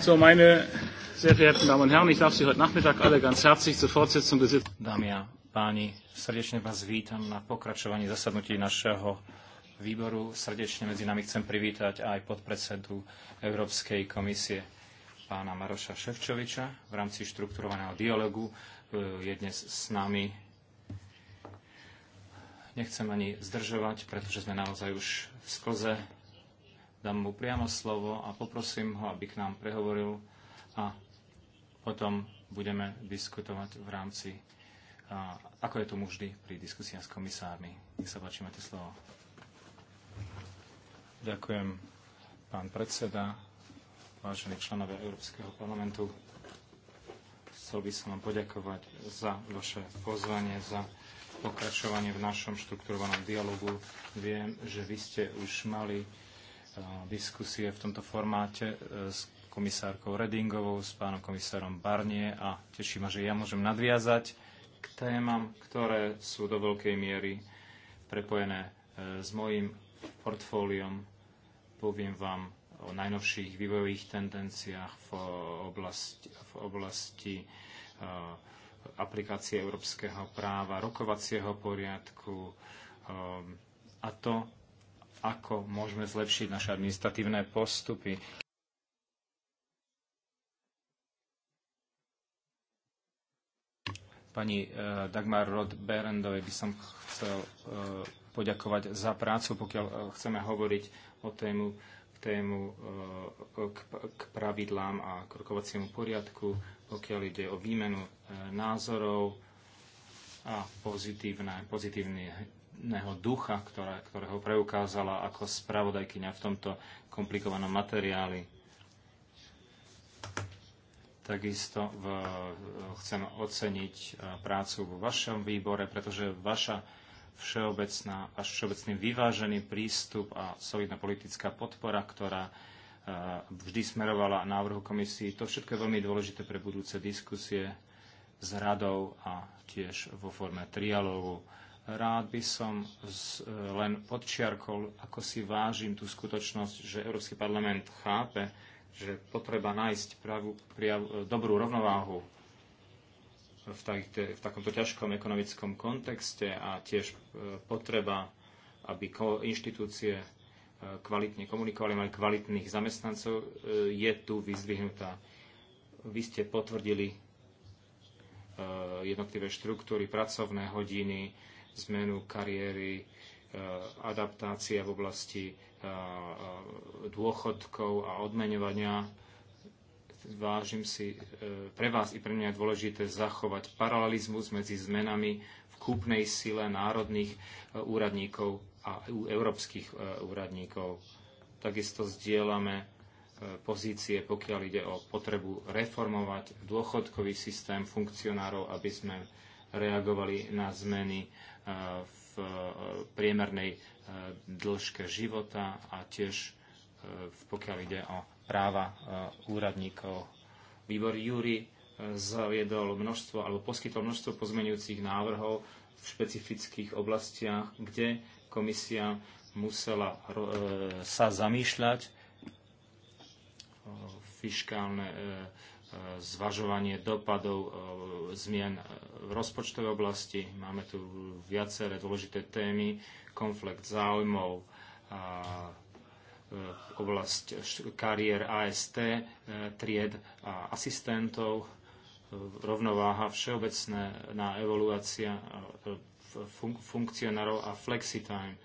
So, meine sehr verehrten Damen und Herren, ich darf Sie heute Nachmittag alle ganz herzlich zur Fortsetzung des Dámy a páni, srdečne vás vítam na pokračovaní zasadnutí našeho výboru. Srdečne medzi nami chcem privítať aj podpredsedu Európskej komisie pána Maroša Ševčoviča v rámci štrukturovaného dialogu. Eh, je dnes s nami. Nechcem ani zdržovať, pretože sme naozaj už v sklze dám mu priamo slovo a poprosím ho, aby k nám prehovoril a potom budeme diskutovať v rámci, ako je to vždy pri diskusiách s komisármi. Nech sa páči, máte slovo. Ďakujem, pán predseda, vážení členovia Európskeho parlamentu. Chcel by som vám poďakovať za vaše pozvanie, za pokračovanie v našom štrukturovanom dialogu. Viem, že vy ste už mali diskusie v tomto formáte e, s komisárkou Redingovou, s pánom komisárom Barnie a teší ma, že ja môžem nadviazať k témam, ktoré sú do veľkej miery prepojené e, s mojim portfóliom. Poviem vám o najnovších vývojových tendenciách v oblasti, v oblasti e, aplikácie európskeho práva, rokovacieho poriadku a to ako môžeme zlepšiť naše administratívne postupy. Pani eh, Dagmar Rod Berendovej by som chcel eh, poďakovať za prácu, pokiaľ eh, chceme hovoriť o tému, tému k, k pravidlám a k rokovaciemu poriadku, pokiaľ ide o výmenu názorov a pozitívne, pozitívne neho ducha, ktoré, ktorého preukázala ako spravodajkyňa v tomto komplikovanom materiáli. Takisto v, chcem oceniť eh, prácu vo vašom výbore, pretože vaša všeobecná, až všeobecný vyvážený prístup a solidná politická podpora, ktorá eh, vždy smerovala návrhu komisii. To všetko je veľmi dôležité pre budúce diskusie s radou a tiež vo forme trialógu Rád by som z, e, len podčiarkol, ako si vážim tú skutočnosť, že Európsky parlament chápe, že potreba nájsť pravú, priav, e, dobrú rovnováhu v, takte, v takomto ťažkom ekonomickom kontexte a tiež e, potreba, aby inštitúcie kvalitne komunikovali, mali kvalitných zamestnancov, je tu vyzdvihnutá. Vy ste potvrdili jednotlivé štruktúry, pracovné hodiny, zmenu kariéry, e, adaptácia v oblasti e, e, dôchodkov a odmeňovania. Vážim si, pre vás i pre mňa je dôležité zachovať paralelizmus medzi zmenami v kúpnej sile národných úradníkov a európskych úradníkov. Takisto zdieľame pozície, pokiaľ ide o potrebu reformovať dôchodkový systém funkcionárov, aby sme reagovali na zmeny v priemernej dĺžke života a tiež pokiaľ ide o práva úradníkov. Výbor Júri zaviedol množstvo alebo poskytol množstvo pozmenujúcich návrhov v špecifických oblastiach, kde komisia musela e, sa zamýšľať fiskálne e, E, zvažovanie dopadov e, zmien e, v rozpočtovej oblasti. Máme tu viaceré dôležité témy, konflikt záujmov, oblasť kariér AST, tried a asistentov, rovnováha všeobecné na evoluácia funkcionárov a flexitime.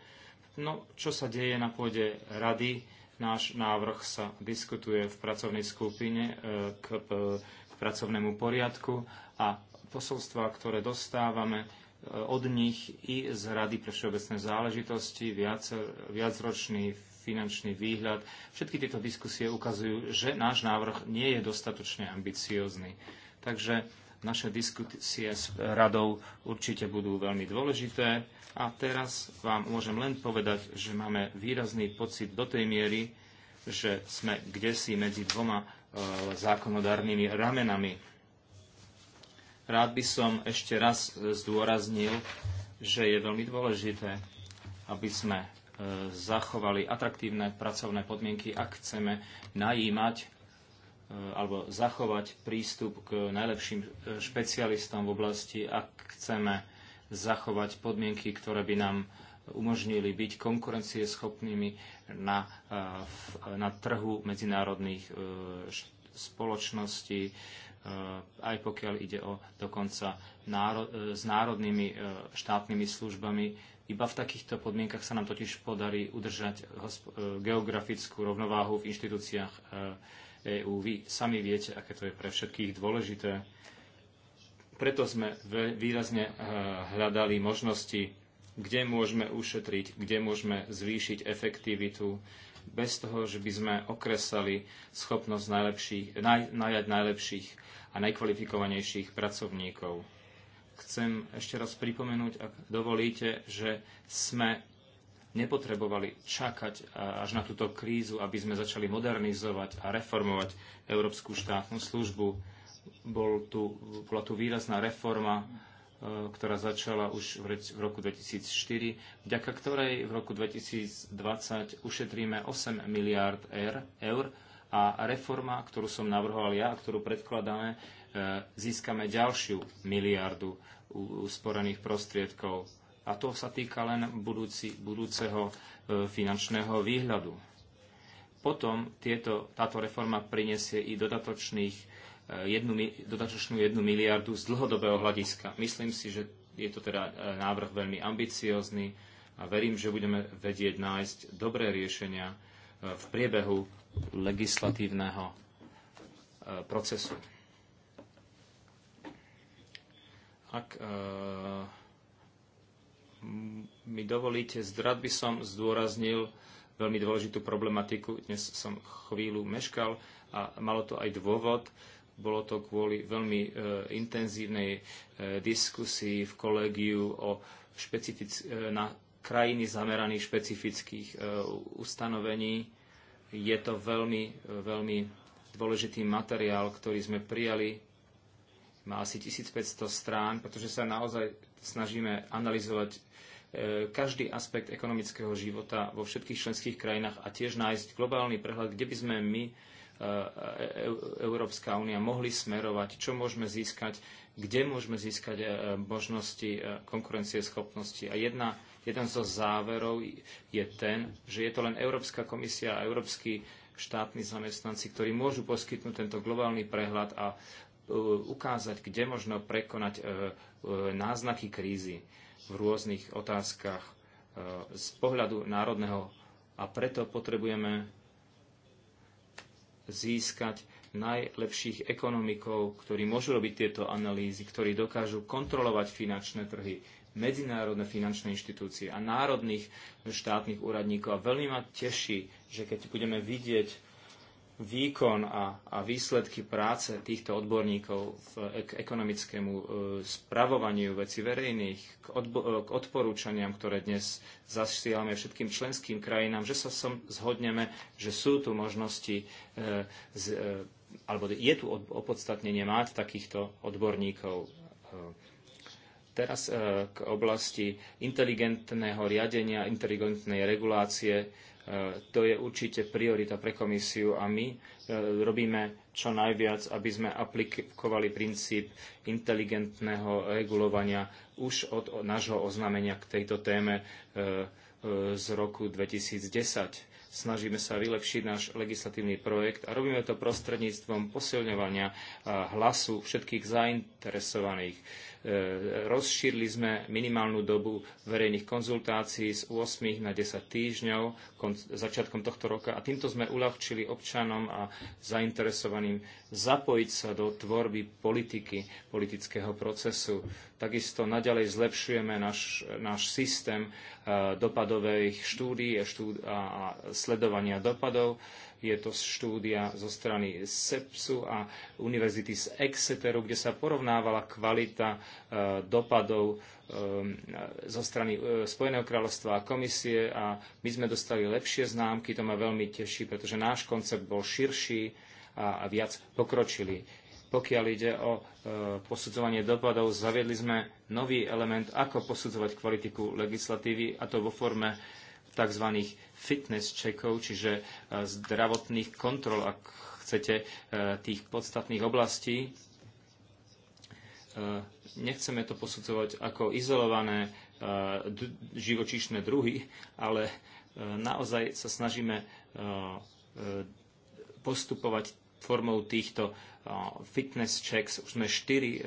No, čo sa deje na pôde rady, Náš návrh sa diskutuje v pracovnej skupine e, e, k pracovnému poriadku a posolstva, ktoré dostávame e, od nich i z Rady pre všeobecné záležitosti, viac, viacročný finančný výhľad. Všetky tieto diskusie ukazujú, že náš návrh nie je dostatočne ambiciózny. Takže naše diskusie s radou určite budú veľmi dôležité a teraz vám môžem len povedať, že máme výrazný pocit do tej miery, že sme kde si medzi dvoma e, ramenami. Rád by som ešte raz e, zdôraznil, že je veľmi dôležité, aby sme e, zachovali atraktívne pracovné podmienky, ak chceme najímať Eh, alebo zachovať prístup k najlepším eh, špecialistom v oblasti, ak chceme zachovať podmienky, ktoré by nám umožnili byť konkurencieschopnými na, eh, na trhu medzinárodných spoločností, aj pokiaľ ide o dokonca náro, s národnými štátnymi službami. Iba v takýchto podmienkach sa nám totiž podarí udržať geografickú rovnováhu v inštitúciách EÚ. Vy sami viete, aké to je pre všetkých dôležité. Preto sme výrazne e, hľadali možnosti, kde môžeme ušetriť, kde môžeme zvýšiť efektivitu, bez toho, že by sme okresali schopnosť najlepších, naj, najať najlepších a najkvalifikovanejších pracovníkov chcem ešte raz pripomenúť, ak dovolíte, že sme nepotrebovali čakať až na túto krízu, aby sme začali modernizovať a reformovať Európsku štátnu službu. Bol tu, bola tu výrazná reforma, e, ktorá začala už v roku 2004, vďaka ktorej v roku 2020 ušetríme 8 miliárd er, eur a reforma, ktorú som navrhoval ja a ktorú predkladáme, e, získame ďalšiu miliardu usporených prostriedkov a to sa týka len budúci, budúceho e, finančného výhľadu. Potom tieto, táto reforma prinesie i dodatočných, e, jednu, dodatočnú jednu miliardu z dlhodobého hľadiska. Myslím si, že je to teda e, návrh veľmi ambiciózny a verím, že budeme vedieť nájsť dobré riešenia v priebehu legislatívneho procesu. Ak e Mm, mi dovolíte, zdrad by som zdôraznil veľmi dôležitú problematiku. Dnes som chvíľu meškal a malo to aj dôvod. Bolo to kvôli veľmi e, intenzívnej e, diskusii v kolegiu o špecific- e, na krajiny zameraných špecifických e, ustanovení. Je to veľmi, e, veľmi dôležitý materiál, ktorý sme prijali. Má asi 1500 strán, pretože sa naozaj snažíme analyzovať e, každý aspekt ekonomického života vo všetkých členských krajinách a tiež nájsť globálny prehľad, kde by sme my, e, e, Európska únia, mohli smerovať, čo môžeme získať, kde môžeme získať možnosti konkurencieschopnosti. A jedna, jeden zo záverov je ten, že je to len Európska komisia a Európsky štátni zamestnanci, ktorí môžu poskytnúť tento globálny prehľad a Eh, ukázať, kde možno prekonať eh, eh, náznaky krízy v rôznych otázkach z pohľadu národného a preto potrebujeme získať najlepších ekonomikov, ktorí môžu robiť tieto analýzy, ktorí dokážu kontrolovať finančné trhy, medzinárodné finančné inštitúcie a národných štátnych úradníkov. A veľmi ma teší, že keď budeme vidieť výkon a, a výsledky práce týchto odborníkov v, k ekonomickému e, spravovaniu veci verejných, k, odbo- e, k odporúčaniam, ktoré dnes zasielame všetkým členským krajinám, že sa som zhodneme, že sú tu možnosti, e, z, e, alebo je tu opodstatnenie mať takýchto odborníkov. E, teraz e, k oblasti inteligentného riadenia, inteligentnej regulácie E, to je určite priorita pre komisiu a my e, robíme čo najviac, aby sme aplikovali princíp inteligentného regulovania už od nášho oznámenia k tejto téme e, z roku 2010. Snažíme sa vylepšiť náš legislatívny projekt a robíme to prostredníctvom posilňovania hlasu všetkých zainteresovaných E, rozšírili sme minimálnu dobu verejných konzultácií z 8 na 10 týždňov začiatkom tohto roka a týmto sme uľahčili občanom a zainteresovaným zapojiť sa do tvorby politiky, politického procesu. Takisto naďalej zlepšujeme náš, náš systém e, dopadových štúdií a, štúd a sledovania dopadov je to štúdia zo strany SEPSu a univerzity z Exeteru, kde sa porovnávala kvalita e, dopadov e, zo strany e, Spojeného kráľovstva a komisie a my sme dostali lepšie známky, to ma veľmi teší, pretože náš koncept bol širší a, a viac pokročili. Pokiaľ ide o posudzovanie dopadov, zaviedli sme nový element, ako posudzovať kvalitiku legislatívy a to vo forme tzv. fitness checkov, čiže e, zdravotných kontrol, ak chcete, e, tých podstatných oblastí. E, nechceme to posudzovať ako izolované živočíšne druhy, ale naozaj sa snažíme postupovať formou týchto fitness checks. Už sme štyri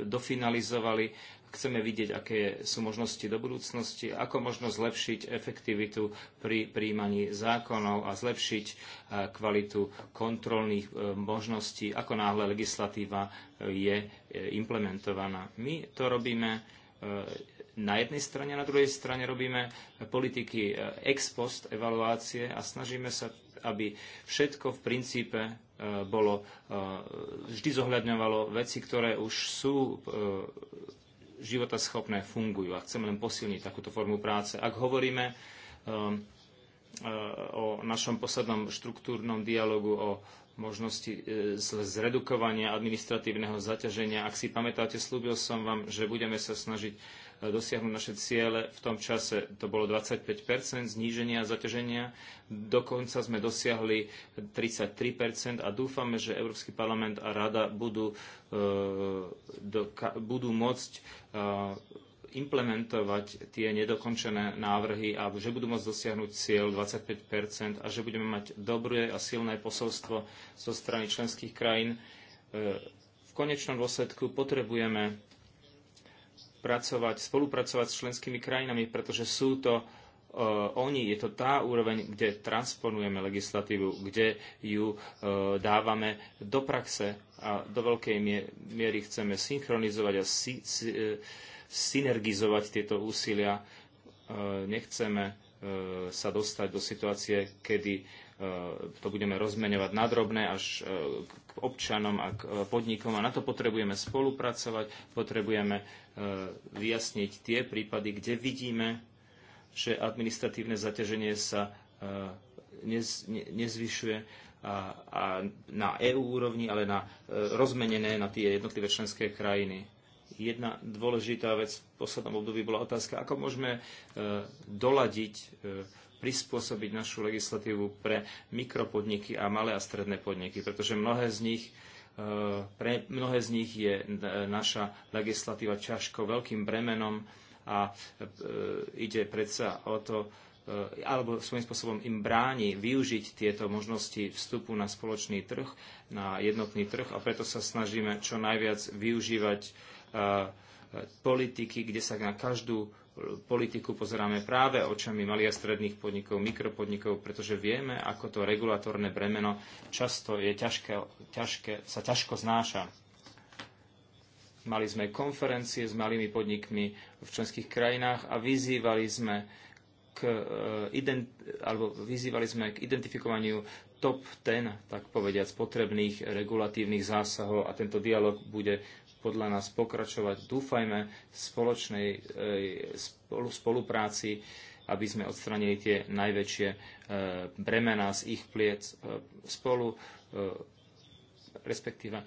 dofinalizovali Chceme vidieť, aké sú možnosti do budúcnosti, ako možno zlepšiť efektivitu pri príjmaní zákonov a zlepšiť e, kvalitu kontrolných e, možností, ako náhle legislatíva e, je implementovaná. My to robíme na jednej strane, na druhej strane robíme politiky ex post evaluácie a snažíme sa, aby všetko v princípe bolo, vždy zohľadňovalo veci, ktoré už sú schopné fungujú a chcem len posilniť takúto formu práce. Ak hovoríme um, uh, o našom poslednom štruktúrnom dialogu o možnosti uh, zredukovania administratívneho zaťaženia. Ak si pamätáte, slúbil som vám, že budeme sa snažiť E, dosiahnuť naše ciele. V tom čase to bolo 25 zníženia zaťaženia, dokonca sme dosiahli 33 a dúfame, že Európsky parlament a Rada budú, e, budú môcť e, implementovať tie nedokončené návrhy a že budú môcť dosiahnuť cieľ 25 a že budeme mať dobré a silné posolstvo zo strany členských krajín. V konečnom dôsledku potrebujeme pracovať, spolupracovať s členskými krajinami, pretože sú to e, oni, je to tá úroveň, kde transponujeme legislatívu, kde ju e, dávame do praxe a do veľkej miery chceme synchronizovať a e, synergizovať tieto úsilia. Nechceme sa dostať do situácie, kedy E, to budeme rozmeňovať na drobné až e, k občanom a k e, podnikom a na to potrebujeme spolupracovať, potrebujeme vyjasniť tie prípady, kde vidíme, že administratívne zaťaženie sa nez, nezvyšuje a, a na EU úrovni, ale na, rozmenené na tie jednotlivé členské krajiny Jedna dôležitá vec v poslednom období bola otázka, ako môžeme e, doladiť, e, prispôsobiť našu legislatívu pre mikropodniky a malé a stredné podniky, pretože mnohé z nich e, pre mnohé z nich je naša legislatíva ťažko veľkým bremenom a ide predsa o to, alebo svojím spôsobom im bráni využiť tieto možnosti vstupu na spoločný trh, na jednotný trh a preto sa snažíme čo najviac využívať politiky, kde sa na každú politiku pozeráme práve očami malých a stredných podnikov, mikropodnikov, pretože vieme, ako to regulatorné bremeno často je ťažké, ťažké, sa ťažko znáša. Mali sme konferencie s malými podnikmi v členských krajinách a vyzývali sme k, e, ident, alebo vyzývali sme k identifikovaniu top ten, tak povediať, potrebných regulatívnych zásahov a tento dialog bude podľa nás pokračovať. Dúfajme v spoločnej e, spolu, spolupráci, aby sme odstranili tie najväčšie e, bremená z ich pliec e, spolu, respektíve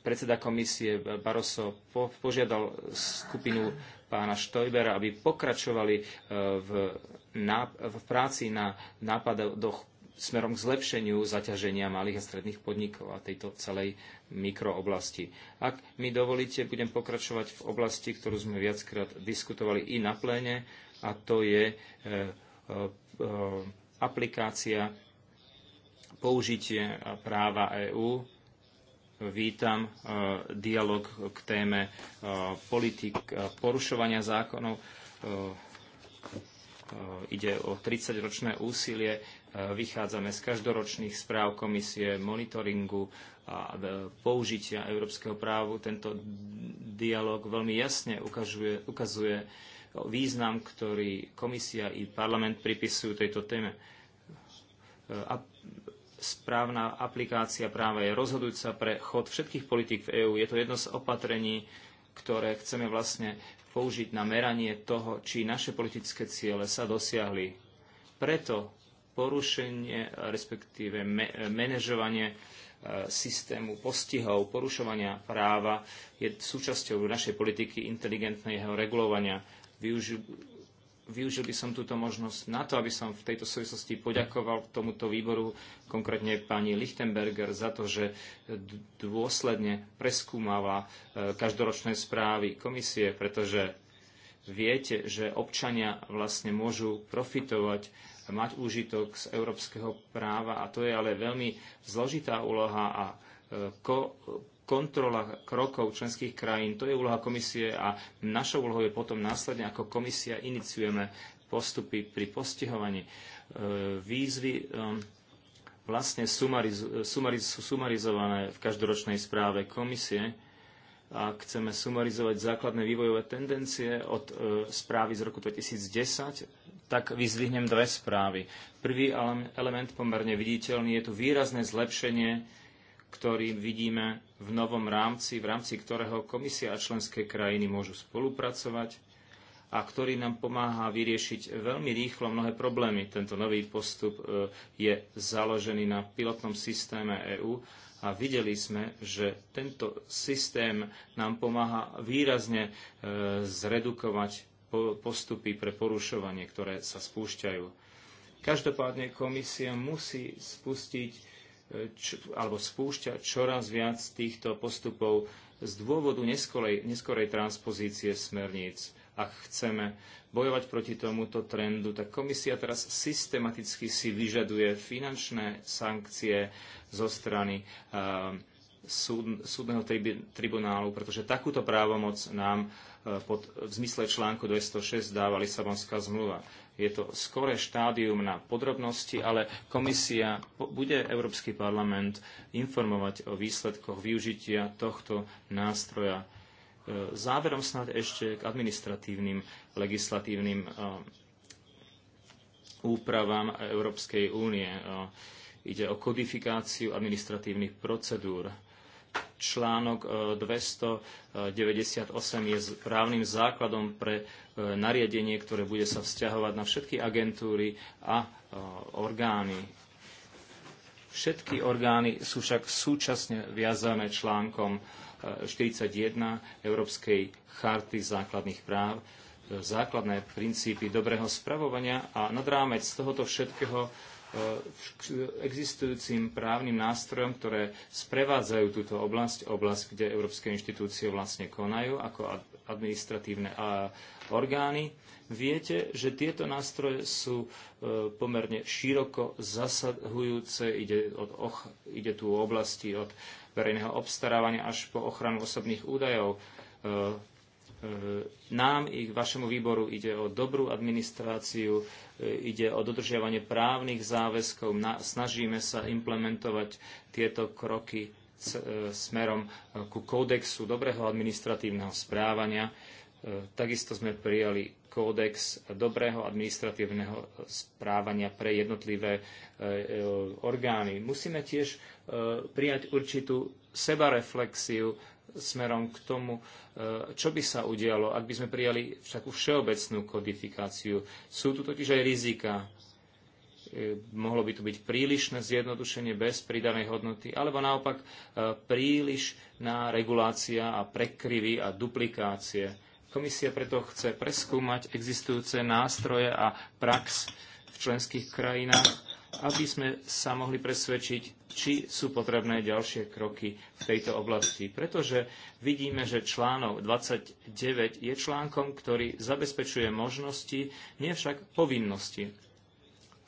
predseda komisie Barroso požiadal skupinu pána Štojbera, aby pokračovali v, v práci na nápadoch smerom k zlepšeniu zaťaženia malých a stredných podnikov a tejto celej mikrooblasti. Ak mi dovolíte, budem pokračovať v oblasti, ktorú sme viackrát diskutovali i na pléne, a to je e, e, e, aplikácia použitie práva EÚ. Vítam dialog k téme politik porušovania zákonov. Ide o 30-ročné úsilie Vychádzame z každoročných správ komisie, monitoringu a použitia európskeho právu. Tento dialog veľmi jasne ukazuje, ukazuje význam, ktorý komisia i parlament pripisujú tejto téme. A správna aplikácia práva je rozhodujúca pre chod všetkých politík v EÚ. Je to jedno z opatrení, ktoré chceme vlastne použiť na meranie toho, či naše politické ciele sa dosiahli. Preto porušenie, respektíve manažovanie e, systému postihov, porušovania práva je súčasťou našej politiky inteligentného regulovania. Využil, využil by som túto možnosť na to, aby som v tejto súvislosti poďakoval tomuto výboru, konkrétne pani Lichtenberger, za to, že dôsledne preskúmava e, každoročné správy komisie, pretože viete, že občania vlastne môžu profitovať mať úžitok z európskeho práva a to je ale veľmi zložitá úloha a e, ko, kontrola krokov členských krajín, to je úloha komisie a našou úlohou je potom následne, ako komisia iniciujeme postupy pri postihovaní. E, výzvy e, vlastne sumariz, sumariz, sú sumarizované v každoročnej správe komisie a chceme sumarizovať základné vývojové tendencie od správy z roku 2010 tak vyzdvihnem dve správy. Prvý element pomerne viditeľný je tu výrazné zlepšenie, ktorý vidíme v novom rámci, v rámci ktorého komisia a členské krajiny môžu spolupracovať a ktorý nám pomáha vyriešiť veľmi rýchlo mnohé problémy. Tento nový postup e, je založený na pilotnom systéme EÚ a videli sme, že tento systém nám pomáha výrazne e, zredukovať postupy pre porušovanie, ktoré sa spúšťajú. Každopádne komisia musí spustiť e, alebo spúšťa čoraz viac týchto postupov z dôvodu neskorej, neskorej transpozície smerníc. Ak chceme bojovať proti tomuto trendu, tak komisia teraz systematicky si vyžaduje finančné sankcie zo strany uh, súd, súdneho tribunálu, pretože takúto právomoc nám e, pod, v zmysle článku 206 dáva Lisabonská zmluva. Je to skore štádium na podrobnosti, ale komisia bude Európsky parlament informovať o výsledkoch využitia tohto nástroja. E, záverom snad ešte k administratívnym legislatívnym e, úpravám Európskej únie. Ide o kodifikáciu administratívnych procedúr článok 298 e, e, je právnym základom pre e, nariadenie, ktoré bude sa vzťahovať na všetky agentúry a orgány. Všetky orgány sú však súčasne viazané článkom 41 Európskej charty základných práv, základné princípy dobrého spravovania a nad rámec tohoto všetkého Eh, existujúcim právnym nástrojom, ktoré sprevádzajú túto oblasť, oblasť, kde európske inštitúcie vlastne konajú ako administratívne eh, orgány. Viete, že tieto nástroje sú eh, pomerne široko zasahujúce, ide, od och, ide tu o oblasti od verejného obstarávania až po ochranu osobných údajov E, nám i vašemu výboru ide o dobrú administráciu, e, ide o dodržiavanie právnych záväzkov, snažíme sa implementovať tieto kroky e, smerom ku kódexu dobrého administratívneho správania. Takisto sme prijali kódex dobrého administratívneho správania pre jednotlivé orgány. Musíme tiež prijať určitú sebareflexiu smerom k tomu, e, čo by sa udialo, ak by sme prijali takú všeobecnú kodifikáciu. Sú tu totiž aj rizika. E, mohlo by to byť prílišné zjednodušenie bez pridanej hodnoty, alebo naopak e, prílišná regulácia a prekryvy a duplikácie. Komisia preto chce preskúmať existujúce nástroje a prax v členských krajinách aby sme sa mohli presvedčiť, či sú potrebné ďalšie kroky v tejto oblasti. Pretože vidíme, že článok 29 je článkom, ktorý zabezpečuje možnosti, nie však povinnosti.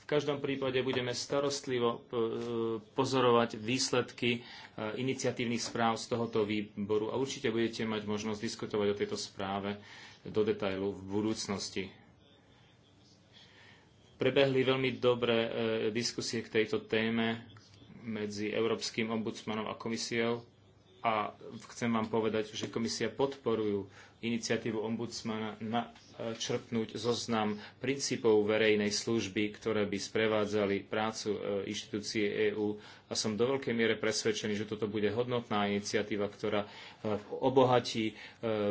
V každom prípade budeme starostlivo e, pozorovať výsledky e, iniciatívnych správ z tohoto výboru a určite budete mať možnosť diskutovať o tejto správe do detailu v budúcnosti. Prebehli veľmi dobré e, diskusie k tejto téme medzi Európskym ombudsmanom a komisiou a chcem vám povedať, že komisia podporujú iniciatívu ombudsmana na črpnúť zoznam princípov verejnej služby, ktoré by sprevádzali prácu e, inštitúcie EÚ. A som do veľkej miere presvedčený, že toto bude hodnotná iniciatíva, ktorá e, obohatí e,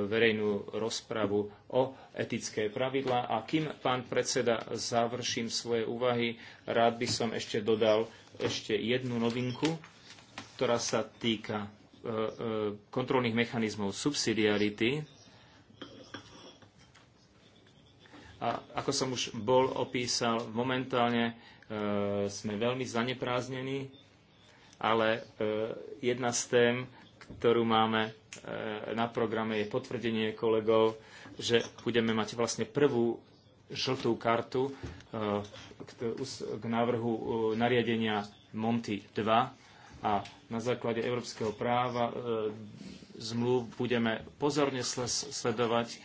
verejnú rozpravu o etické pravidlá. A kým, pán predseda, završím svoje úvahy, rád by som ešte dodal ešte jednu novinku, ktorá sa týka kontrolných mechanizmov subsidiarity, A ako som už bol opísal, momentálne e, sme veľmi zanepráznení, ale e, jedna z tém, ktorú máme e, na programe, je potvrdenie kolegov, že budeme mať vlastne prvú žltú kartu e, k, k návrhu e, nariadenia Monty 2 a na základe európskeho práva e, zmluv budeme pozorne sledovať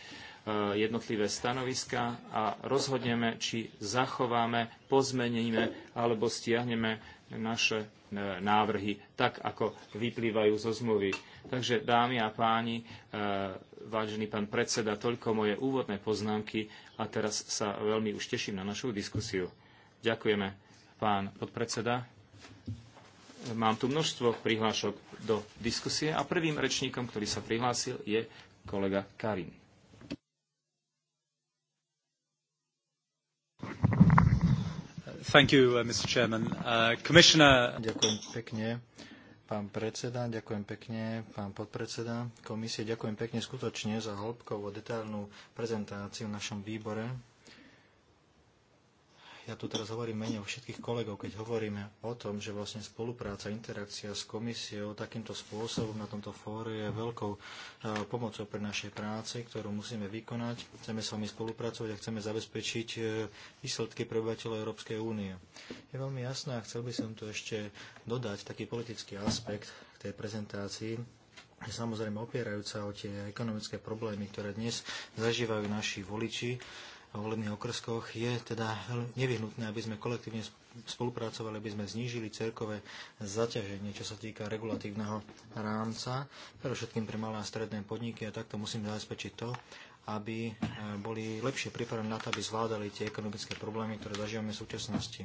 Eh, jednotlivé stanoviska a rozhodneme, či zachováme, pozmeníme alebo stiahneme naše eh, návrhy tak, ako vyplývajú zo zmluvy. Takže, dámy a páni, eh, vážený pán predseda, toľko moje úvodné poznámky a teraz sa veľmi už teším na našu diskusiu. Ďakujeme, pán podpredseda. Mám tu množstvo prihlášok do diskusie a prvým rečníkom, ktorý sa prihlásil, je kolega Karin. Thank you, uh, Mr. Chairman. Uh, Commissioner... Ďakujem pekne, pán predseda, ďakujem pekne, pán podpredseda komisie, ďakujem pekne skutočne za hĺbkovú a detailnú prezentáciu v našom výbore ja tu teraz hovorím menej o všetkých kolegov, keď hovoríme o tom, že vlastne spolupráca, interakcia s komisiou takýmto spôsobom na tomto fóre je veľkou e, pomocou pre našej práce, ktorú musíme vykonať. Chceme s vami spolupracovať a chceme zabezpečiť e, výsledky pre obyvateľov Európskej únie. Je veľmi jasné a chcel by som tu ešte dodať taký politický aspekt k tej prezentácii, samozrejme opierajúca o tie ekonomické problémy, ktoré dnes zažívajú naši voliči, volebných okrskoch, je teda nevyhnutné, aby sme kolektívne spolupracovali, aby sme znížili cerkové zaťaženie, čo sa týka regulatívneho rámca, pre všetkým pre malé a stredné podniky a takto musím zabezpečiť to, aby e, boli lepšie pripravení na to, aby zvládali tie ekonomické problémy, ktoré zažívame v súčasnosti.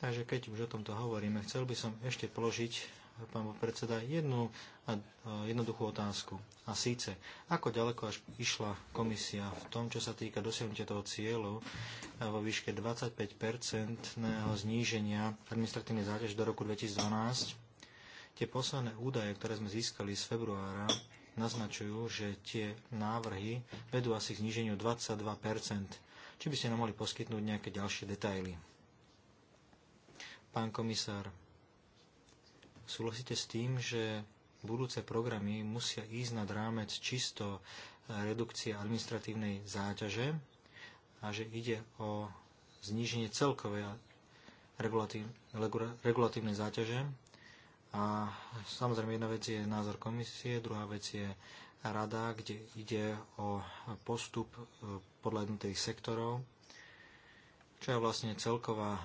Takže keď už o tomto hovoríme, chcel by som ešte položiť pán predseda, jednu jednoduchú otázku. A síce, ako ďaleko až išla komisia v tom, čo sa týka dosiahnutia toho cieľu e, vo výške 25-percentného zníženia administratívnej záťaže do roku 2012? Tie posledné údaje, ktoré sme získali z februára, naznačujú, že tie návrhy vedú asi k zníženiu 22 Či by ste nám mohli poskytnúť nejaké ďalšie detaily? Pán komisár, Súhlasíte s tým, že budúce programy musia ísť nad rámec čisto e, redukcie administratívnej záťaže a že ide o zníženie celkovej regulatívnej záťaže. A samozrejme jedna vec je názor komisie, druhá vec je rada, kde ide o postup e, podľa jednotlivých sektorov, čo je vlastne celková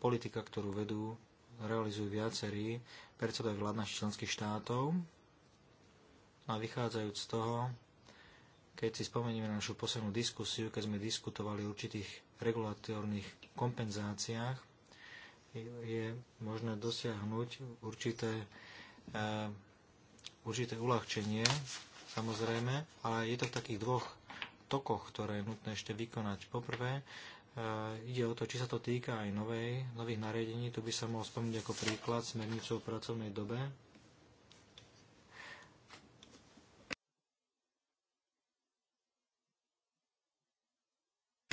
politika, ktorú vedú realizujú viacerí predsedovia vlád našich členských štátov a vychádzajúc z toho, keď si spomenieme na našu poslednú diskusiu, keď sme diskutovali o určitých regulatórnych kompenzáciách, je možné dosiahnuť určité, eh, určité uľahčenie, samozrejme, ale je to v takých dvoch tokoch, ktoré je nutné ešte vykonať. Poprvé, Ide o to, či sa to týka aj novej, nových nariadení. Tu by sa mohol spomniť ako príklad smernicu o pracovnej dobe.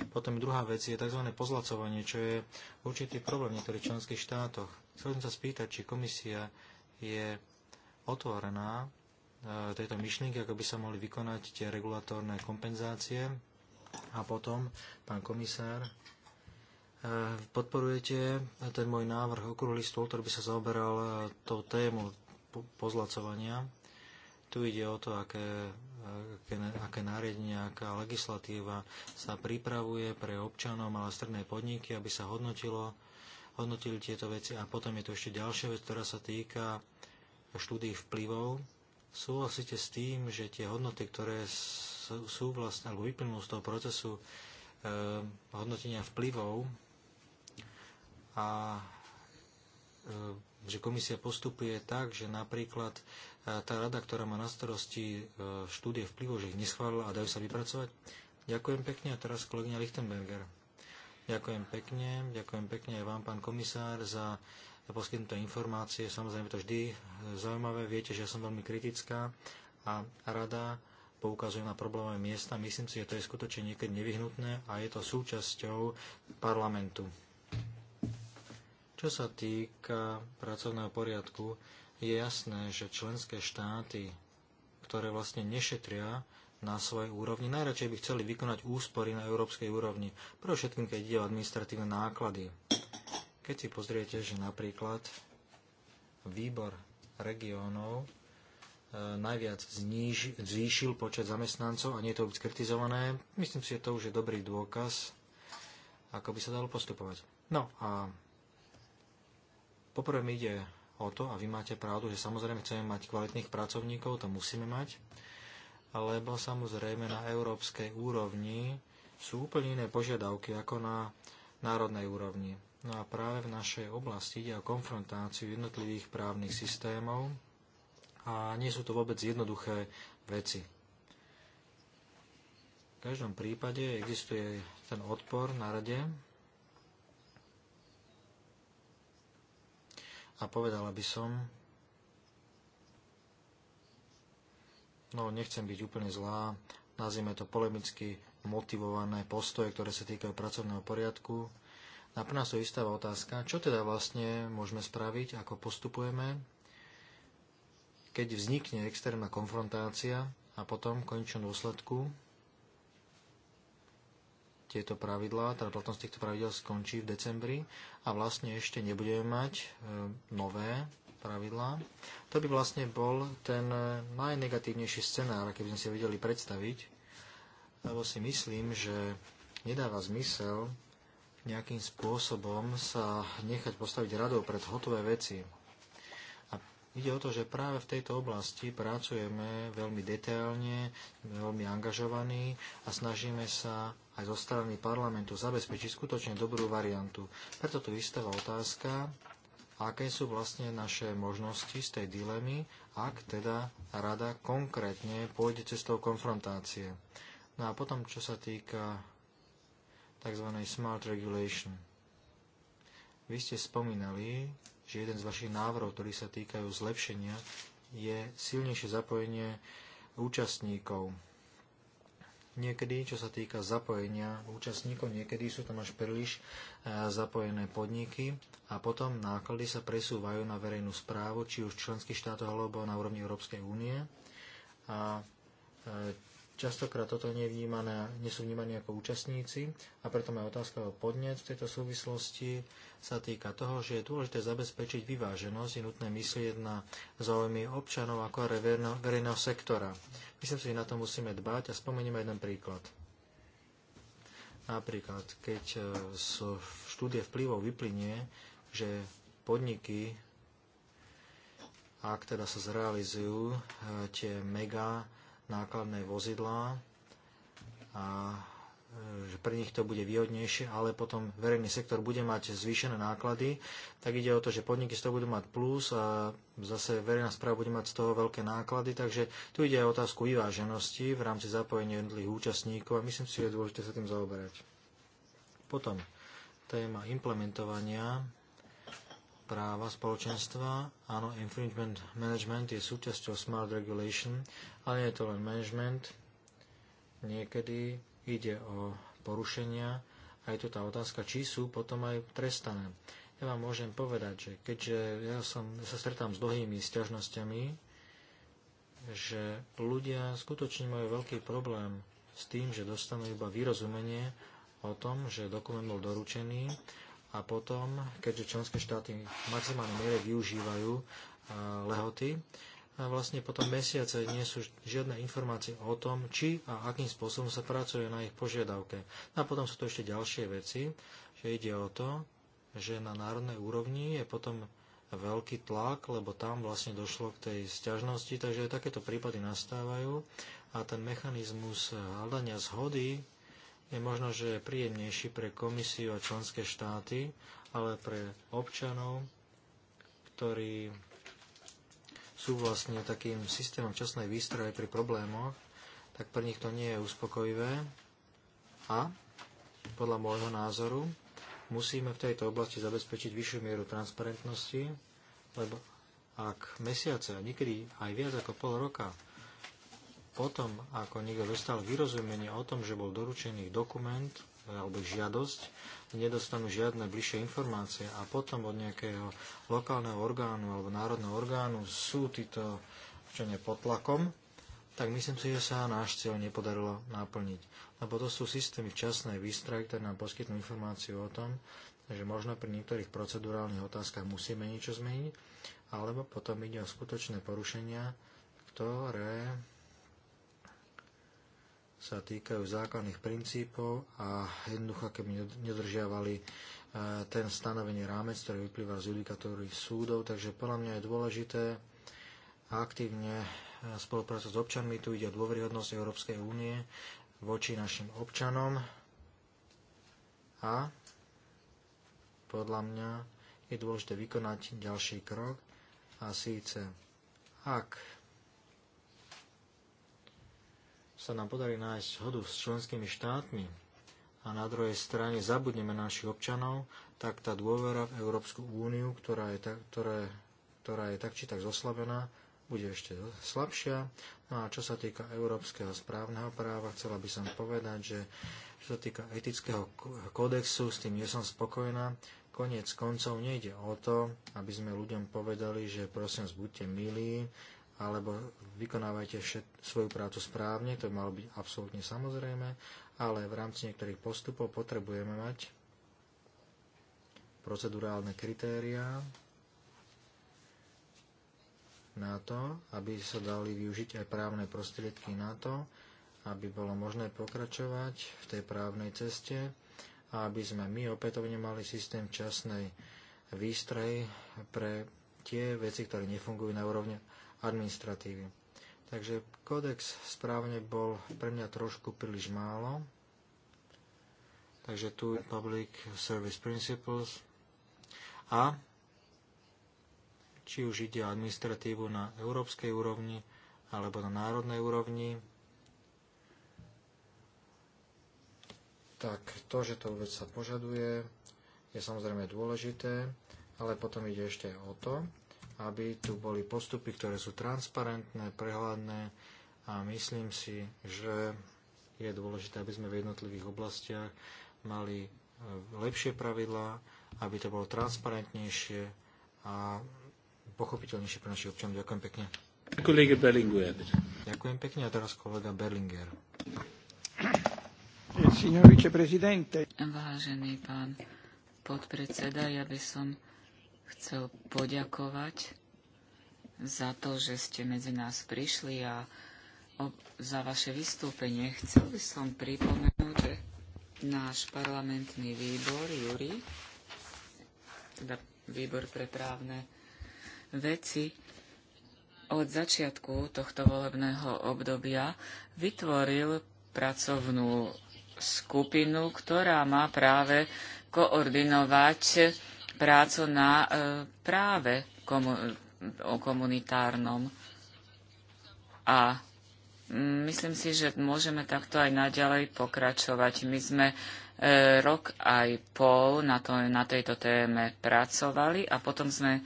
Potom druhá vec je tzv. pozlacovanie, čo je určitý problém v niektorých členských štátoch. Chcel som sa spýtať, či komisia je otvorená e, tejto myšlienky, ako by sa mohli vykonať tie regulatórne kompenzácie a potom, pán komisár, eh, podporujete ten môj návrh okrúhly stôl, ktorý by sa zaoberal eh, tou tému pozlacovania. Tu ide o to, aké, eh, aké, aké nariadenia, aká legislatíva sa pripravuje pre občanov, ale stredné podniky, aby sa hodnotilo, hodnotili tieto veci. A potom je tu ešte ďalšia vec, ktorá sa týka štúdí vplyvov. Súhlasíte s tým, že tie hodnoty, ktoré sú vlastne, alebo vyplynul z toho procesu e, hodnotenia vplyvov a e, že komisia postupuje tak, že napríklad eh, tá rada, ktorá má na starosti štúdie vplyvov, že ich neschválila a dajú sa vypracovať. Ďakujem pekne a teraz kolegyňa Lichtenberger. Ďakujem pekne, ďakujem pekne aj vám, pán komisár, za poskytnuté informácie. Samozrejme, to vždy zaujímavé. Viete, že ja som veľmi kritická a rada poukazujú na problémové miesta. Myslím si, že to je skutočne niekedy nevyhnutné a je to súčasťou parlamentu. Čo sa týka pracovného poriadku, je jasné, že členské štáty, ktoré vlastne nešetria na svojej úrovni, najradšej by chceli vykonať úspory na európskej úrovni, pre všetkým, keď ide o administratívne náklady. Keď si pozriete, že napríklad výbor regiónov E, najviac zníž, zvýšil počet zamestnancov a nie je to vôbec kritizované. Myslím si, že to už je dobrý dôkaz, ako by sa dalo postupovať. No a poprvé mi ide o to, a vy máte pravdu, že samozrejme chceme mať kvalitných pracovníkov, to musíme mať, lebo samozrejme na európskej úrovni sú úplne iné požiadavky ako na národnej úrovni. No a práve v našej oblasti ide o konfrontáciu jednotlivých právnych systémov, a nie sú to vôbec jednoduché veci. V každom prípade existuje ten odpor na rade a povedala by som, no nechcem byť úplne zlá, nazvime to polemicky motivované postoje, ktoré sa týkajú pracovného poriadku. A pre nás to istáva otázka, čo teda vlastne môžeme spraviť, ako postupujeme, keď vznikne externá konfrontácia a potom v konečnom dôsledku tieto pravidlá, teda platnosť týchto pravidel skončí v decembri a vlastne ešte nebudeme mať e, nové pravidlá. To by vlastne bol ten e, najnegatívnejší scenár, aký by sme si vedeli predstaviť, lebo si myslím, že nedáva zmysel nejakým spôsobom sa nechať postaviť radou pred hotové veci. Ide o to, že práve v tejto oblasti pracujeme veľmi detailne, veľmi angažovaní a snažíme sa aj zo strany parlamentu zabezpečiť skutočne dobrú variantu. Preto tu vystáva otázka, aké sú vlastne naše možnosti z tej dilemy, ak teda rada konkrétne pôjde cestou konfrontácie. No a potom, čo sa týka tzv. smart regulation. Vy ste spomínali, že jeden z vašich návrhov, ktorý sa týkajú zlepšenia, je silnejšie zapojenie účastníkov. Niekedy, čo sa týka zapojenia účastníkov, niekedy sú tam až príliš e, zapojené podniky a potom náklady sa presúvajú na verejnú správu, či už členských štátov alebo na úrovni Európskej únie. A e, Častokrát toto nie, vnímané, nie sú vnímaní ako účastníci a preto moja otázka o podnet v tejto súvislosti sa týka toho, že je dôležité zabezpečiť vyváženosť, je nutné myslieť na záujmy občanov ako aj verejného sektora. Myslím si, že na to musíme dbať a spomeniem jeden príklad. Napríklad, keď z e, štúdie vplyvov vyplynie, že podniky, ak teda sa zrealizujú e, tie mega nákladné vozidlá a e, že pre nich to bude výhodnejšie, ale potom verejný sektor bude mať zvýšené náklady, tak ide o to, že podniky z toho budú mať plus a zase verejná správa bude mať z toho veľké náklady, takže tu ide aj otázku vyváženosti v rámci zapojenia jednotlivých účastníkov a myslím si, že je dôležité sa tým zaoberať. Potom téma implementovania práva spoločenstva. Áno, infringement management je súčasťou smart regulation, ale nie je to len management. Niekedy ide o porušenia a je tu tá otázka, či sú potom aj trestané. Ja vám môžem povedať, že keďže ja, som, ja sa stretám s dlhými sťažnosťami, že ľudia skutočne majú veľký problém s tým, že dostanú iba vyrozumenie o tom, že dokument bol doručený a potom, keďže členské štáty v maximálnej miere využívajú e, lehoty, a vlastne potom mesiace nie sú žiadne informácie o tom, či a akým spôsobom sa pracuje na ich požiadavke. A potom sú to ešte ďalšie veci, že ide o to, že na národnej úrovni je potom veľký tlak, lebo tam vlastne došlo k tej sťažnosti, takže aj takéto prípady nastávajú a ten mechanizmus hľadania zhody je možno, že je príjemnejší pre komisiu a členské štáty, ale pre občanov, ktorí sú vlastne takým systémom časnej výstroje pri problémoch, tak pre nich to nie je uspokojivé. A podľa môjho názoru musíme v tejto oblasti zabezpečiť vyššiu mieru transparentnosti, lebo ak mesiace, a niekedy aj viac ako pol roka potom, ako niekto dostal vyrozumenie o tom, že bol doručený dokument e, alebo žiadosť, nedostanú žiadne bližšie informácie a potom od nejakého lokálneho orgánu alebo národného orgánu sú títo občania pod tlakom, tak myslím si, že sa náš cieľ nepodarilo naplniť. Lebo to sú systémy včasnej výstrahy, ktoré nám poskytnú informáciu o tom, že možno pri niektorých procedurálnych otázkach musíme niečo zmeniť, alebo potom ide o skutočné porušenia, ktoré sa týkajú základných princípov a jednoducho, keby nedržiavali e, ten stanovený rámec, ktorý vyplýva z judikatúry súdov. Takže podľa mňa je dôležité aktívne e, spolupracovať s občanmi. Tu ide o dôveryhodnosť Európskej únie voči našim občanom. A podľa mňa je dôležité vykonať ďalší krok a síce ak sa nám podarí nájsť hodu s členskými štátmi a na druhej strane zabudneme našich občanov, tak tá dôvera v Európsku úniu, ktorá je, tak, ktoré, ktorá je tak či tak zoslabená, bude ešte slabšia. No a čo sa týka európskeho správneho práva, chcela by som povedať, že čo sa týka etického kódexu, s tým nie som spokojná. Koniec koncov nejde o to, aby sme ľuďom povedali, že prosím, buďte milí, alebo vykonávajte všet, svoju prácu správne, to by malo byť absolútne samozrejme, ale v rámci niektorých postupov potrebujeme mať procedurálne kritériá na to, aby sa dali využiť aj právne prostriedky na to, aby bolo možné pokračovať v tej právnej ceste a aby sme my opätovne mali systém časnej výstroj pre tie veci, ktoré nefungujú na úrovni administratívy. Takže kódex správne bol pre mňa trošku príliš málo. Takže tu je Public Service Principles a či už ide administratívu na európskej úrovni alebo na národnej úrovni, tak to, že to vôbec sa požaduje, je samozrejme dôležité, ale potom ide ešte o to, aby tu boli postupy, ktoré sú transparentné, prehľadné a myslím si, že je dôležité, aby sme v jednotlivých oblastiach mali e, lepšie pravidlá, aby to bolo transparentnejšie a pochopiteľnejšie pre našich občanov. Ďakujem pekne. Kolega Berlinguer. Ďakujem pekne a teraz kolega Berlinger. Eh, Vážený pán podpredseda, ja by som chcel poďakovať za to, že ste medzi nás prišli a za vaše vystúpenie. Chcel by som pripomenúť, že náš parlamentný výbor, jury, teda výbor pre právne veci, od začiatku tohto volebného obdobia vytvoril pracovnú skupinu, ktorá má práve koordinovať prácu na e, práve komu- o komunitárnom. A myslím si, že môžeme takto aj naďalej pokračovať. My sme e, rok aj pol na, to, na tejto téme pracovali a potom sme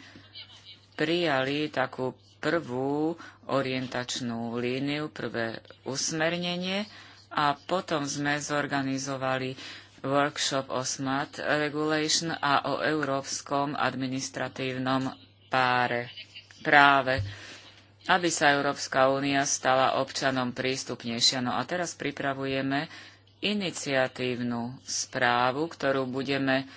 prijali takú prvú orientačnú líniu, prvé usmernenie a potom sme zorganizovali workshop o SMAT regulation a o európskom administratívnom páre, práve, aby sa Európska únia stala občanom prístupnejšia. No a teraz pripravujeme iniciatívnu správu, ktorú budeme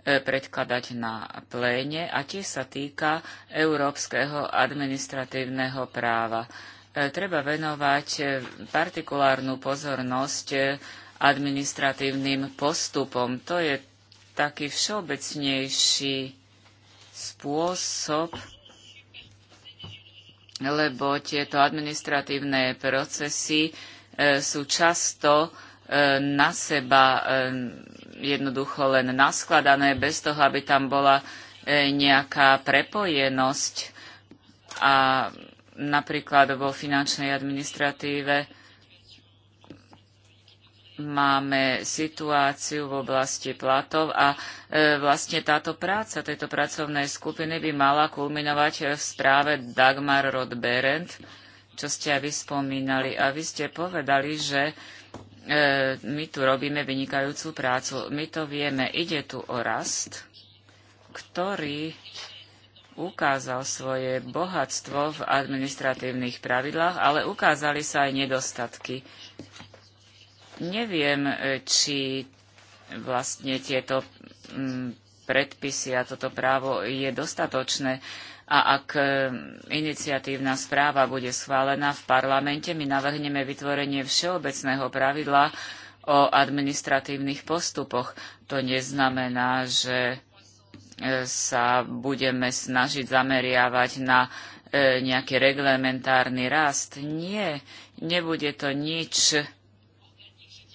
e, predkladať na pléne a tiež sa týka európskeho administratívneho práva. E, treba venovať e, partikulárnu pozornosť administratívnym postupom. To je taký všeobecnejší spôsob, lebo tieto administratívne procesy e, sú často e, na seba e, jednoducho len naskladané, bez toho, aby tam bola nejaká prepojenosť. A napríklad vo finančnej administratíve máme situáciu v oblasti platov a e, vlastne táto práca tejto pracovnej skupiny by mala kulminovať v správe Dagmar Rod berendt čo ste aj vyspomínali. A vy ste povedali, že e, my tu robíme vynikajúcu prácu. My to vieme, ide tu o rast, ktorý ukázal svoje bohatstvo v administratívnych pravidlách, ale ukázali sa aj nedostatky. Neviem, e, či vlastne tieto mm, predpisy a toto právo je dostatočné. A ak e, iniciatívna správa bude schválená v parlamente, my navrhneme vytvorenie všeobecného pravidla o administratívnych postupoch. To neznamená, že e, sa budeme snažiť zameriavať na nejaký reglementárny rast. Nie, nebude to nič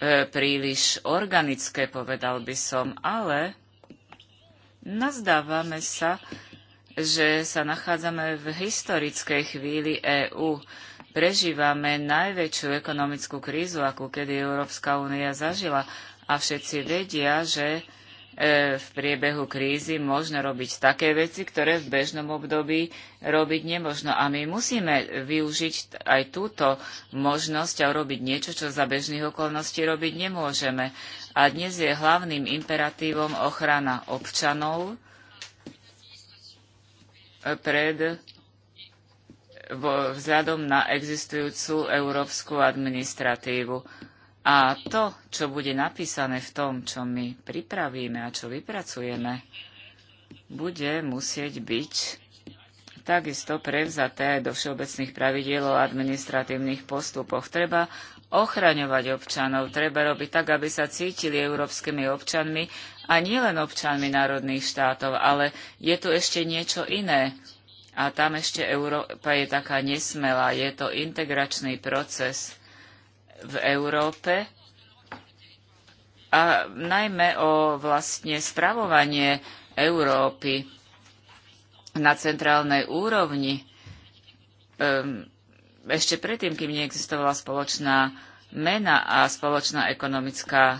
E, príliš organické, povedal by som, ale nazdávame sa, že sa nachádzame v historickej chvíli EÚ. Prežívame najväčšiu ekonomickú krízu, akú kedy Európska únia zažila a všetci vedia, že E, v priebehu krízy možno robiť také veci, ktoré v bežnom období robiť nemožno. A my musíme využiť aj túto možnosť a robiť niečo, čo za bežných okolností robiť nemôžeme. A dnes je hlavným imperatívom ochrana občanov pred vzhľadom na existujúcu európsku administratívu a to, čo bude napísané v tom, čo my pripravíme a čo vypracujeme, bude musieť byť takisto prevzaté do všeobecných pravidiel o administratívnych postupoch. Treba ochraňovať občanov, treba robiť tak, aby sa cítili európskymi občanmi a nielen občanmi národných štátov, ale je tu ešte niečo iné. A tam ešte Európa je taká nesmelá, je to integračný proces v Európe a najmä o vlastne spravovanie Európy na centrálnej úrovni. Ehm, ešte predtým, kým neexistovala spoločná mena a spoločná ekonomická e,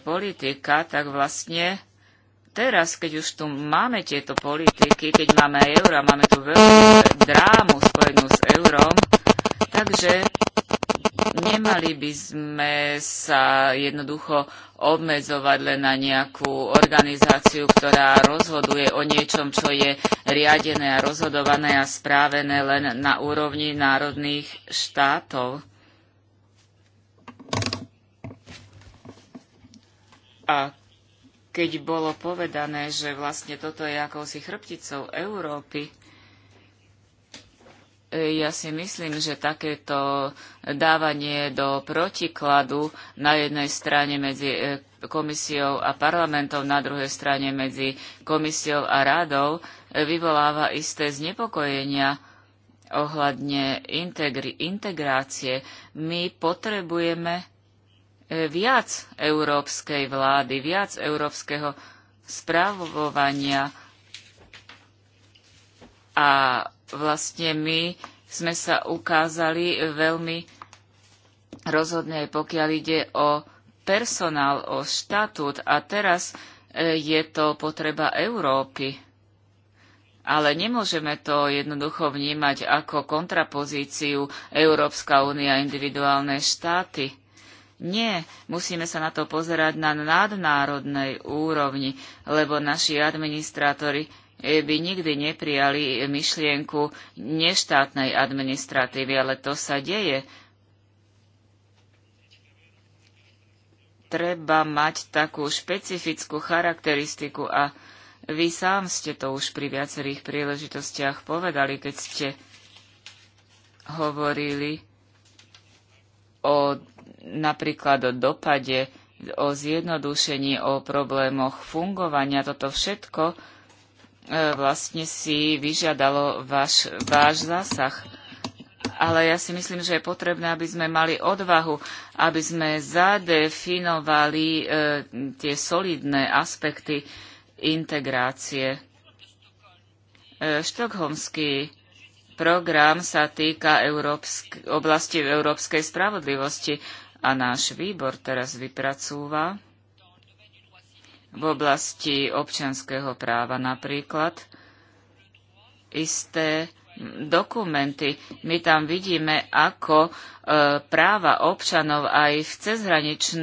politika, tak vlastne teraz, keď už tu máme tieto politiky, keď máme euro a máme tu veľkú drámu spojenú s eurom, takže Nemali by sme sa jednoducho obmedzovať len na nejakú organizáciu, ktorá rozhoduje o niečom, čo je riadené a rozhodované a správené len na úrovni národných štátov. A keď bolo povedané, že vlastne toto je akousi chrbticou Európy, ja si myslím, že takéto dávanie do protikladu na jednej strane medzi e, komisiou a parlamentom, na druhej strane medzi komisiou a radou e, vyvoláva isté znepokojenia ohľadne integri- integrácie. My potrebujeme e, viac európskej vlády, viac európskeho správovania a vlastne my sme sa ukázali veľmi rozhodné, pokiaľ ide o personál, o štatút a teraz e, je to potreba Európy. Ale nemôžeme to jednoducho vnímať ako kontrapozíciu Európska únia a individuálne štáty. Nie, musíme sa na to pozerať na nadnárodnej úrovni, lebo naši administrátori E, by nikdy neprijali myšlienku neštátnej administratívy, ale to sa deje. Treba mať takú špecifickú charakteristiku a vy sám ste to už pri viacerých príležitostiach povedali, keď ste hovorili o napríklad o dopade, o zjednodušení, o problémoch fungovania. Toto všetko E, vlastne si vyžiadalo váš, váš zásah. Ale ja si myslím, že je potrebné, aby sme mali odvahu, aby sme zadefinovali e, tie solidné aspekty integrácie. E, štokholmský program sa týka európsk- oblasti európskej spravodlivosti a náš výbor teraz vypracúva v oblasti občianského práva napríklad isté dokumenty. My tam vidíme, ako e, práva občanov aj v cezhraničn...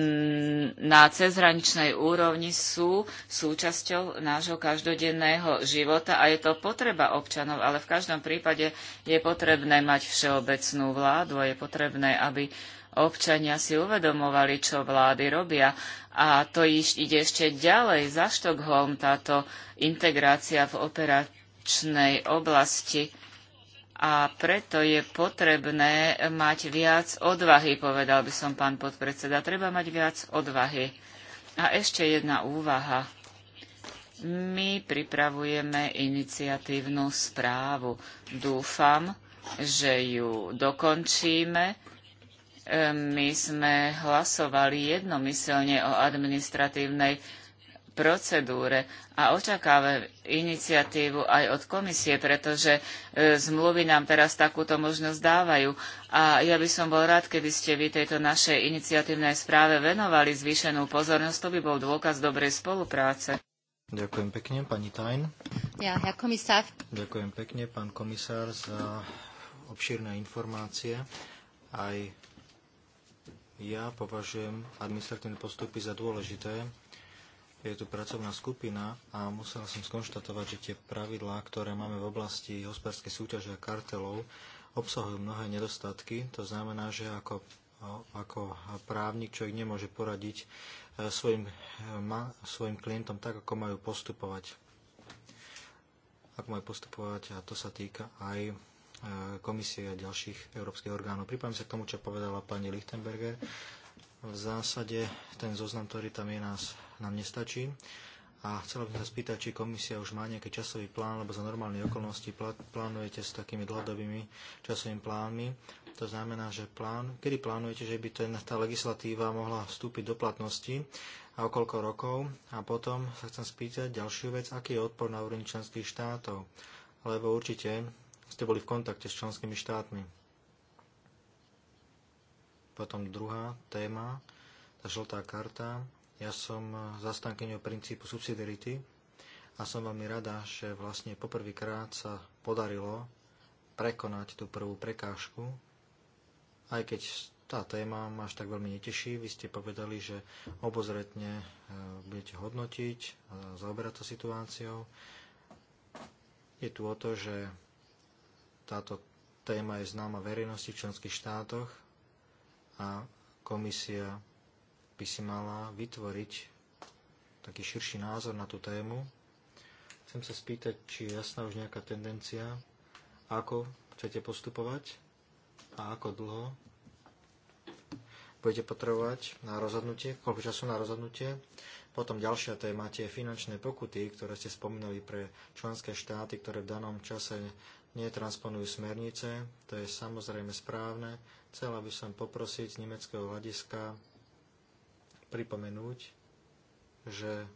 na cezhraničnej úrovni sú súčasťou nášho každodenného života a je to potreba občanov, ale v každom prípade je potrebné mať všeobecnú vládu a je potrebné, aby občania si uvedomovali, čo vlády robia. A to ide ešte ďalej za Štokholm, táto integrácia v operačnej oblasti. A preto je potrebné mať viac odvahy, povedal by som pán podpredseda. Treba mať viac odvahy. A ešte jedna úvaha. My pripravujeme iniciatívnu správu. Dúfam, že ju dokončíme my sme hlasovali jednomyselne o administratívnej procedúre a očakávam iniciatívu aj od komisie, pretože e, zmluvy nám teraz takúto možnosť dávajú. A ja by som bol rád, keby ste vy tejto našej iniciatívnej správe venovali zvýšenú pozornosť. To by bol dôkaz dobrej spolupráce. Ďakujem pekne, pani Tajn. Ja, ja komisár. Ďakujem pekne, pán komisár, za obšírne informácie aj ja považujem administratívne postupy za dôležité. Je tu pracovná skupina a musela som skonštatovať, že tie pravidlá, ktoré máme v oblasti hospodárskej súťaže a kartelov, obsahujú mnohé nedostatky. To znamená, že ako, ako právnik človek nemôže poradiť e, svojim, e, svojim klientom tak, ako majú postupovať. Ako majú postupovať a to sa týka aj komisie a ďalších európskych orgánov. Pripájam sa k tomu, čo povedala pani Lichtenberger. V zásade ten zoznam, ktorý tam je, nás, nám nestačí. A chcela by som sa spýtať, či komisia už má nejaký časový plán, lebo za normálne okolnosti plánujete s takými dlhodobými časovými plánmi. To znamená, že plán, kedy plánujete, že by ten, tá legislatíva mohla vstúpiť do platnosti a o koľko rokov. A potom sa chcem spýtať ďalšiu vec, aký je odpor na úrovni členských štátov. Lebo určite ste boli v kontakte s členskými štátmi. Potom druhá téma, tá žltá karta. Ja som zastankyňou princípu subsidiarity a som veľmi rada, že vlastne poprvýkrát sa podarilo prekonať tú prvú prekážku, aj keď tá téma ma až tak veľmi neteší. Vy ste povedali, že obozretne e, budete hodnotiť a zaoberať sa situáciou. Je tu o to, že táto téma je známa verejnosti v členských štátoch a komisia by si mala vytvoriť taký širší názor na tú tému. Chcem sa spýtať, či je jasná už nejaká tendencia, ako chcete postupovať a ako dlho budete potrebovať na rozhodnutie, koľko času na rozhodnutie. Potom ďalšia téma tie finančné pokuty, ktoré ste spomínali pre členské štáty, ktoré v danom čase netransponujú smernice, to je samozrejme správne. Chcela by som poprosiť z nemeckého hľadiska pripomenúť, že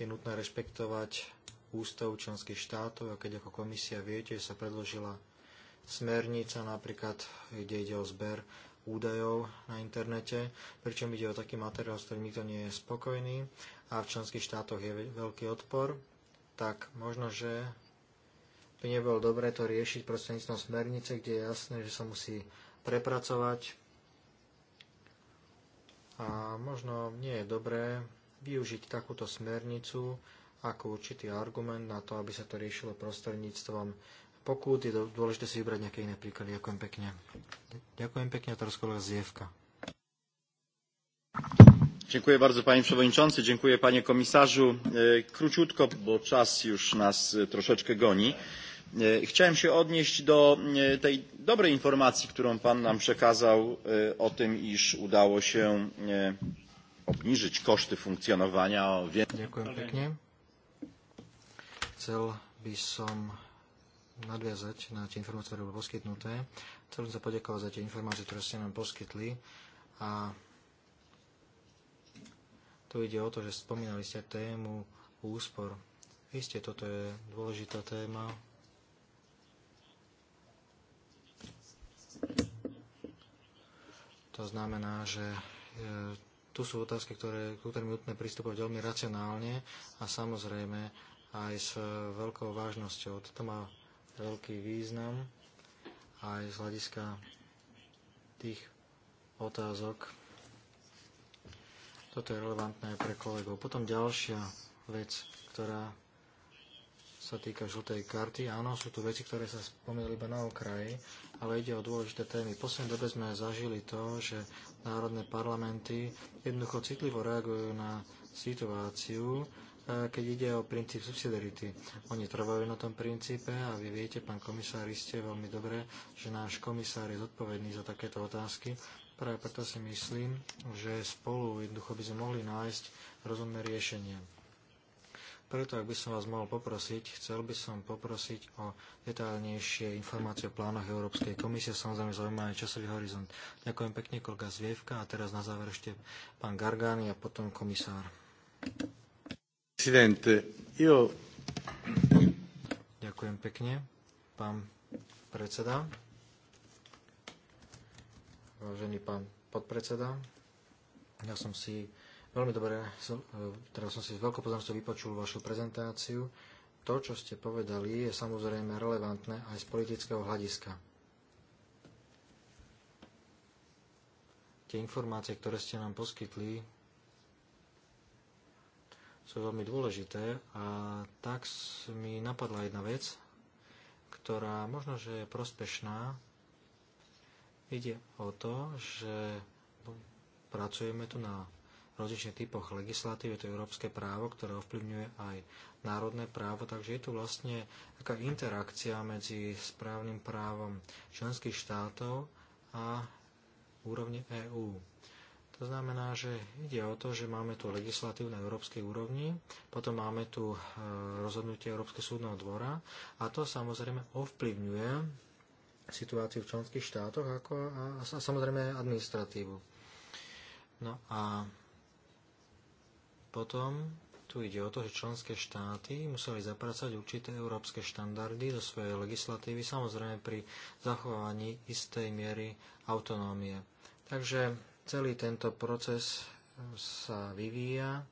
je nutné rešpektovať ústav členských štátov a keď ako komisia viete, že sa predložila smernica, napríklad kde ide o zber údajov na internete, pričom ide o taký materiál, s ktorým nikto nie je spokojný a v členských štátoch je veľký odpor, tak možno, že by nebolo dobré to riešiť prostredníctvom smernice, kde je jasné, že sa musí prepracovať. A možno nie je dobré využiť takúto smernicu ako určitý argument na to, aby sa to riešilo prostredníctvom pokút. Je dôležité si vybrať nejaké iné príklady. Ďakujem pekne. Ďakujem pekne a teraz kolega Zjevka. Dziękuję bardzo panie przewodniczący, dziękuję panie komisarzu. E, króciutko, bo czas już nas e, troszeczkę goni. E, chciałem się odnieść do e, tej dobrej informacji, którą Pan nam przekazał e, o tym, iż udało się obniżyć koszty funkcjonowania o więcej. Ďakujem pekne. Chcel by som nadviazať na tie informácie, ktoré boli poskytnuté. Chcel by som poďakovať za tie informácie, ktoré ste nám poskytli. A tu ide o to, že spomínali ste tému úspor. Isté, toto je dôležitá téma, To znamená, že e, tu sú otázky, ktoré, k ktorým je nutné pristupovať veľmi racionálne a samozrejme aj s veľkou vážnosťou. Toto má veľký význam aj z hľadiska tých otázok. Toto je relevantné aj pre kolegov. Potom ďalšia vec, ktorá sa týka žltej karty. Áno, sú tu veci, ktoré sa spomínali iba na okraji, ale ide o dôležité témy. V poslednej dobe sme zažili to, že národné parlamenty jednoducho citlivo reagujú na situáciu, e, keď ide o princíp subsidiarity. Oni trvajú na tom princípe a vy viete, pán komisár, iste veľmi dobre, že náš komisár je zodpovedný za takéto otázky. Práve preto si myslím, že spolu jednoducho by sme mohli nájsť rozumné riešenie. Preto, ak by som vás mohol poprosiť, chcel by som poprosiť o detálnejšie informácie o plánoch Európskej komisie. Samozrejme, zaujímavý časový horizont. Ďakujem pekne, kolega Zvievka. A teraz na záver ešte pán Gargány a potom komisár. Jo... Ďakujem pekne, pán predseda. Vážený pán podpredseda, ja som si Veľmi dobre, som, e, teraz som si s veľkou pozornosťou vypočul vašu prezentáciu. To, čo ste povedali, je samozrejme relevantné aj z politického hľadiska. Tie informácie, ktoré ste nám poskytli, sú veľmi dôležité a tak mi napadla jedna vec, ktorá možno, že je prospešná. Ide o to, že pracujeme tu na rozličných typoch legislatívy, to je európske právo, ktoré ovplyvňuje aj národné právo, takže je tu vlastne taká interakcia medzi správnym právom členských štátov a úrovne EÚ. To znamená, že ide o to, že máme tu legislatívu na európskej úrovni, potom máme tu e, rozhodnutie Európskeho súdneho dvora a to samozrejme ovplyvňuje situáciu v členských štátoch ako a, a samozrejme administratívu. No a potom tu ide o to, že členské štáty museli zapracovať určité európske štandardy do svojej legislatívy, samozrejme pri zachovaní istej miery autonómie. Takže celý tento proces sa vyvíja.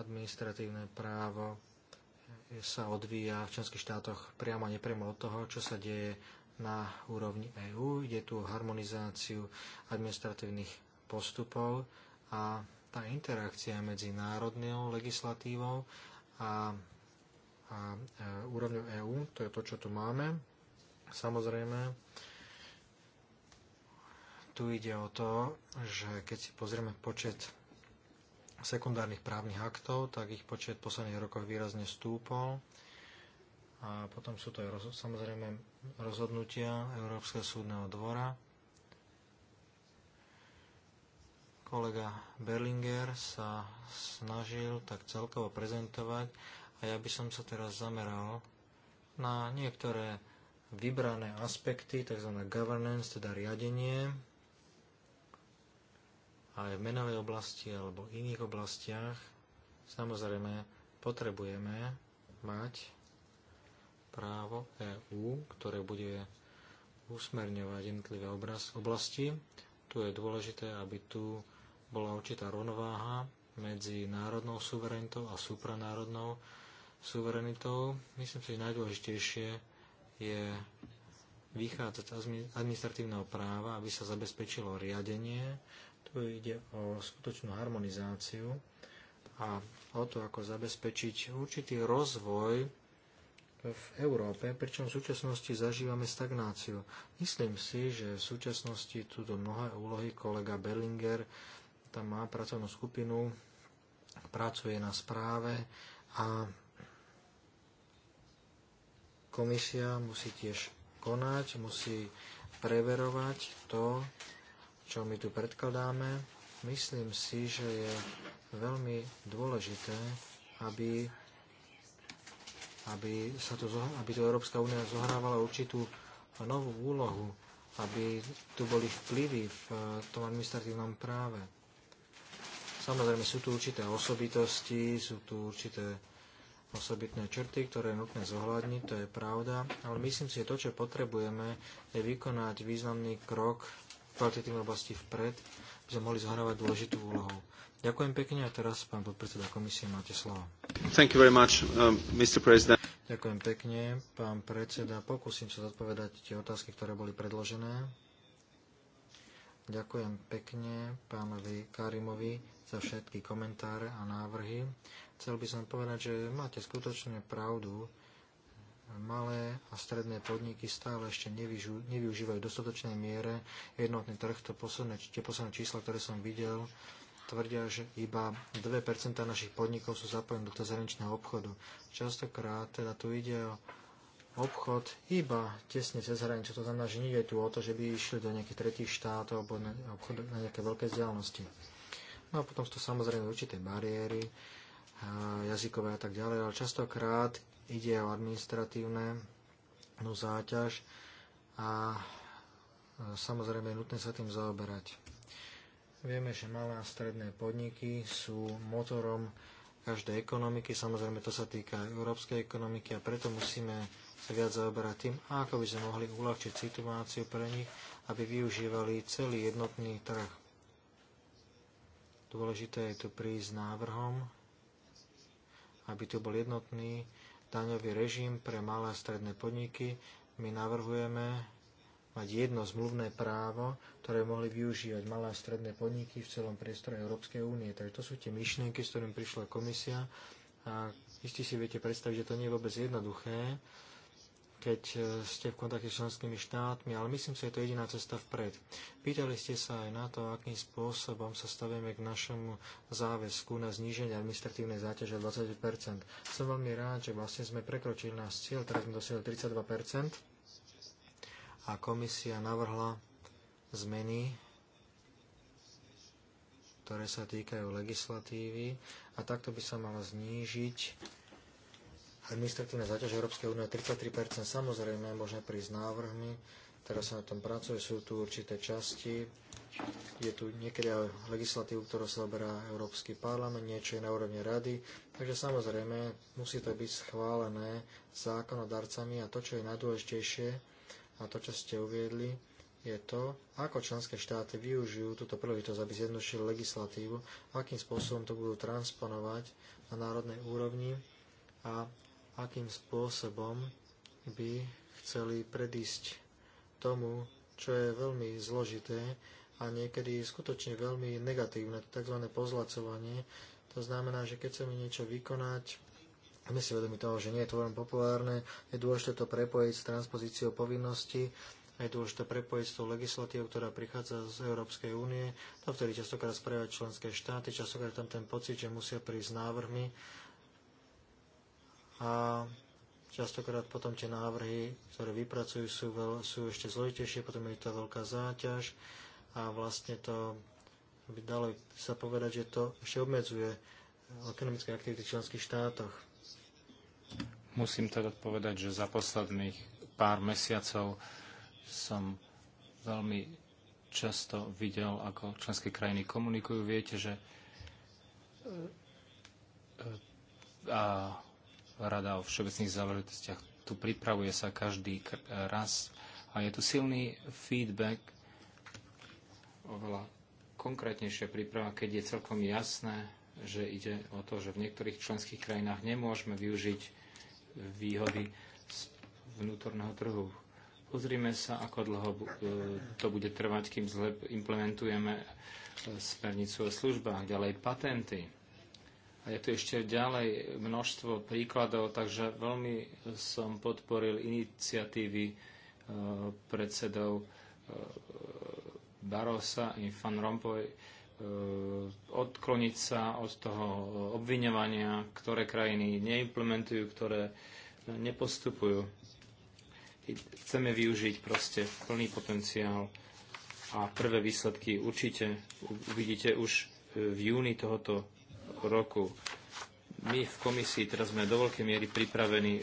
Administratívne právo sa odvíja v členských štátoch priamo a nepriamo od toho, čo sa deje na úrovni EÚ. Ide tu o harmonizáciu administratívnych postupov a tá interakcia medzi národnou legislatívou a, a e, úrovňou EÚ, to je to, čo tu máme. Samozrejme, tu ide o to, že keď si pozrieme počet sekundárnych právnych aktov, tak ich počet v posledných rokoch výrazne stúpol. A potom sú to aj roz, samozrejme rozhodnutia Európskeho súdneho dvora. kolega Berlinger sa snažil tak celkovo prezentovať a ja by som sa teraz zameral na niektoré vybrané aspekty, tzv. governance, teda riadenie, aj v menovej oblasti alebo iných oblastiach. Samozrejme, potrebujeme mať právo EÚ, ktoré bude usmerňovať jednotlivé oblasti. Tu je dôležité, aby tu bola určitá rovnováha medzi národnou suverenitou a supranárodnou suverenitou. Myslím si, že najdôležitejšie je vychádzať z administratívneho práva, aby sa zabezpečilo riadenie. Tu ide o skutočnú harmonizáciu a o to, ako zabezpečiť určitý rozvoj v Európe, pričom v súčasnosti zažívame stagnáciu. Myslím si, že v súčasnosti tu do mnohé úlohy kolega Berlinger tam má pracovnú skupinu, pracuje na správe a komisia musí tiež konať, musí preverovať to, čo my tu predkladáme. Myslím si, že je veľmi dôležité, aby, aby, sa to, aby to Európska únia zohrávala určitú novú úlohu, aby tu boli vplyvy v eh, tom administratívnom práve. Samozrejme sú tu určité osobitosti, sú tu určité osobitné črty, ktoré je nutné zohľadniť, to je pravda, ale myslím si, že to, čo potrebujeme, je vykonať významný krok v kvalitatívnej oblasti vpred, aby sme mohli zohrávať dôležitú úlohu. Ďakujem pekne a teraz, pán podpredseda komisie, máte slovo. Thank you very much, um, Mr. President. Ďakujem pekne, pán predseda. Pokúsim sa zodpovedať tie otázky, ktoré boli predložené. Ďakujem pekne pánovi Karimovi za všetky komentáre a návrhy. Chcel by som povedať, že máte skutočne pravdu. Malé a stredné podniky stále ešte nevyžu, nevyužívajú v dostatočnej miere jednotný trh. To posledné, tie posledné čísla, ktoré som videl, tvrdia, že iba 2% našich podnikov sú zapojené do zahraničného obchodu. Častokrát teda tu ide o obchod iba tesne cez hranicu. To znamená, že nie je tu o to, že by išli do nejakých tretích štátov alebo na, obchod na nejaké veľké vzdialenosti. No a potom sú to samozrejme určité bariéry, jazykové a tak ďalej, ale častokrát ide o administratívne no, záťaž a samozrejme je nutné sa tým zaoberať. Vieme, že malé a stredné podniky sú motorom každej ekonomiky, samozrejme to sa týka aj európskej ekonomiky a preto musíme sa viac zaoberať tým, ako by sme mohli uľahčiť situáciu pre nich, aby využívali celý jednotný trh. Dôležité je tu prísť návrhom, aby tu bol jednotný daňový režim pre malé a stredné podniky. My navrhujeme mať jedno zmluvné právo, ktoré mohli využívať malé a stredné podniky v celom priestore Európskej únie. Takže to sú tie myšlienky, s ktorým prišla komisia. A isti si viete predstaviť, že to nie je vôbec jednoduché, keď e, ste v kontakte s členskými štátmi, ale myslím si, že je to jediná cesta vpred. Pýtali ste sa aj na to, akým spôsobom sa stavíme k našemu záväzku na zníženie administratívnej záťaže 20 Som veľmi rád, že vlastne sme prekročili náš cieľ, teraz sme dosiahli 32 a komisia navrhla zmeny, ktoré sa týkajú legislatívy a takto by sa mala znížiť administratívna záťaž Európskej únie 33%. Samozrejme, možno prísť návrhmi, teraz sa na tom pracuje, sú tu určité časti. Je tu niekedy aj legislatívu, ktorú sa oberá Európsky parlament, niečo je na úrovni rady. Takže samozrejme, musí to byť schválené zákonodarcami a to, čo je najdôležitejšie a to, čo ste uviedli, je to, ako členské štáty využijú túto príležitosť, aby zjednodušili legislatívu, akým spôsobom to budú transponovať na národnej úrovni a akým spôsobom by chceli predísť tomu, čo je veľmi zložité a niekedy skutočne veľmi negatívne, tzv. pozlacovanie. To znamená, že keď chceme niečo vykonať, my si vedomi toho, že nie je to veľmi populárne, je dôležité to prepojiť s transpozíciou povinností, je dôležité prepojiť s tou legislatívou, ktorá prichádza z Európskej únie, to vtedy častokrát spravia členské štáty, častokrát tam ten pocit, že musia prísť s návrhmi, a častokrát potom tie návrhy, ktoré vypracujú, sú, veľ, sú ešte zložitejšie, potom je to veľká záťaž a vlastne to by dalo sa povedať, že to ešte obmedzuje ekonomické aktivity v členských štátoch. Musím teda povedať, že za posledných pár mesiacov som veľmi často videl, ako členské krajiny komunikujú. Viete, že e, e, a Rada o všeobecných záležitostiach. Tu pripravuje sa každý raz a je tu silný feedback, oveľa konkrétnejšia príprava, keď je celkom jasné, že ide o to, že v niektorých členských krajinách nemôžeme využiť výhody z vnútorného trhu. Pozrime sa, ako dlho e, to bude trvať, kým zle implementujeme e, smernicu o službách, ďalej patenty a je tu ešte ďalej množstvo príkladov, takže veľmi som podporil iniciatívy e, predsedov e, Barosa i Van Rompuy e, odkloniť sa od toho obviňovania, ktoré krajiny neimplementujú, ktoré nepostupujú. Chceme využiť proste plný potenciál a prvé výsledky určite uvidíte už v júni tohoto roku. My v komisii teraz sme do veľkej miery pripravení e,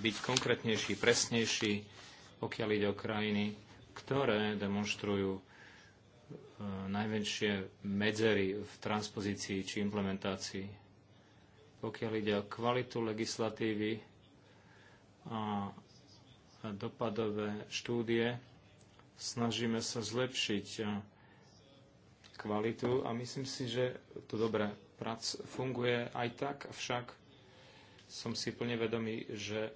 byť konkrétnejší, presnejší, pokiaľ ide o krajiny, ktoré demonstrujú e, najväčšie medzery v transpozícii či implementácii. Pokiaľ ide o kvalitu legislatívy a dopadové štúdie, snažíme sa zlepšiť e, kvalitu a myslím si, že to dobre prac funguje aj tak, avšak som si plne vedomý, že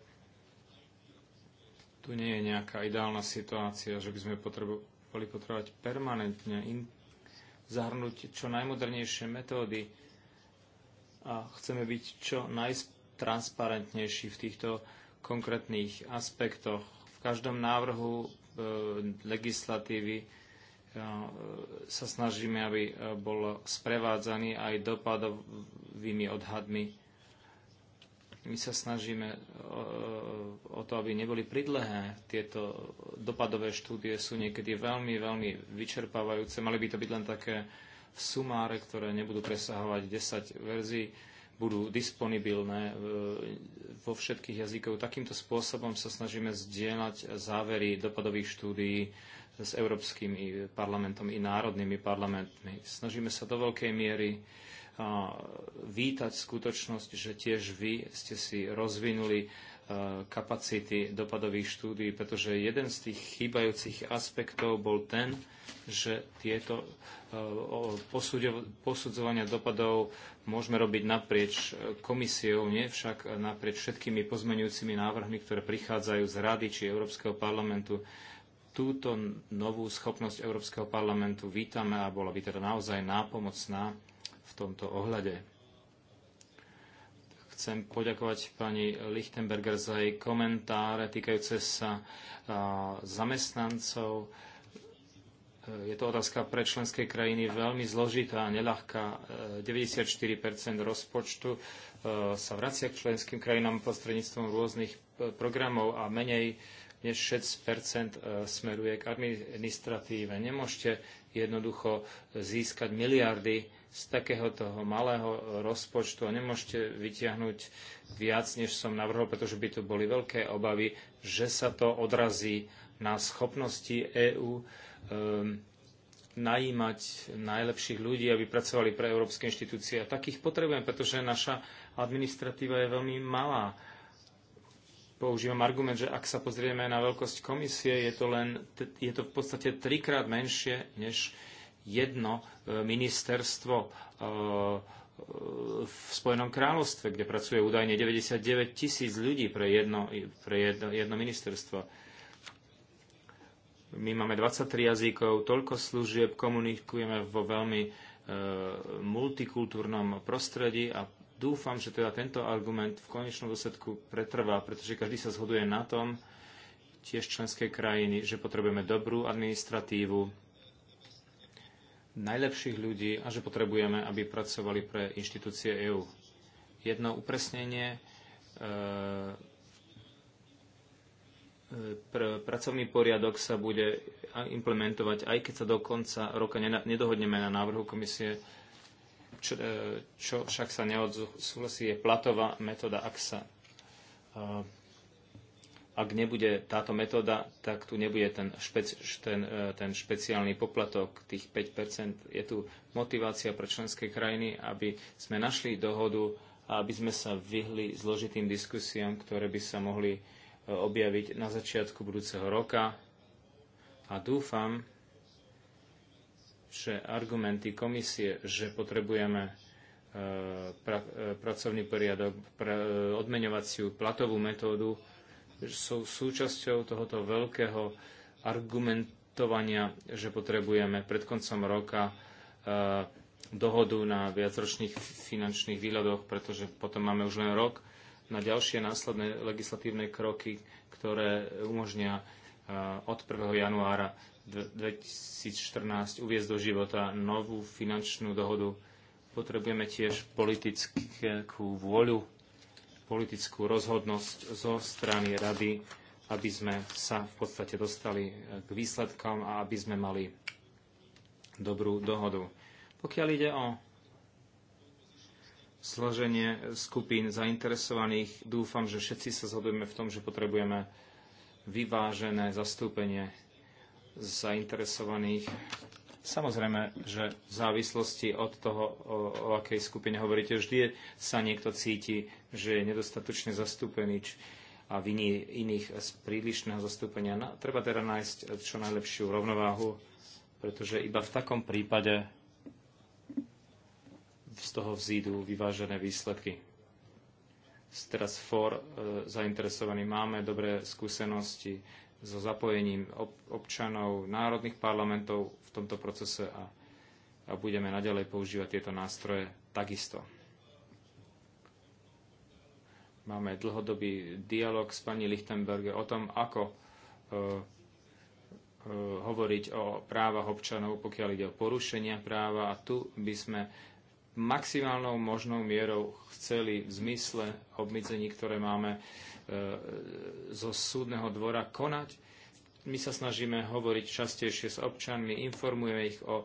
tu nie je nejaká ideálna situácia, že by sme potrebovali potrebovať permanentne in, zahrnúť čo najmodernejšie metódy a chceme byť čo najtransparentnejší v týchto konkrétnych aspektoch. V každom návrhu e, legislatívy No, e, sa snažíme, aby e, bol sprevádzaný aj dopadovými odhadmi. My sa snažíme e, o to, aby neboli pridlhé. Tieto dopadové štúdie sú niekedy veľmi, veľmi vyčerpávajúce. Mali by to byť len také sumáre, ktoré nebudú presahovať 10 verzií, budú disponibilné vo všetkých jazykov. Takýmto spôsobom sa snažíme zdieľať závery dopadových štúdií s Európskym parlamentom i národnými parlamentmi. Snažíme sa do veľkej miery vítať skutočnosť, že tiež vy ste si rozvinuli kapacity dopadových štúdií, pretože jeden z tých chýbajúcich aspektov bol ten, že tieto posudzovania dopadov môžeme robiť naprieč komisiou, nie však naprieč všetkými pozmeňujúcimi návrhmi, ktoré prichádzajú z Rady či Európskeho parlamentu túto novú schopnosť Európskeho parlamentu vítame a bola by teda naozaj nápomocná v tomto ohľade. Chcem poďakovať pani Lichtenberger za jej komentáre týkajúce sa zamestnancov. E, je to otázka pre členské krajiny veľmi zložitá a neľahká. 94 e, rozpočtu e, sa vracia k členským krajinám prostredníctvom rôznych programov a menej než 6 e, smeruje k administratíve. Nemôžete jednoducho získať miliardy z takéhoto malého e, rozpočtu a nemôžete vyťahnuť viac, než som navrhol, pretože by tu boli veľké obavy, že sa to odrazí na schopnosti EÚ um, e, najímať najlepších ľudí, aby pracovali pre európske inštitúcie. A takých potrebujeme, pretože naša administratíva je veľmi malá používam argument, že ak sa pozrieme na veľkosť komisie, je to, len, je to v podstate trikrát menšie než jedno e, ministerstvo e, v Spojenom kráľovstve, kde pracuje údajne 99 tisíc ľudí pre jedno, pre jedno, jedno ministerstvo. My máme 23 jazykov, toľko služieb, komunikujeme vo veľmi e, multikultúrnom prostredí a Dúfam, že teda tento argument v konečnom dôsledku pretrvá, pretože každý sa zhoduje na tom, tiež členské krajiny, že potrebujeme dobrú administratívu, najlepších ľudí a že potrebujeme, aby pracovali pre inštitúcie EÚ. Jedno upresnenie. E, e pr- pracovný poriadok sa bude implementovať, aj keď sa do konca roka nedohodneme na návrhu komisie, čo, e, čo však sa neodsúhlasí, je platová metóda. Ak, sa, e, ak nebude táto metóda, tak tu nebude ten, špec, ten, e, ten špeciálny poplatok, tých 5 Je tu motivácia pre členské krajiny, aby sme našli dohodu a aby sme sa vyhli zložitým diskusiám, ktoré by sa mohli objaviť na začiatku budúceho roka. A dúfam, že argumenty komisie, že potrebujeme e, pra, e, pracovný poriadok, pra, e, odmeňovaciu platovú metódu, sú súčasťou tohoto veľkého argumentovania, že potrebujeme pred koncom roka dohodu na viacročných finančných výhľadoch, pretože potom máme už len rok na ďalšie následné legislatívne kroky, ktoré umožnia od 1. januára 2014 uviezť do života novú finančnú dohodu. Potrebujeme tiež politickú vôľu, politickú rozhodnosť zo strany rady, aby sme sa v podstate dostali k výsledkom a aby sme mali dobrú dohodu. Pokiaľ ide o zloženie skupín zainteresovaných, dúfam, že všetci sa zhodujeme v tom, že potrebujeme vyvážené zastúpenie zainteresovaných. Samozrejme, že v závislosti od toho, o, o akej skupine hovoríte, vždy sa niekto cíti, že je nedostatočne zastúpený a viní iných z prílišného zastúpenia. No, treba teda nájsť čo najlepšiu rovnováhu, pretože iba v takom prípade z toho vzídu vyvážené výsledky. Teraz for e, zainteresovaní máme dobré skúsenosti so zapojením občanov národných parlamentov v tomto procese a, a budeme naďalej používať tieto nástroje takisto. Máme dlhodobý dialog s pani Lichtenberge o tom, ako e, e, hovoriť o právach občanov, pokiaľ ide o porušenia práva. A tu by sme maximálnou možnou mierou chceli v zmysle obmedzení, ktoré máme e, zo súdneho dvora konať. My sa snažíme hovoriť častejšie s občanmi, informujeme ich o e,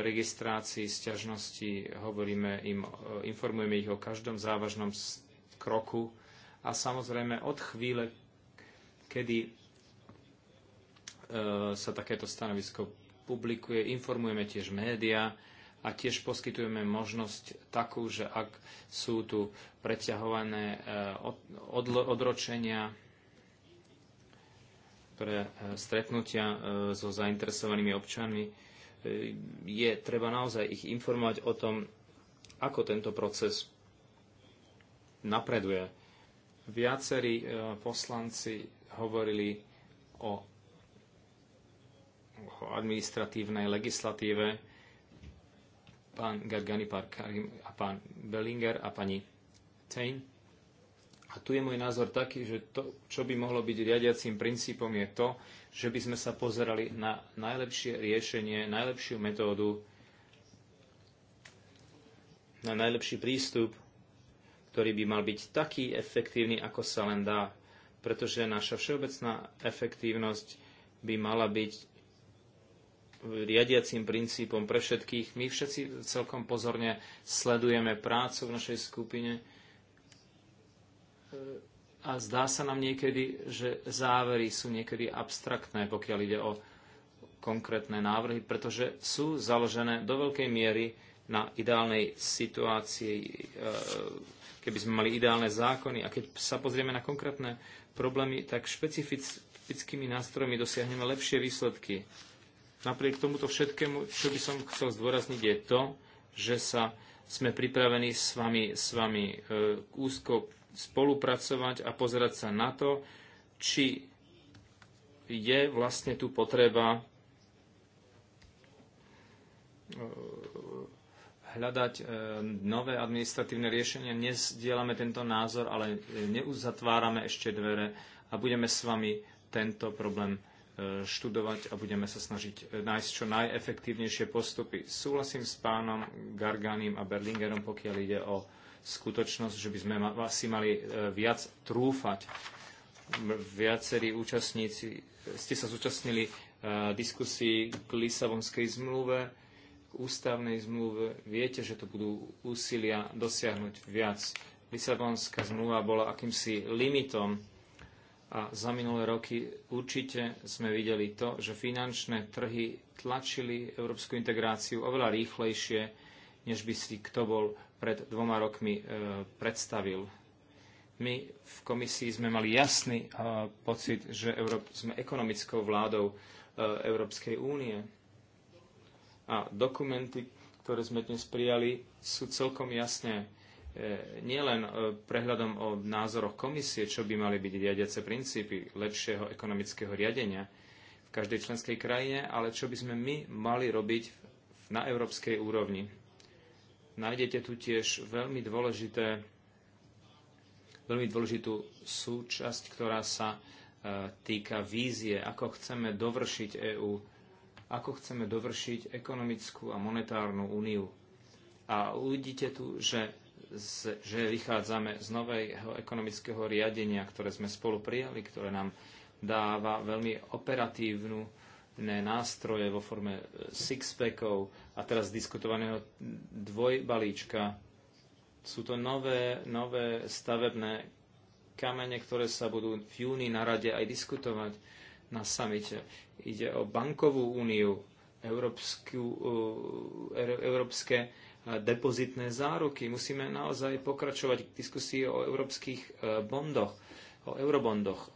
registrácii sťažnosti, hovoríme im, e, informujeme ich o každom závažnom kroku a samozrejme od chvíle, kedy sa takéto stanovisko publikuje, informujeme tiež médiá, a tiež poskytujeme možnosť takú, že ak sú tu preťahované e, odročenia pre e, stretnutia e, so zainteresovanými občanmi, je treba naozaj ich informovať o tom, ako tento proces napreduje. Viacerí poslanci hovorili o administratívnej legislatíve, pán Gargani, pán Karim a pán Bellinger a pani Tain. A tu je môj názor taký, že to, čo by mohlo byť riadiacím princípom, je to, že by sme sa pozerali na najlepšie riešenie, najlepšiu metódu, na najlepší prístup, ktorý by mal byť taký efektívny, ako sa len dá. Pretože naša všeobecná efektívnosť by mala byť riadiacím princípom pre všetkých. My všetci celkom pozorne sledujeme prácu v našej skupine a zdá sa nám niekedy, že závery sú niekedy abstraktné, pokiaľ ide o konkrétne návrhy, pretože sú založené do veľkej miery na ideálnej situácii, e, keby sme mali ideálne zákony. A keď sa pozrieme na konkrétne problémy, tak špecifickými nástrojmi dosiahneme lepšie výsledky. Napriek tomuto všetkému, čo by som chcel zdôrazniť, je to, že sa sme pripravení s vami, s vami e, úzko spolupracovať a pozerať sa na to, či je vlastne tu potreba e, hľadať e, nové administratívne riešenia. Nezdielame tento názor, ale neuzatvárame ešte dvere a budeme s vami tento problém študovať a budeme sa snažiť eh, nájsť čo najefektívnejšie postupy. Súhlasím s pánom Garganim a Berlingerom, pokiaľ ide o skutočnosť, že by sme si mali eh, viac trúfať. Viacerí účastníci ste sa zúčastnili eh, diskusii k Lisabonskej zmluve, k ústavnej zmluve. Viete, že to budú úsilia dosiahnuť viac. Lisabonská zmluva bola akýmsi limitom a za minulé roky určite sme videli to, že finančné trhy tlačili európsku integráciu oveľa rýchlejšie, než by si kto bol pred dvoma rokmi e, predstavil. My v komisii sme mali jasný e, pocit, že sme ekonomickou vládou e, Európskej únie. A dokumenty, ktoré sme dnes prijali, sú celkom jasné E, nielen e, prehľadom o názoroch komisie, čo by mali byť riadiace princípy lepšieho ekonomického riadenia v každej členskej krajine, ale čo by sme my mali robiť na európskej úrovni. Nájdete tu tiež veľmi, dôležité, veľmi dôležitú súčasť, ktorá sa e, týka vízie, ako chceme dovršiť EÚ, ako chceme dovršiť ekonomickú a monetárnu úniu. A uvidíte tu, že že vychádzame z nového ekonomického riadenia, ktoré sme spolu prijali, ktoré nám dáva veľmi operatívnu nástroje vo forme e, six packov a teraz diskutovaného dvojbalíčka. Sú to nové, nové stavebné kamene, ktoré sa budú v júni na rade aj diskutovať na samite. Ide o bankovú úniu, európsku, e, európske depozitné záruky. Musíme naozaj pokračovať k diskusii o európskych e, bondoch, o eurobondoch.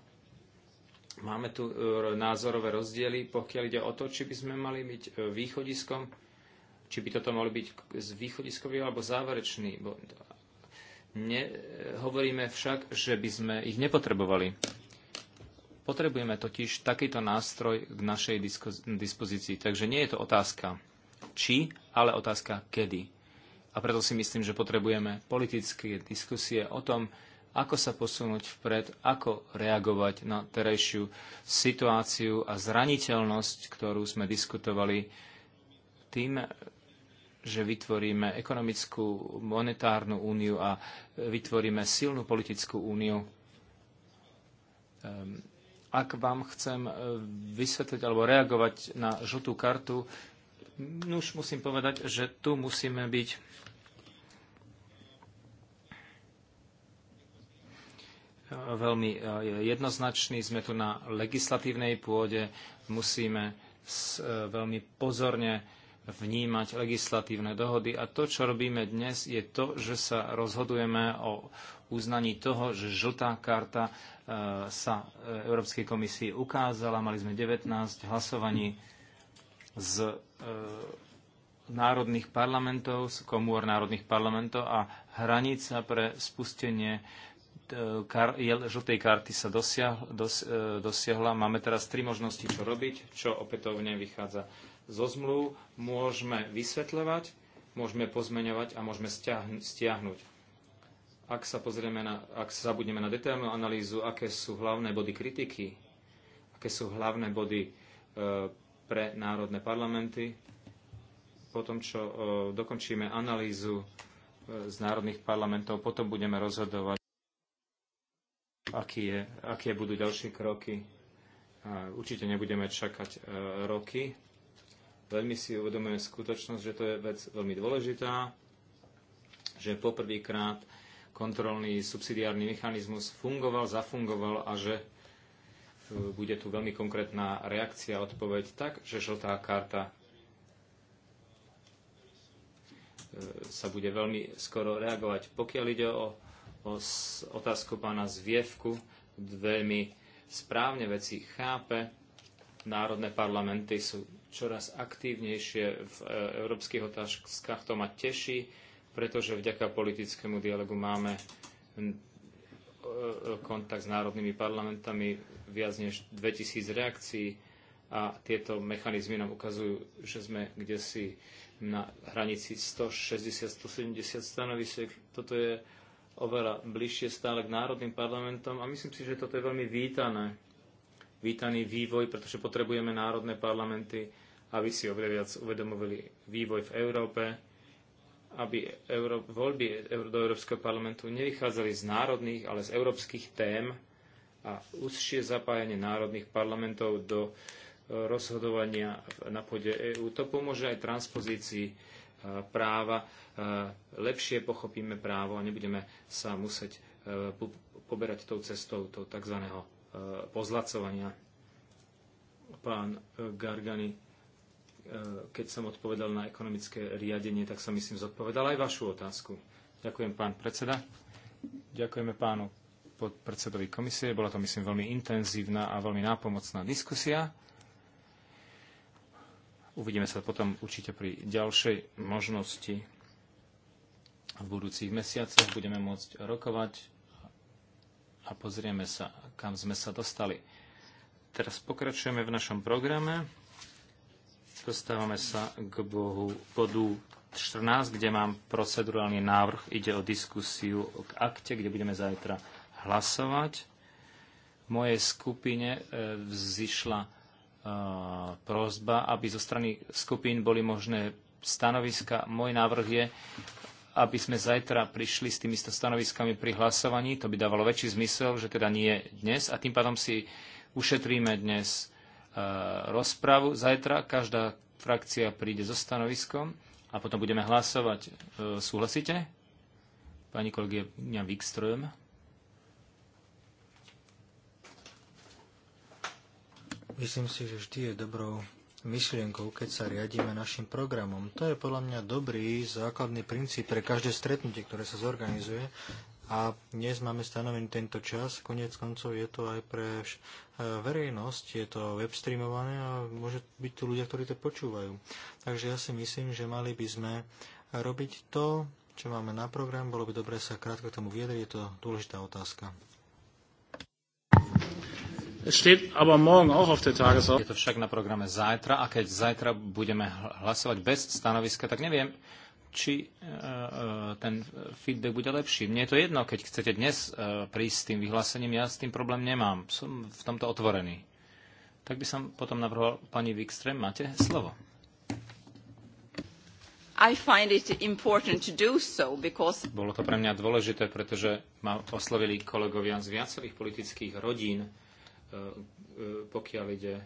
Máme tu e, názorové rozdiely, pokiaľ ide o to, či by sme mali byť e, východiskom, či by toto mali byť z východiskový alebo záverečný. Ne, hovoríme však, že by sme ich nepotrebovali. Potrebujeme totiž takýto nástroj k našej dispozícii. Takže nie je to otázka či, ale otázka kedy. A preto si myslím, že potrebujeme politické diskusie o tom, ako sa posunúť vpred, ako reagovať na terejšiu situáciu a zraniteľnosť, ktorú sme diskutovali tým, že vytvoríme ekonomickú monetárnu úniu a vytvoríme silnú politickú úniu. Ehm, ak vám chcem eh, vysvetliť alebo reagovať na žltú kartu, No už musím povedať, že tu musíme byť veľmi e, jednoznačný. Sme tu na legislatívnej pôde. Musíme e, veľmi pozorne vnímať legislatívne dohody. A to, čo robíme dnes, je to, že sa rozhodujeme o uznaní toho, že žltá karta e, sa Európskej komisii ukázala. Mali sme 19 hlasovaní z e, národných parlamentov, z komôr národných parlamentov a hranica pre spustenie e, kar, žltej karty sa dosiah, dos, e, dosiahla. Máme teraz tri možnosti, čo robiť, čo opätovne vychádza zo zmluv. Môžeme vysvetľovať, môžeme pozmeňovať a môžeme stiahnuť. Ak sa, pozrieme na, ak sa zabudneme na detailnú analýzu, aké sú hlavné body kritiky, aké sú hlavné body e, pre národné parlamenty. Po tom, čo dokončíme analýzu e, z národných parlamentov, potom budeme rozhodovať, aký je, aké budú ďalšie kroky. Určite nebudeme čakať e, roky. Veľmi si uvedomujem skutočnosť, že to je vec veľmi dôležitá, že poprvýkrát kontrolný subsidiárny mechanizmus fungoval, zafungoval a že bude tu veľmi konkrétna reakcia, odpoveď tak, že žltá karta e, sa bude veľmi skoro reagovať. Pokiaľ ide o, o otázku pána Zvievku, veľmi správne veci chápe. Národné parlamenty sú čoraz aktívnejšie v e, európskych otázkach. To ma teší, pretože vďaka politickému dialogu máme E, kontakt s národnými parlamentami, viac než 2000 reakcií a tieto mechanizmy nám ukazujú, že sme kde si na hranici 160-170 stanovisek. Toto je oveľa bližšie stále k národným parlamentom a myslím si, že toto je veľmi vítané. Vítaný vývoj, pretože potrebujeme národné parlamenty, aby si oveľa viac uvedomovali vývoj v Európe aby Euró- voľby do Európskeho parlamentu nevychádzali z národných, ale z európskych tém a úzšie zapájanie národných parlamentov do e, rozhodovania na pôde EÚ. To pomôže aj transpozícii e, práva. E, lepšie pochopíme právo a nebudeme sa musieť poberať tou cestou toho tzv. pozlacovania. Pán Gargani E, keď som odpovedal na ekonomické riadenie, tak som myslím zodpovedal aj vašu otázku. Ďakujem pán predseda. Ďakujeme pánu podpredsedovi komisie. Bola to myslím veľmi intenzívna a veľmi nápomocná diskusia. Uvidíme sa potom určite pri ďalšej možnosti v budúcich mesiacoch. Budeme môcť rokovať a pozrieme sa, kam sme sa dostali. Teraz pokračujeme v našom programe. Dostávame sa k bohu bodu 14, kde mám procedurálny návrh. Ide o diskusiu k akte, kde budeme zajtra hlasovať. V mojej skupine e, vzýšla e, prozba, aby zo strany skupín boli možné stanoviska. Môj návrh je, aby sme zajtra prišli s týmito stanoviskami pri hlasovaní. To by dávalo väčší zmysel, že teda nie dnes. A tým pádom si ušetríme dnes E, rozpravu zajtra. Každá frakcia príde so stanoviskom a potom budeme hlasovať. E, súhlasíte? Pani kolegyňa Wikström. Myslím si, že vždy je dobrou myšlienkou, keď sa riadíme našim programom. To je podľa mňa dobrý základný princíp pre každé stretnutie, ktoré sa zorganizuje a dnes máme stanovený tento čas. Konec koncov je to aj pre e, verejnosť, je to web streamované a môže byť tu ľudia, ktorí to počúvajú. Takže ja si myslím, že mali by sme robiť to, čo máme na program. Bolo by dobré sa krátko k tomu vyjadriť, je to dôležitá otázka. Je to však na programe zajtra a keď zajtra budeme hlasovať bez stanoviska, tak neviem, či e, e, ten feedback bude lepší. Mne je to jedno, keď chcete dnes e, prísť s tým vyhlásením, ja s tým problém nemám. Som v tomto otvorený. Tak by som potom navrhol pani Wikström, máte slovo. I find it important to do so because... Bolo to pre mňa dôležité, pretože ma oslovili kolegovia z viacerých politických rodín, pokiaľ ide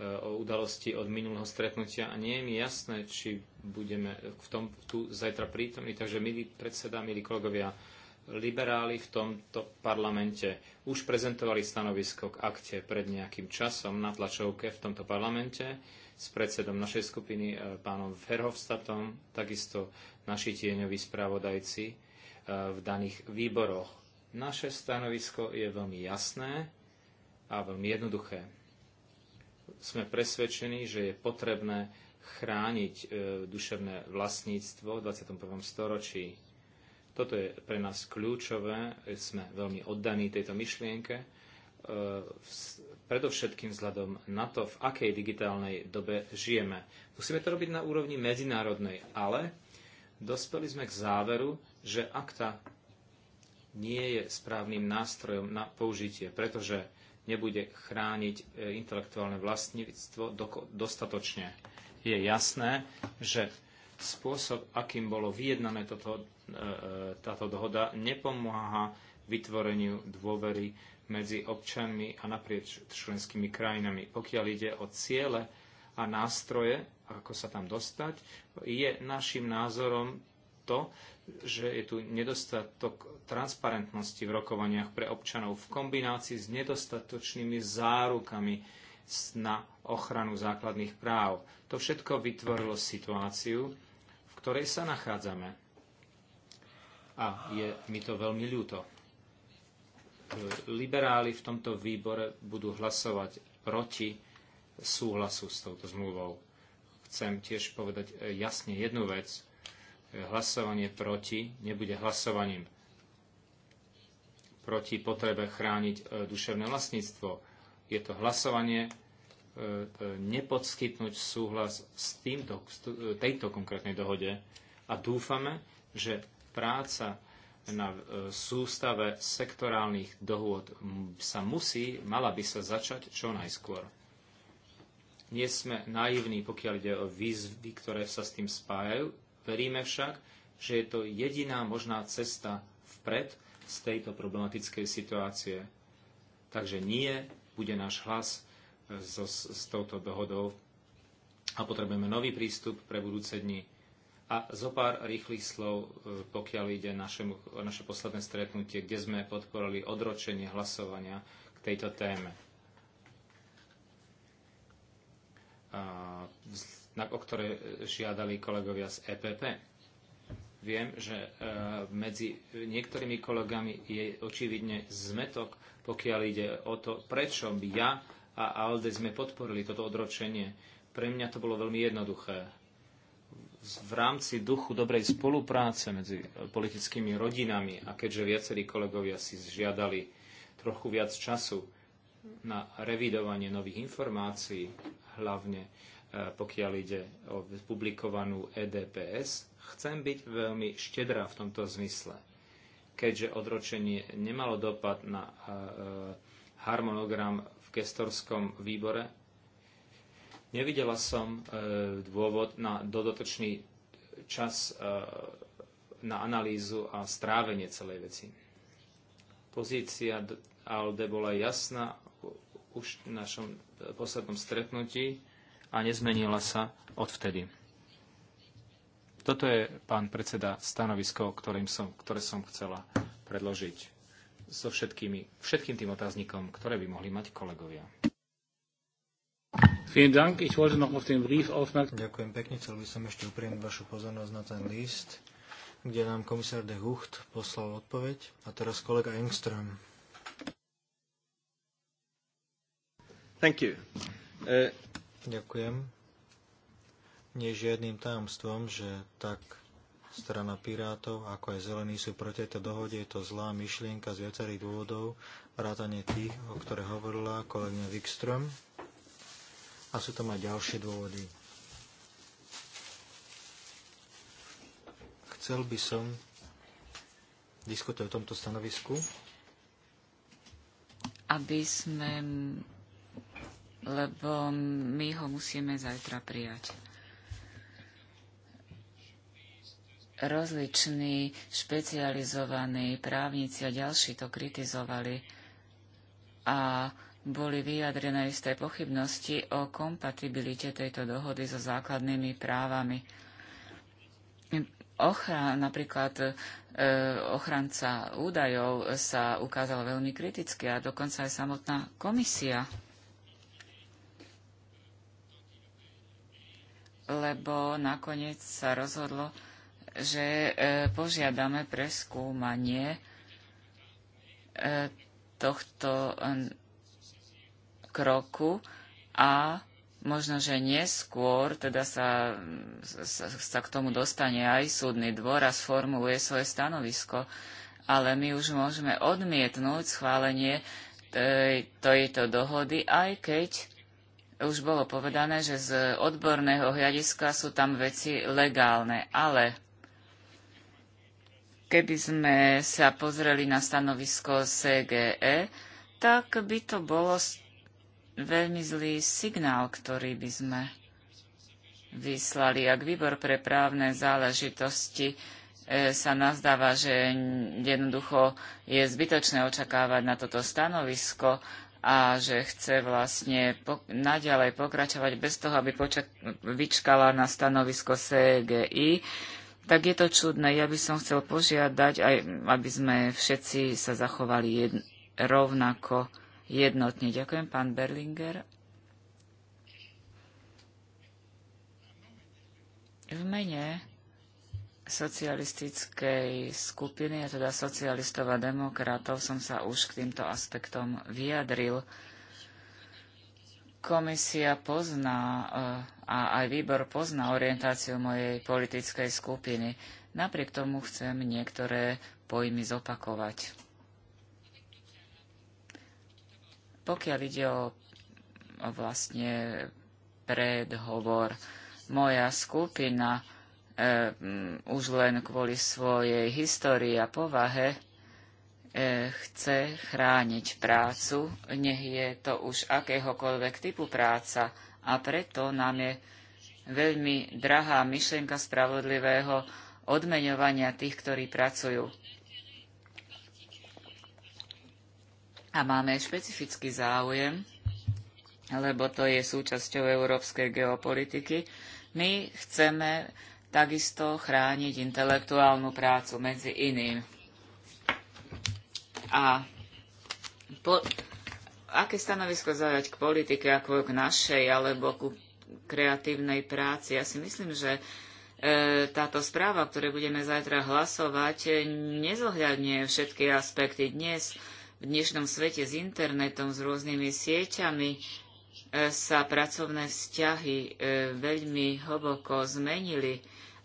E, o udalosti od minulého stretnutia a nie je mi jasné, či budeme v tom tu zajtra prítomní. Takže, milí predseda, milí kolegovia, liberáli v tomto parlamente už prezentovali stanovisko k akte pred nejakým časom na tlačovke v tomto parlamente s predsedom našej skupiny e, pánom Verhofstadtom, takisto naši tieňoví správodajci e, v daných výboroch. Naše stanovisko je veľmi jasné a veľmi jednoduché sme presvedčení, že je potrebné chrániť e, duševné vlastníctvo v 21. storočí. Toto je pre nás kľúčové, sme veľmi oddaní tejto myšlienke, e, predovšetkým vzhľadom na to, v akej digitálnej dobe žijeme. Musíme to robiť na úrovni medzinárodnej, ale dospeli sme k záveru, že akta nie je správnym nástrojom na použitie, pretože nebude chrániť e, intelektuálne vlastníctvo dostatočne. Je jasné, že spôsob, akým bolo vyjednané toto, e, e, táto dohoda, nepomáha vytvoreniu dôvery medzi občanmi a naprieč členskými krajinami. Pokiaľ ide o ciele a nástroje, ako sa tam dostať, je našim názorom to, že je tu nedostatok transparentnosti v rokovaniach pre občanov v kombinácii s nedostatočnými zárukami na ochranu základných práv. To všetko vytvorilo situáciu, v ktorej sa nachádzame. A je mi to veľmi ľúto. Liberáli v tomto výbore budú hlasovať proti súhlasu s touto zmluvou. Chcem tiež povedať eh, jasne jednu vec hlasovanie proti nebude hlasovaním proti potrebe chrániť e, duševné vlastníctvo. Je to hlasovanie e, e, nepodskytnúť súhlas s týmto, tejto konkrétnej dohode a dúfame, že práca na sústave sektorálnych dohôd sa musí, mala by sa začať čo najskôr. Nie sme naivní, pokiaľ ide o výzvy, ktoré sa s tým spájajú Veríme však, že je to jediná možná cesta vpred z tejto problematickej situácie. Takže nie bude náš hlas so, e, s touto dohodou a potrebujeme nový prístup pre budúce dni. A zo pár rýchlych slov, e, pokiaľ ide našemu, naše posledné stretnutie, kde sme podporili odročenie hlasovania k tejto téme. A o ktoré e, žiadali kolegovia z EPP. Viem, že e, medzi niektorými kolegami je očividne zmetok, pokiaľ ide o to, prečo by ja a ALDE sme podporili toto odročenie. Pre mňa to bolo veľmi jednoduché. V rámci duchu dobrej spolupráce medzi e, politickými rodinami a keďže viacerí kolegovia si žiadali trochu viac času na revidovanie nových informácií, hlavne pokiaľ ide o publikovanú EDPS. Chcem byť veľmi štedrá v tomto zmysle, keďže odročenie nemalo dopad na harmonogram v gestorskom výbore. Nevidela som dôvod na dodatočný čas na analýzu a strávenie celej veci. Pozícia ALDE bola jasná už v našom poslednom stretnutí a nezmenila sa odvtedy. Toto je, pán predseda, stanovisko, ktorým som, ktoré som chcela predložiť so všetkými, všetkým tým otáznikom, ktoré by mohli mať kolegovia. Ďakujem pekne, chcel by som ešte upriamiť vašu pozornosť na ten list, kde nám komisár de Hucht poslal odpoveď a teraz kolega Engström. Thank you. Uh... Ďakujem. Nie je žiadnym tajomstvom, že tak strana Pirátov, ako aj Zelení sú proti tejto dohode. Je to zlá myšlienka z viacerých dôvodov, vrátane tých, o ktoré hovorila kolegyňa Wikström. A sú tam aj ďalšie dôvody. Chcel by som diskutovať o tomto stanovisku. Aby sme lebo my ho musíme zajtra prijať. Rozliční špecializovaní právnici a ďalší to kritizovali a boli vyjadrené isté pochybnosti o kompatibilite tejto dohody so základnými právami. Ochran, napríklad e, ochranca údajov sa ukázala veľmi kriticky a dokonca aj samotná komisia lebo nakoniec sa rozhodlo, že e, požiadame preskúmanie e, tohto kroku a možno, že neskôr teda sa, sa, sa k tomu dostane aj súdny dvor a sformuluje svoje stanovisko, ale my už môžeme odmietnúť schválenie e, tejto dohody, aj keď už bolo povedané, že z odborného hľadiska sú tam veci legálne, ale keby sme sa pozreli na stanovisko CGE, tak by to bolo veľmi zlý signál, ktorý by sme vyslali. Ak výbor pre právne záležitosti e, sa nazdáva, že jednoducho je zbytočné očakávať na toto stanovisko a že chce vlastne po, naďalej pokračovať bez toho, aby poča- vyčkala na stanovisko CGI, tak je to čudné. Ja by som chcel požiadať, aj, aby sme všetci sa zachovali rovnako jednotne. Ďakujem, pán Berlinger. V mene socialistickej skupiny, a teda socialistov a demokratov, som sa už k týmto aspektom vyjadril. Komisia pozná eh, a aj výbor pozná orientáciu mojej politickej skupiny. Napriek tomu chcem niektoré pojmy zopakovať. Pokiaľ ide o, o vlastne predhovor, moja skupina E, mm, už len kvôli svojej histórii a povahe e, chce chrániť prácu, nech je to už akéhokoľvek typu práca a preto nám je veľmi drahá myšlienka spravodlivého odmeňovania tých, ktorí pracujú. A máme špecifický záujem, lebo to je súčasťou európskej geopolitiky. My chceme takisto chrániť intelektuálnu prácu medzi iným. A po, aké stanovisko zaujať k politike ako k našej alebo ku kreatívnej práci? Ja si myslím, že e, táto správa, o ktorej budeme zajtra hlasovať, nezohľadne všetky aspekty dnes. V dnešnom svete s internetom, s rôznymi sieťami e, sa pracovné vzťahy e, veľmi hlboko zmenili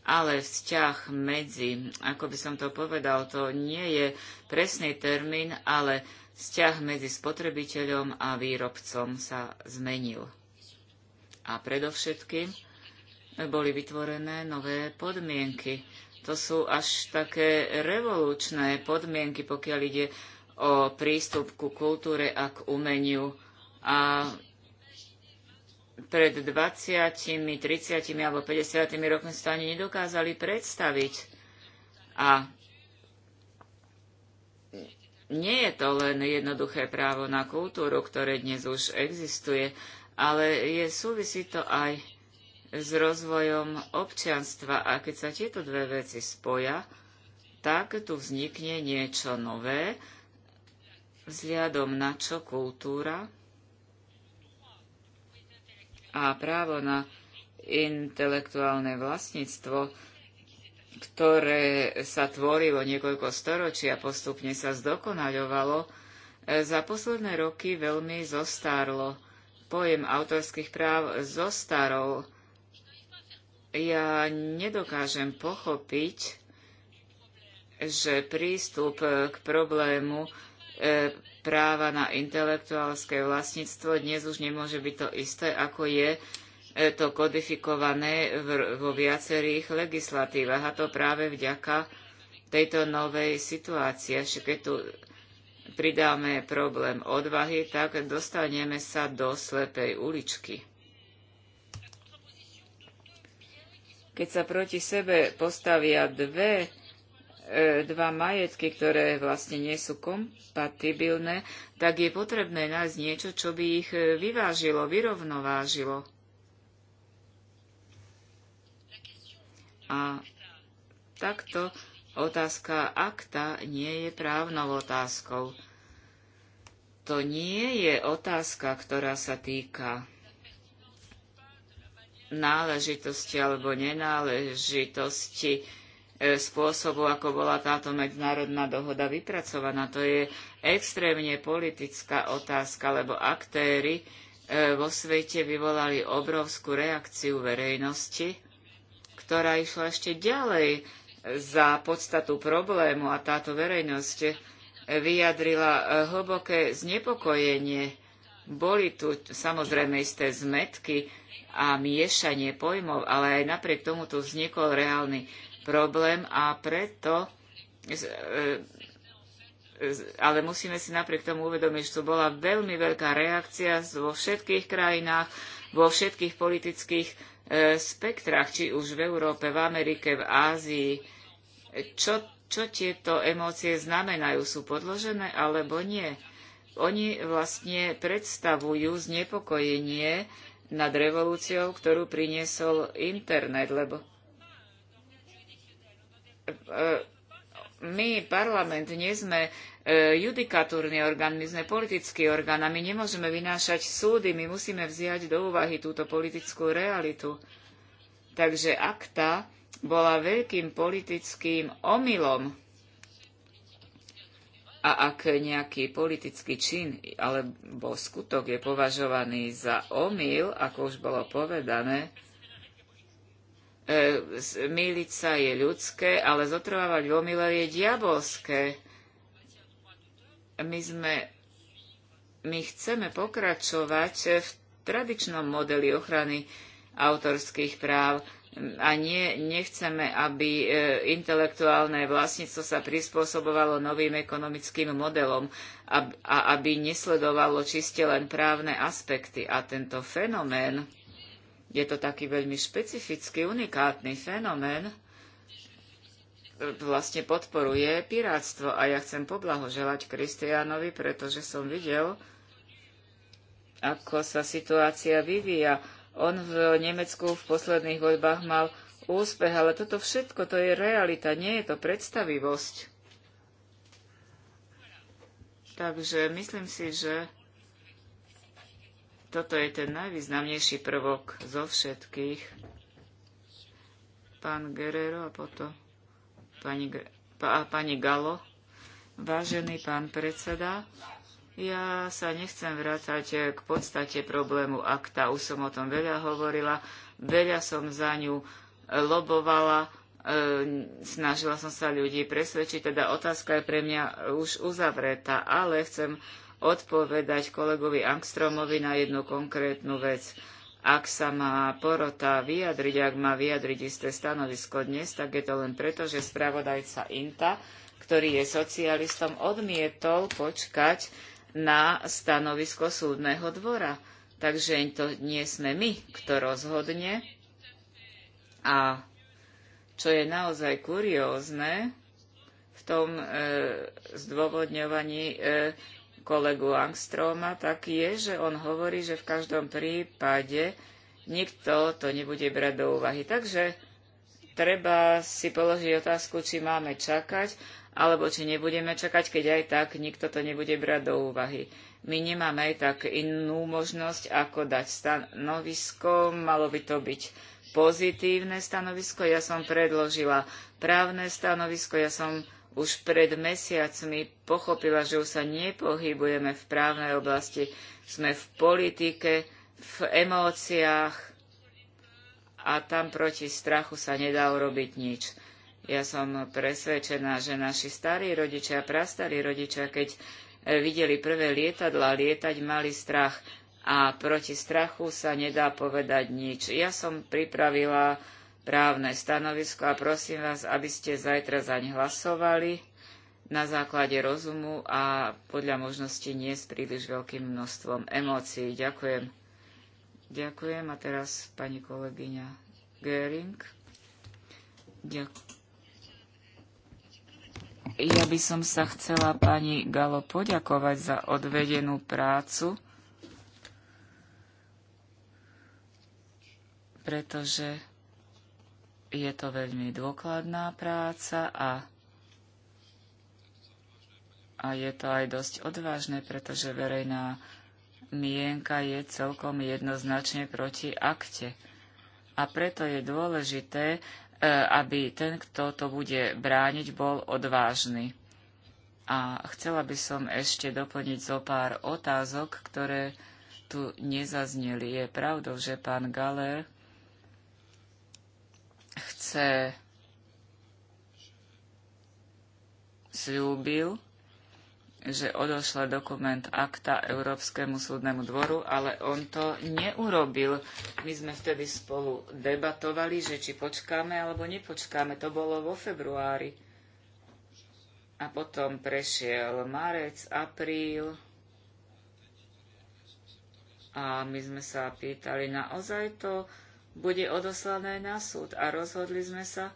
ale vzťah medzi, ako by som to povedal, to nie je presný termín, ale vzťah medzi spotrebiteľom a výrobcom sa zmenil. A predovšetkým boli vytvorené nové podmienky. To sú až také revolučné podmienky, pokiaľ ide o prístup ku kultúre a k umeniu. A pred 20, 30 alebo 50 rokmi si to ani nedokázali predstaviť. A nie je to len jednoduché právo na kultúru, ktoré dnes už existuje, ale je súvisí to aj s rozvojom občianstva a keď sa tieto dve veci spoja, tak tu vznikne niečo nové, vzhľadom na čo kultúra a právo na intelektuálne vlastníctvo, ktoré sa tvorilo niekoľko storočí a postupne sa zdokonaľovalo, e, za posledné roky veľmi zostárlo. Pojem autorských práv zostarol. Ja nedokážem pochopiť, že prístup k problému e, práva na intelektuálske vlastníctvo dnes už nemôže byť to isté, ako je e, to kodifikované vo viacerých legislatívach. A to práve vďaka tejto novej situácii. Ešte keď tu pridáme problém odvahy, tak dostaneme sa do slepej uličky. Keď sa proti sebe postavia dve E, dva majetky, ktoré vlastne nie sú kompatibilné, tak je potrebné nájsť niečo, čo by ich e, vyvážilo, vyrovnovážilo. A takto otázka akta nie je právnou otázkou. To nie je otázka, ktorá sa týka náležitosti alebo nenáležitosti E, spôsobu, ako bola táto medzinárodná dohoda vypracovaná. To je extrémne politická otázka, lebo aktéry e, vo svete vyvolali obrovskú reakciu verejnosti, ktorá išla ešte ďalej za podstatu problému a táto verejnosť vyjadrila e, hlboké znepokojenie. Boli tu samozrejme isté zmetky a miešanie pojmov, ale aj napriek tomu tu vznikol reálny problém a preto e, ale musíme si napriek tomu uvedomiť, že to bola veľmi veľká reakcia vo všetkých krajinách, vo všetkých politických e, spektrách, či už v Európe, v Amerike, v Ázii. Čo, čo tieto emócie znamenajú? Sú podložené alebo nie? Oni vlastne predstavujú znepokojenie nad revolúciou, ktorú priniesol internet, lebo E, e, my, parlament, nie sme e, judikatúrny orgán, my sme politický orgán a my nemôžeme vynášať súdy, my musíme vziať do úvahy túto politickú realitu. Takže akta bola veľkým politickým omylom. A ak nejaký politický čin alebo skutok je považovaný za omyl, ako už bolo povedané, e, míliť sa je ľudské, ale zotrvávať v omyle je diabolské. My sme, my chceme pokračovať v tradičnom modeli ochrany autorských práv a nie, nechceme, aby e, intelektuálne vlastníctvo sa prispôsobovalo novým ekonomickým modelom a aby nesledovalo čiste len právne aspekty. A tento fenomén je to taký veľmi špecifický, unikátny fenomén. Vlastne podporuje piráctvo. a ja chcem poblahoželať Kristiánovi, pretože som videl, ako sa situácia vyvíja. On v Nemecku v posledných voľbách mal úspech, ale toto všetko to je realita, nie je to predstavivosť. Takže myslím si, že toto je ten najvýznamnejší prvok zo všetkých. Pán Guerrero a potom pani, a pani Galo. Vážený pán predseda, ja sa nechcem vrácať k podstate problému akta. Už som o tom veľa hovorila, veľa som za ňu e, lobovala, e, snažila som sa ľudí presvedčiť, teda otázka je pre mňa už uzavretá, ale chcem odpovedať kolegovi Angstromovi na jednu konkrétnu vec. Ak sa má porota vyjadriť, ak má vyjadriť isté stanovisko dnes, tak je to len preto, že spravodajca INTA, ktorý je socialistom, odmietol počkať na stanovisko súdneho dvora. Takže to nie sme my, kto rozhodne. A čo je naozaj kuriózne v tom e, zdôvodňovaní e, kolegu Angstroma, tak je, že on hovorí, že v každom prípade nikto to nebude brať do úvahy. Takže treba si položiť otázku, či máme čakať, alebo či nebudeme čakať, keď aj tak nikto to nebude brať do úvahy. My nemáme aj tak inú možnosť, ako dať stanovisko. Malo by to byť pozitívne stanovisko. Ja som predložila právne stanovisko, ja som už pred mesiacmi pochopila, že už sa nepohybujeme v právnej oblasti. Sme v politike, v emóciách a tam proti strachu sa nedá urobiť nič. Ja som presvedčená, že naši starí rodičia, prastarí rodičia, keď e, videli prvé lietadla lietať, mali strach a proti strachu sa nedá povedať nič. Ja som pripravila právne stanovisko a prosím vás, aby ste zajtra zaň hlasovali na základe rozumu a podľa možnosti nie s príliš veľkým množstvom emócií. Ďakujem. Ďakujem a teraz pani kolegyňa Göring. Ďakujem. Ja by som sa chcela pani Galo poďakovať za odvedenú prácu, pretože je to veľmi dôkladná práca a, a je to aj dosť odvážne, pretože verejná mienka je celkom jednoznačne proti akte. A preto je dôležité, e, aby ten, kto to bude brániť, bol odvážny. A chcela by som ešte doplniť zo pár otázok, ktoré tu nezazneli. Je pravdou, že pán Galer chce slúbil, že odošle dokument akta Európskemu súdnemu dvoru, ale on to neurobil. My sme vtedy spolu debatovali, že či počkáme alebo nepočkáme. To bolo vo februári. A potom prešiel marec, apríl. A my sme sa pýtali, naozaj to bude odoslané na súd a rozhodli sme sa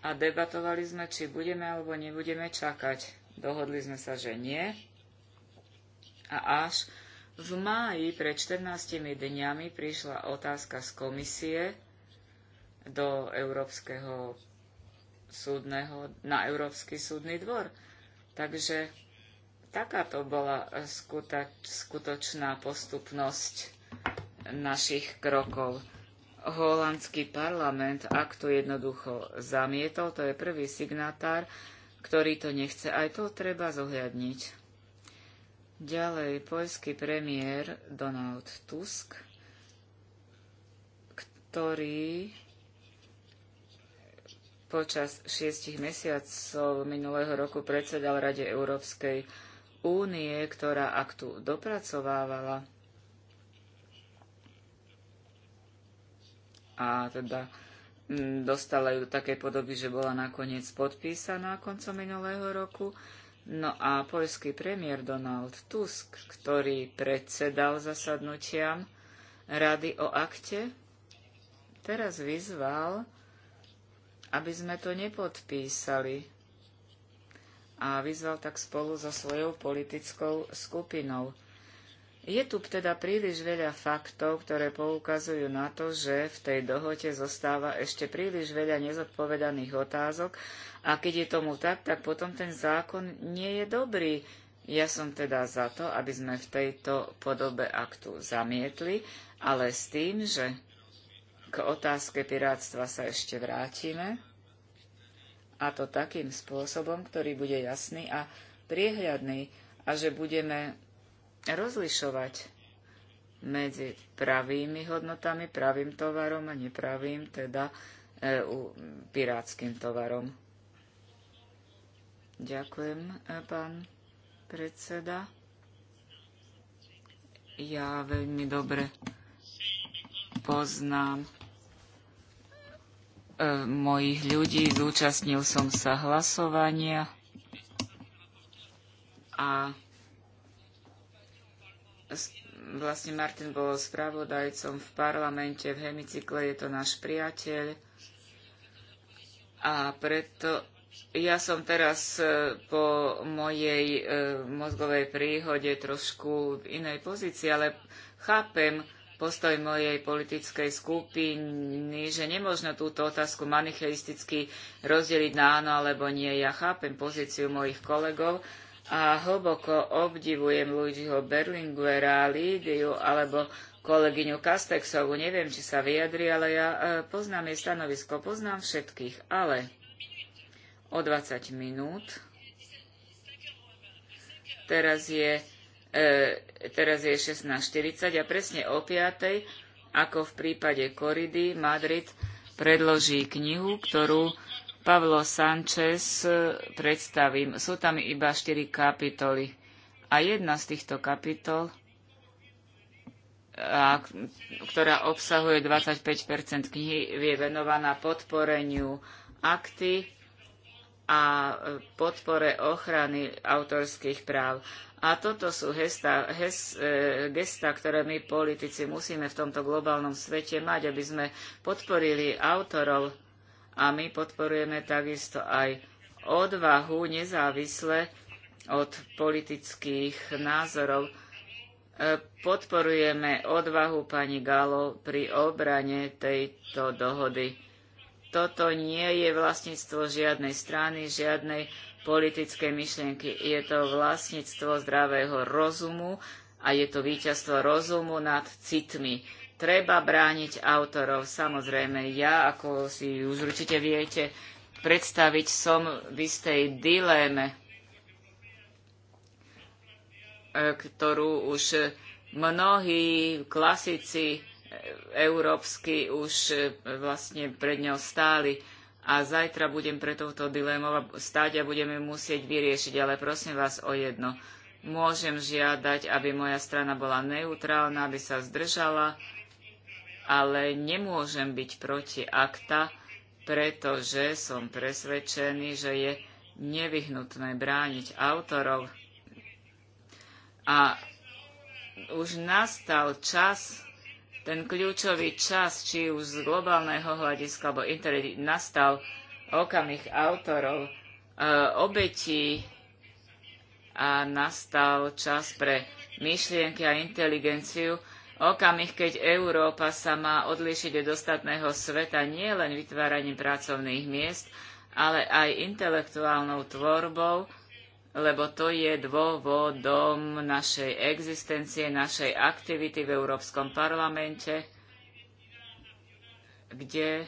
a debatovali sme, či budeme alebo nebudeme čakať. Dohodli sme sa, že nie. A až v máji pred 14 dňami prišla otázka z komisie do Európskeho súdneho, na Európsky súdny dvor. Takže taká to bola skutočná postupnosť našich krokov holandský parlament, aktu jednoducho zamietol, to je prvý signatár, ktorý to nechce. Aj to treba zohľadniť. Ďalej, poľský premiér Donald Tusk, ktorý počas šiestich mesiacov minulého roku predsedal Rade Európskej únie, ktorá aktu dopracovávala. a teda mm, dostala ju do takej podoby, že bola nakoniec podpísaná koncom minulého roku. No a poľský premiér Donald Tusk, ktorý predsedal zasadnutiam Rady o akte, teraz vyzval, aby sme to nepodpísali. A vyzval tak spolu so svojou politickou skupinou. Je tu teda príliš veľa faktov, ktoré poukazujú na to, že v tej dohote zostáva ešte príliš veľa nezodpovedaných otázok a keď je tomu tak, tak potom ten zákon nie je dobrý. Ja som teda za to, aby sme v tejto podobe aktu zamietli, ale s tým, že k otázke pirátstva sa ešte vrátime, a to takým spôsobom, ktorý bude jasný a priehľadný, a že budeme rozlišovať medzi pravými hodnotami, pravým tovarom a nepravým, teda e, u, pirátským tovarom. Ďakujem, e, pán predseda. Ja veľmi dobre poznám e, mojich ľudí, zúčastnil som sa hlasovania a vlastne Martin bol spravodajcom v parlamente, v hemicykle je to náš priateľ. A preto ja som teraz e, po mojej e, mozgovej príhode trošku v inej pozícii, ale chápem postoj mojej politickej skupiny, že nemôžno túto otázku manicheisticky rozdeliť na áno alebo nie. Ja chápem pozíciu mojich kolegov, a hlboko obdivujem Luigiho Berlinguera, Lídiu alebo kolegyňu Kastexovu. Neviem, či sa vyjadri, ale ja e, poznám jej stanovisko, poznám všetkých, ale o 20 minút. Teraz je, e, teraz je 16.40 a presne o 5. ako v prípade Koridy, Madrid predloží knihu, ktorú Pavlo Sanchez e, predstavím. Sú tam iba štyri kapitoly. A jedna z týchto kapitol, a, ktorá obsahuje 25 knihy, je venovaná podporeniu akty a e, podpore ochrany autorských práv. A toto sú hesta, hes, e, gesta, ktoré my politici musíme v tomto globálnom svete mať, aby sme podporili autorov a my podporujeme takisto aj odvahu nezávisle od politických názorov. E, podporujeme odvahu pani Galo pri obrane tejto dohody. Toto nie je vlastníctvo žiadnej strany, žiadnej politickej myšlienky. Je to vlastníctvo zdravého rozumu a je to víťazstvo rozumu nad citmi treba brániť autorov. Samozrejme, ja, ako si už určite viete, predstaviť som v istej dileme, e, ktorú už mnohí klasici e, európsky už e, vlastne pred ňou stáli a zajtra budem pre touto dilemou stáť a budeme musieť vyriešiť. Ale prosím vás o jedno. Môžem žiadať, aby moja strana bola neutrálna, aby sa zdržala ale nemôžem byť proti akta, pretože som presvedčený, že je nevyhnutné brániť autorov. A už nastal čas, ten kľúčový čas, či už z globálneho hľadiska alebo internet, nastal okamih autorov, e, obetí a nastal čas pre myšlienky a inteligenciu, Okamih, keď Európa sa má odlíšiť od ostatného sveta nie len vytváraním pracovných miest, ale aj intelektuálnou tvorbou, lebo to je dôvodom našej existencie, našej aktivity v Európskom parlamente, kde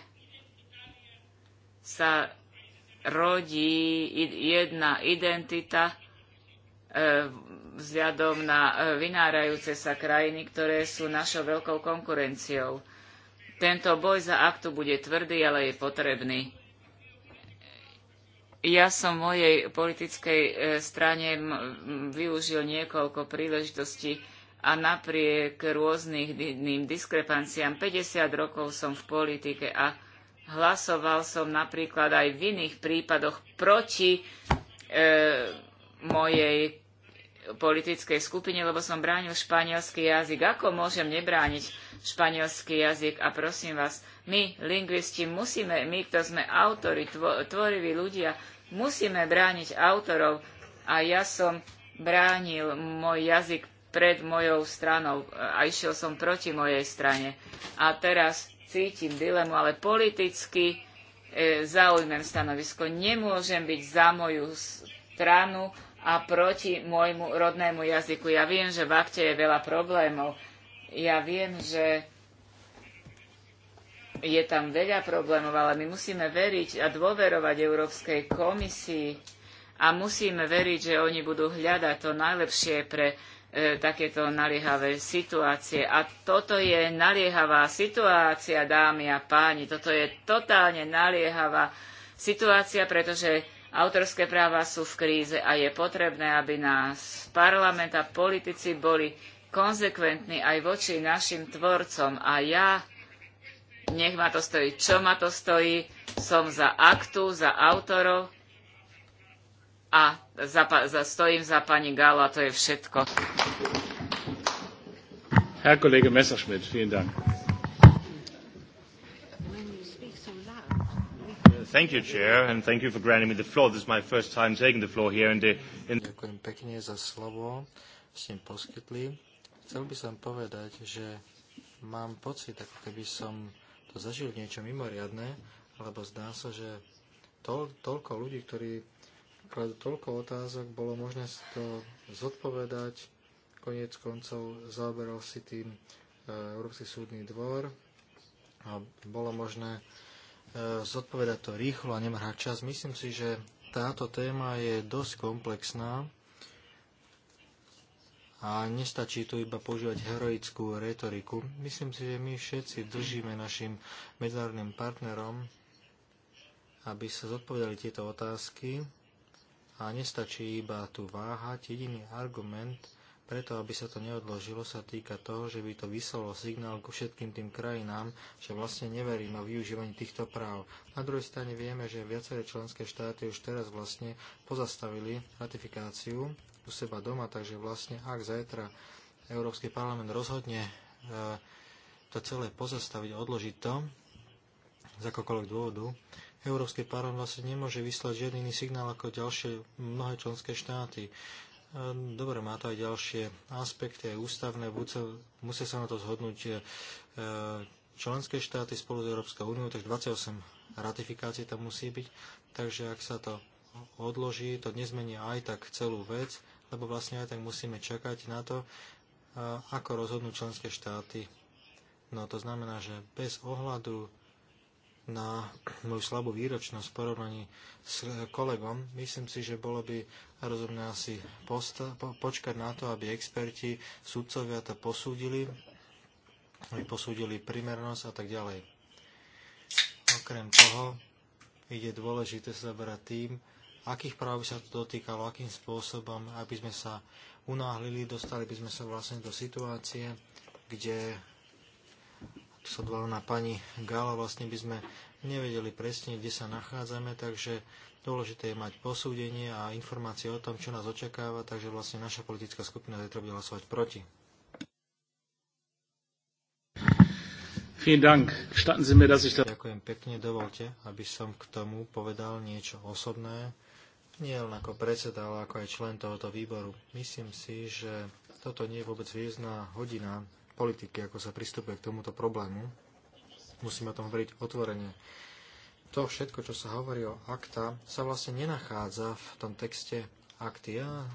sa rodí jedna identita, e, vzhľadom na e, vynárajúce sa krajiny, ktoré sú našou veľkou konkurenciou. Tento boj za aktu bude tvrdý, ale je potrebný. Ja som v mojej politickej e, strane využil niekoľko príležitostí a napriek rôznym diskrepanciám 50 rokov som v politike a hlasoval som napríklad aj v iných prípadoch proti e, mojej politickej skupine, lebo som bránil španielský jazyk. Ako môžem nebrániť španielský jazyk? A prosím vás, my, lingvisti, musíme, my, kto sme autori, tvo, tvoriví ľudia, musíme brániť autorov. A ja som bránil môj jazyk pred mojou stranou a išiel som proti mojej strane. A teraz cítim dilemu, ale politicky e, zaujmem stanovisko. Nemôžem byť za moju stranu, a proti môjmu rodnému jazyku. Ja viem, že v akte je veľa problémov. Ja viem, že je tam veľa problémov, ale my musíme veriť a dôverovať Európskej komisii a musíme veriť, že oni budú hľadať to najlepšie pre e, takéto naliehavé situácie. A toto je naliehavá situácia, dámy a páni. Toto je totálne naliehavá situácia, pretože Autorské práva sú v kríze a je potrebné, aby nás parlament a politici boli konzekventní aj voči našim tvorcom. A ja, nech ma to stojí, čo ma to stojí, som za aktu, za autorov a za, za, stojím za pani Gala, to je všetko. Herr Kollege Messerschmidt, vielen Dank. Thank you, Chair, and thank you for granting me the floor. This is my first time taking the floor here in the... In... Ďakujem pekne za slovo, tým poskytli. Chcel by som povedať, že mám pocit, ako keby som to zažil niečo mimoriadne, lebo zdá sa, že to, toľko ľudí, ktorí kladú toľko otázok, bolo možné to zodpovedať. Koniec koncov zaoberal si tým e, Európsky súdny dvor a bolo možné E, zodpovedať to rýchlo a nemrhať čas. Myslím si, že táto téma je dosť komplexná a nestačí tu iba používať heroickú retoriku. Myslím si, že my všetci držíme našim medzinárodným partnerom, aby sa zodpovedali tieto otázky a nestačí iba tu váhať. Jediný argument, preto, aby sa to neodložilo, sa týka toho, že by to vyslalo signál ku všetkým tým krajinám, že vlastne neveríme o využívaní týchto práv. Na druhej strane vieme, že viaceré členské štáty už teraz vlastne pozastavili ratifikáciu u seba doma, takže vlastne ak zajtra Európsky parlament rozhodne e, to celé pozastaviť, odložiť to z akokoľvek dôvodu, Európsky parlament vlastne nemôže vyslať žiadny iný signál ako ďalšie mnohé členské štáty. Dobre, má to aj ďalšie aspekty, aj ústavné. Musia sa na to zhodnúť e, členské štáty spolu s Európskou úniou, tak 28 ratifikácií tam musí byť. Takže ak sa to odloží, to nezmení aj tak celú vec, lebo vlastne aj tak musíme čakať na to, e, ako rozhodnú členské štáty. No to znamená, že bez ohľadu na moju slabú výročnosť v porovnaní s kolegom. Myslím si, že bolo by rozumné asi počkať na to, aby experti, sudcovia to posúdili, aby posúdili primernosť a tak ďalej. Okrem toho ide dôležité sa zaberať tým, akých práv by sa to dotýkalo, akým spôsobom, aby sme sa unáhlili, dostali by sme sa vlastne do situácie, kde tu sa dvala na pani Gala, vlastne by sme nevedeli presne, kde sa nachádzame, takže dôležité je mať posúdenie a informácie o tom, čo nás očakáva, takže vlastne naša politická skupina zajtra bude hlasovať proti. Ďakujem pekne, dovolte, aby som k tomu povedal niečo osobné, nie len ako predseda, ale ako aj člen tohoto výboru. Myslím si, že toto nie je vôbec význa hodina politiky, ako sa pristupuje k tomuto problému. Musíme o tom hovoriť otvorene. To všetko, čo sa hovorí o akta, sa vlastne nenachádza v tom texte akty. Ja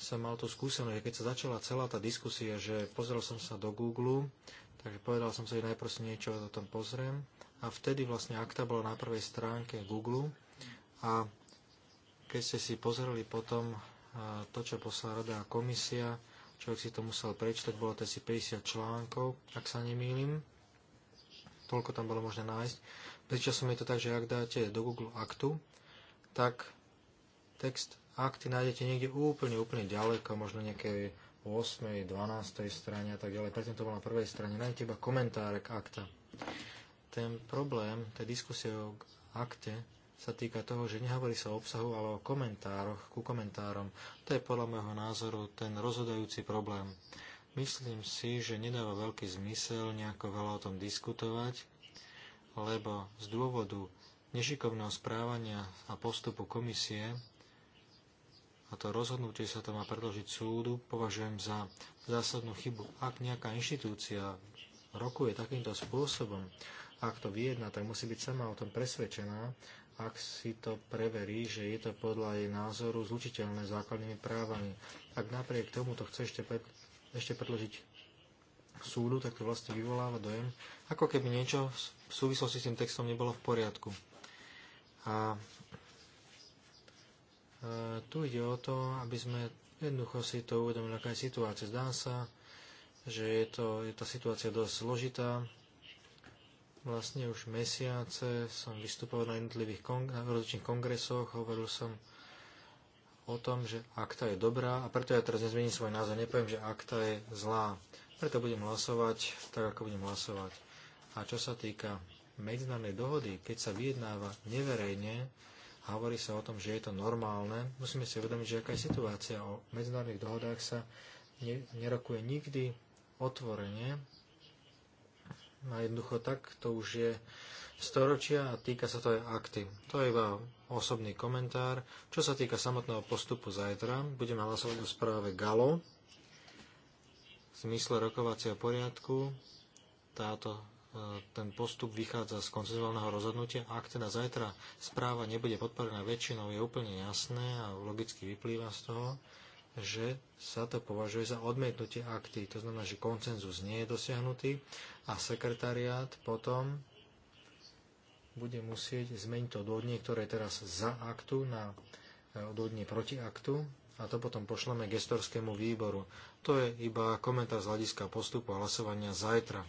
som mal tú skúsenosť, že keď sa začala celá tá diskusia, že pozrel som sa do Google, takže povedal som sa, že najprv si niečo o tom pozriem a vtedy vlastne akta bola na prvej stránke Google a keď ste si pozreli potom to, čo poslala rada a komisia, Človek si to musel prečítať, bolo to asi 50 článkov, ak sa nemýlim. Toľko tam bolo možné nájsť. Prečasom je to tak, že ak dáte do Google aktu, tak text akty nájdete niekde úplne, úplne ďaleko, možno nejaké 8., 12. strane a tak ďalej. Predtým to bolo na prvej strane. Nájdete iba komentáre k akta. Ten problém tej diskusie o akte sa týka toho, že nehovorí sa o obsahu, ale o komentároch, ku komentárom. To je podľa môjho názoru ten rozhodajúci problém. Myslím si, že nedáva veľký zmysel nejako veľa o tom diskutovať, lebo z dôvodu nešikovného správania a postupu komisie a to rozhodnutie sa to má predložiť súdu, považujem za zásadnú chybu. Ak nejaká inštitúcia rokuje takýmto spôsobom, ak to vyjedná, tak musí byť sama o tom presvedčená ak si to preverí, že je to podľa jej názoru zlučiteľné základnými právami. Ak napriek tomu to chce ešte, pred, ešte predložiť súdu, tak to vlastne vyvoláva dojem, ako keby niečo v súvislosti s tým textom nebolo v poriadku. A e, tu ide o to, aby sme jednoducho si to uvedomili, aká je situácia. Zdá sa, že je, to, je tá situácia dosť zložitá, vlastne už mesiace som vystupoval na jednotlivých rozličných kongresoch, hovoril som o tom, že akta je dobrá a preto ja teraz nezmením svoj názor, nepoviem, že akta je zlá. Preto budem hlasovať tak, ako budem hlasovať. A čo sa týka medzinárodnej dohody, keď sa vyjednáva neverejne, a hovorí sa o tom, že je to normálne, musíme si uvedomiť, že aká je situácia. O medzinárodných dohodách sa nerokuje nikdy otvorene, a jednoducho tak, to už je storočia a týka sa to aj akty. To je iba osobný komentár. Čo sa týka samotného postupu zajtra, budeme hlasovať o správe GALO v zmysle rokovacieho poriadku. Táto e, ten postup vychádza z koncenzuálneho rozhodnutia. Ak teda zajtra správa nebude podporená väčšinou, je úplne jasné a logicky vyplýva z toho, že sa to považuje za odmietnutie akty. To znamená, že koncenzus nie je dosiahnutý a sekretariát potom bude musieť zmeniť to odvodnie, ktoré je teraz za aktu na e, odvodnie proti aktu a to potom pošleme gestorskému výboru. To je iba komentár z hľadiska postupu a hlasovania zajtra.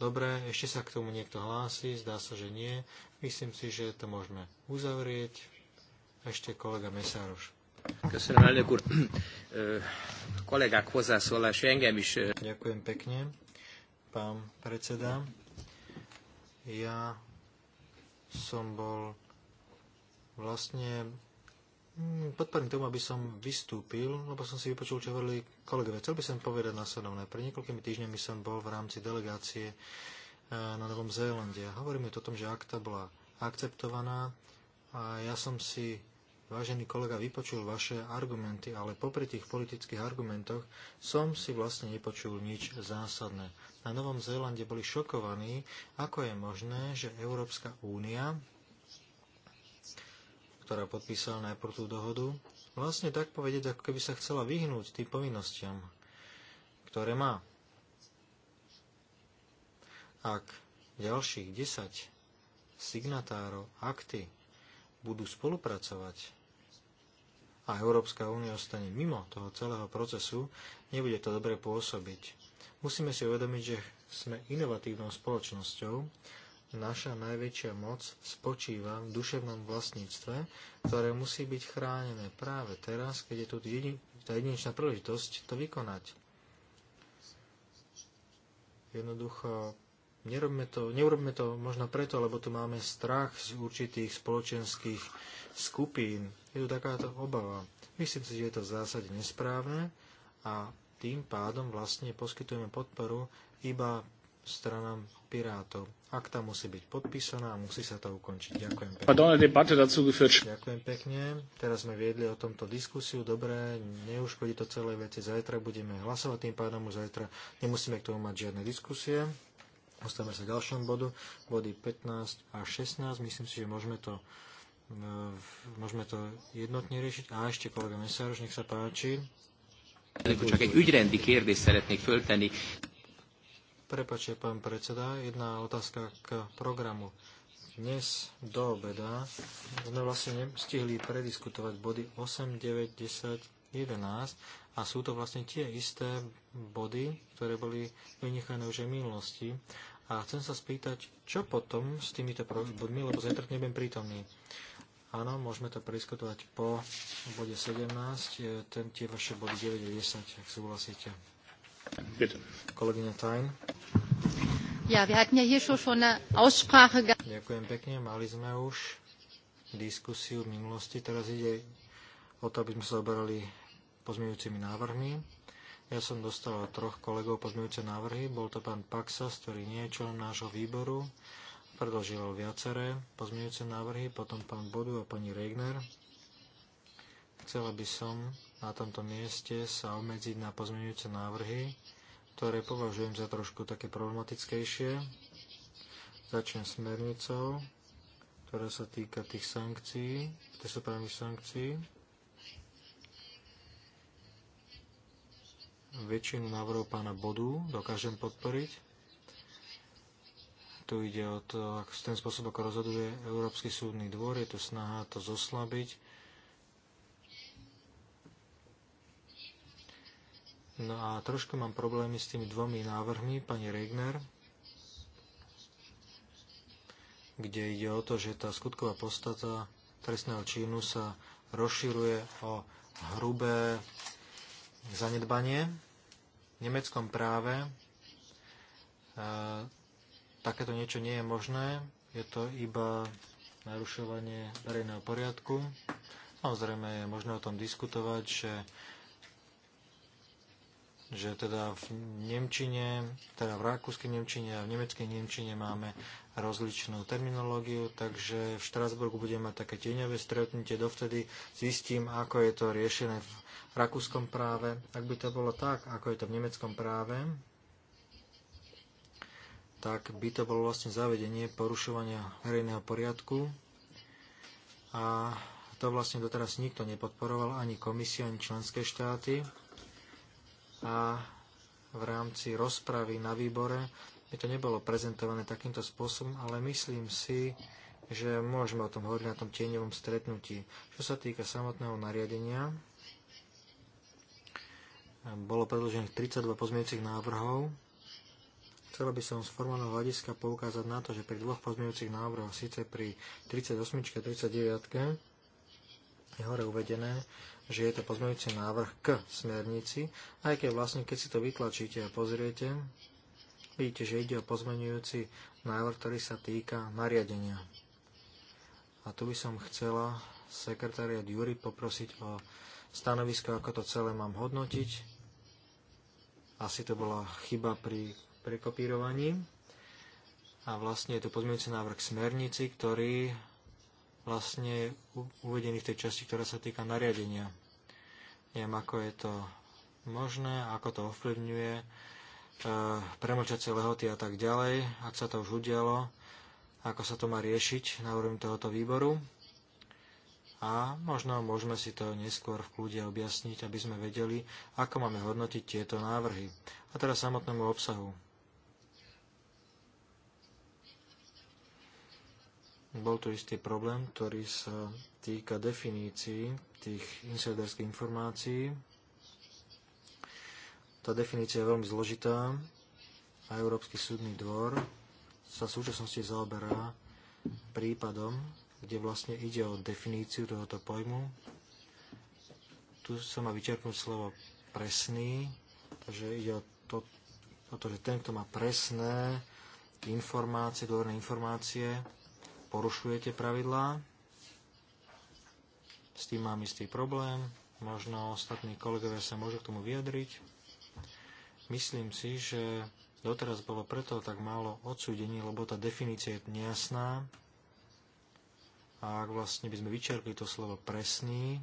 Dobre, ešte sa k tomu niekto hlási, zdá sa, že nie. Myslím si, že to môžeme uzavrieť. Ešte kolega Mesároš. Köszönöm, elnök úr. Kollégák hozzászólása engem is. Ďakujem pekne, pán predseda. Ja som bol vlastne mm, podporím tomu, aby som vystúpil, lebo som si vypočul, čo hovorili kolegovia. Chcel by som povedať následovné. Pre niekoľkými týždňami som bol v rámci delegácie e, na Novom Zélande. Hovoríme o tom, že akta bola akceptovaná a ja som si vážený kolega, vypočul vaše argumenty, ale popri tých politických argumentoch som si vlastne nepočul nič zásadné. Na Novom Zélande boli šokovaní, ako je možné, že Európska únia, ktorá podpísala najprv tú dohodu, vlastne tak povedať, ako keby sa chcela vyhnúť tým povinnostiam, ktoré má. Ak ďalších 10 signatárov akty budú spolupracovať a Európska únia ostane mimo toho celého procesu, nebude to dobre pôsobiť. Musíme si uvedomiť, že sme inovatívnou spoločnosťou. Naša najväčšia moc spočíva v duševnom vlastníctve, ktoré musí byť chránené práve teraz, keď je tu tá jedinečná príležitosť to vykonať. Jednoducho Nerobme to, neurobme to možno preto, lebo tu máme strach z určitých spoločenských skupín je tu takáto obava. Myslím si, že je to v zásade nesprávne a tým pádom vlastne poskytujeme podporu iba stranám Pirátov. Ak tá musí byť podpísaná a musí sa to ukončiť. Ďakujem pekne. Ďakujem pekne. Teraz sme viedli o tomto diskusiu. Dobre, neuškodí to celé veci. Zajtra budeme hlasovať, tým pádom už zajtra nemusíme k tomu mať žiadne diskusie. Ostávame sa k ďalšom bodu, body 15 a 16. Myslím si, že môžeme to No, môžeme to jednotne riešiť. A ešte kolega Mesároš, nech sa páči. Csak egy ügyrendi kérdést szeretnék föltenni. Prepačte, pán predseda, jedna otázka k programu. Dnes do obeda sme vlastne nestihli prediskutovať body 8, 9, 10, 11 a sú to vlastne tie isté body, ktoré boli vynechané už aj v minulosti. A chcem sa spýtať, čo potom s týmito bodmi, lebo zajtra nebudem prítomný. Uh, Áno, môžeme to prediskutovať po bode 17, ten tie vaše body 9 a 10, ak súhlasíte. Bitte. Kolegyňa Tajn. Ja, wir hatten ja hier schon, schon eine Aussprache. Ďakujem pekne, mali sme už diskusiu v minulosti. Teraz ide o to, aby sme sa oberali pozmeňujúcimi návrhmi. Ja som dostal troch kolegov pozmeňujúce návrhy. Bol to pán Paxas, ktorý nie je členom nášho výboru predložilo viaceré pozmeňujúce návrhy, potom pán Bodu a pani Regner. Chcela by som na tomto mieste sa obmedziť na pozmeňujúce návrhy, ktoré považujem za trošku také problematickejšie. Začnem smernicou, ktorá sa týka tých sankcií, právne sankcií. Väčšinu návrhov pána Bodu dokážem podporiť, tu ide o to, ako ten spôsob, ako rozhoduje Európsky súdny dvor, je tu snaha to zoslabiť. No a trošku mám problémy s tými dvomi návrhmi, pani Regner, kde ide o to, že tá skutková podstata trestného činu sa rozširuje o hrubé zanedbanie. V nemeckom práve e, takéto niečo nie je možné. Je to iba narušovanie verejného poriadku. Samozrejme je možné o tom diskutovať, že, že teda v Nemčine, teda v rakúskej Nemčine a v nemeckej Nemčine máme rozličnú terminológiu, takže v Štrasburgu budeme mať také tieňové stretnutie, dovtedy zistím, ako je to riešené v rakúskom práve. Ak by to bolo tak, ako je to v nemeckom práve, tak by to bolo vlastne zavedenie porušovania verejného poriadku a to vlastne doteraz nikto nepodporoval, ani komisia, ani členské štáty. A v rámci rozpravy na výbore by to nebolo prezentované takýmto spôsobom, ale myslím si, že môžeme o tom hovoriť na tom tieňovom stretnutí. Čo sa týka samotného nariadenia, bolo predložených 32 pozmeňujúcich návrhov Chcela by som z formálneho hľadiska poukázať na to, že pri dvoch pozmeňujúcich návrhoch, síce pri 38 a 39 je hore uvedené, že je to pozmeňujúci návrh k smernici, aj keď vlastne, keď si to vytlačíte a pozriete, vidíte, že ide o pozmeňujúci návrh, ktorý sa týka nariadenia. A tu by som chcela sekretariat Jury poprosiť o stanovisko, ako to celé mám hodnotiť. Asi to bola chyba pri prekopírovaním. A vlastne je tu pozmeňujúci návrh smernici, ktorý vlastne je uvedený v tej časti, ktorá sa týka nariadenia. Neviem, ako je to možné, ako to ovplyvňuje, e, premlčacie lehoty a tak ďalej, ak sa to už udialo, ako sa to má riešiť na úrovni tohoto výboru. A možno môžeme si to neskôr v kľude objasniť, aby sme vedeli, ako máme hodnotiť tieto návrhy. A teraz samotnému obsahu. Bol tu istý problém, ktorý sa týka definícií tých insiderských informácií. Tá definícia je veľmi zložitá a Európsky súdny dvor sa v súčasnosti zaoberá prípadom, kde vlastne ide o definíciu tohoto pojmu. Tu sa má vyčerpnúť slovo presný, takže ide o to, o to, že ten, kto má presné informácie, dôverné informácie, porušujete pravidlá. S tým mám istý problém. Možno ostatní kolegovia sa môžu k tomu vyjadriť. Myslím si, že doteraz bolo preto tak málo odsúdení, lebo tá definícia je nejasná. A ak vlastne by sme vyčerpli to slovo presný,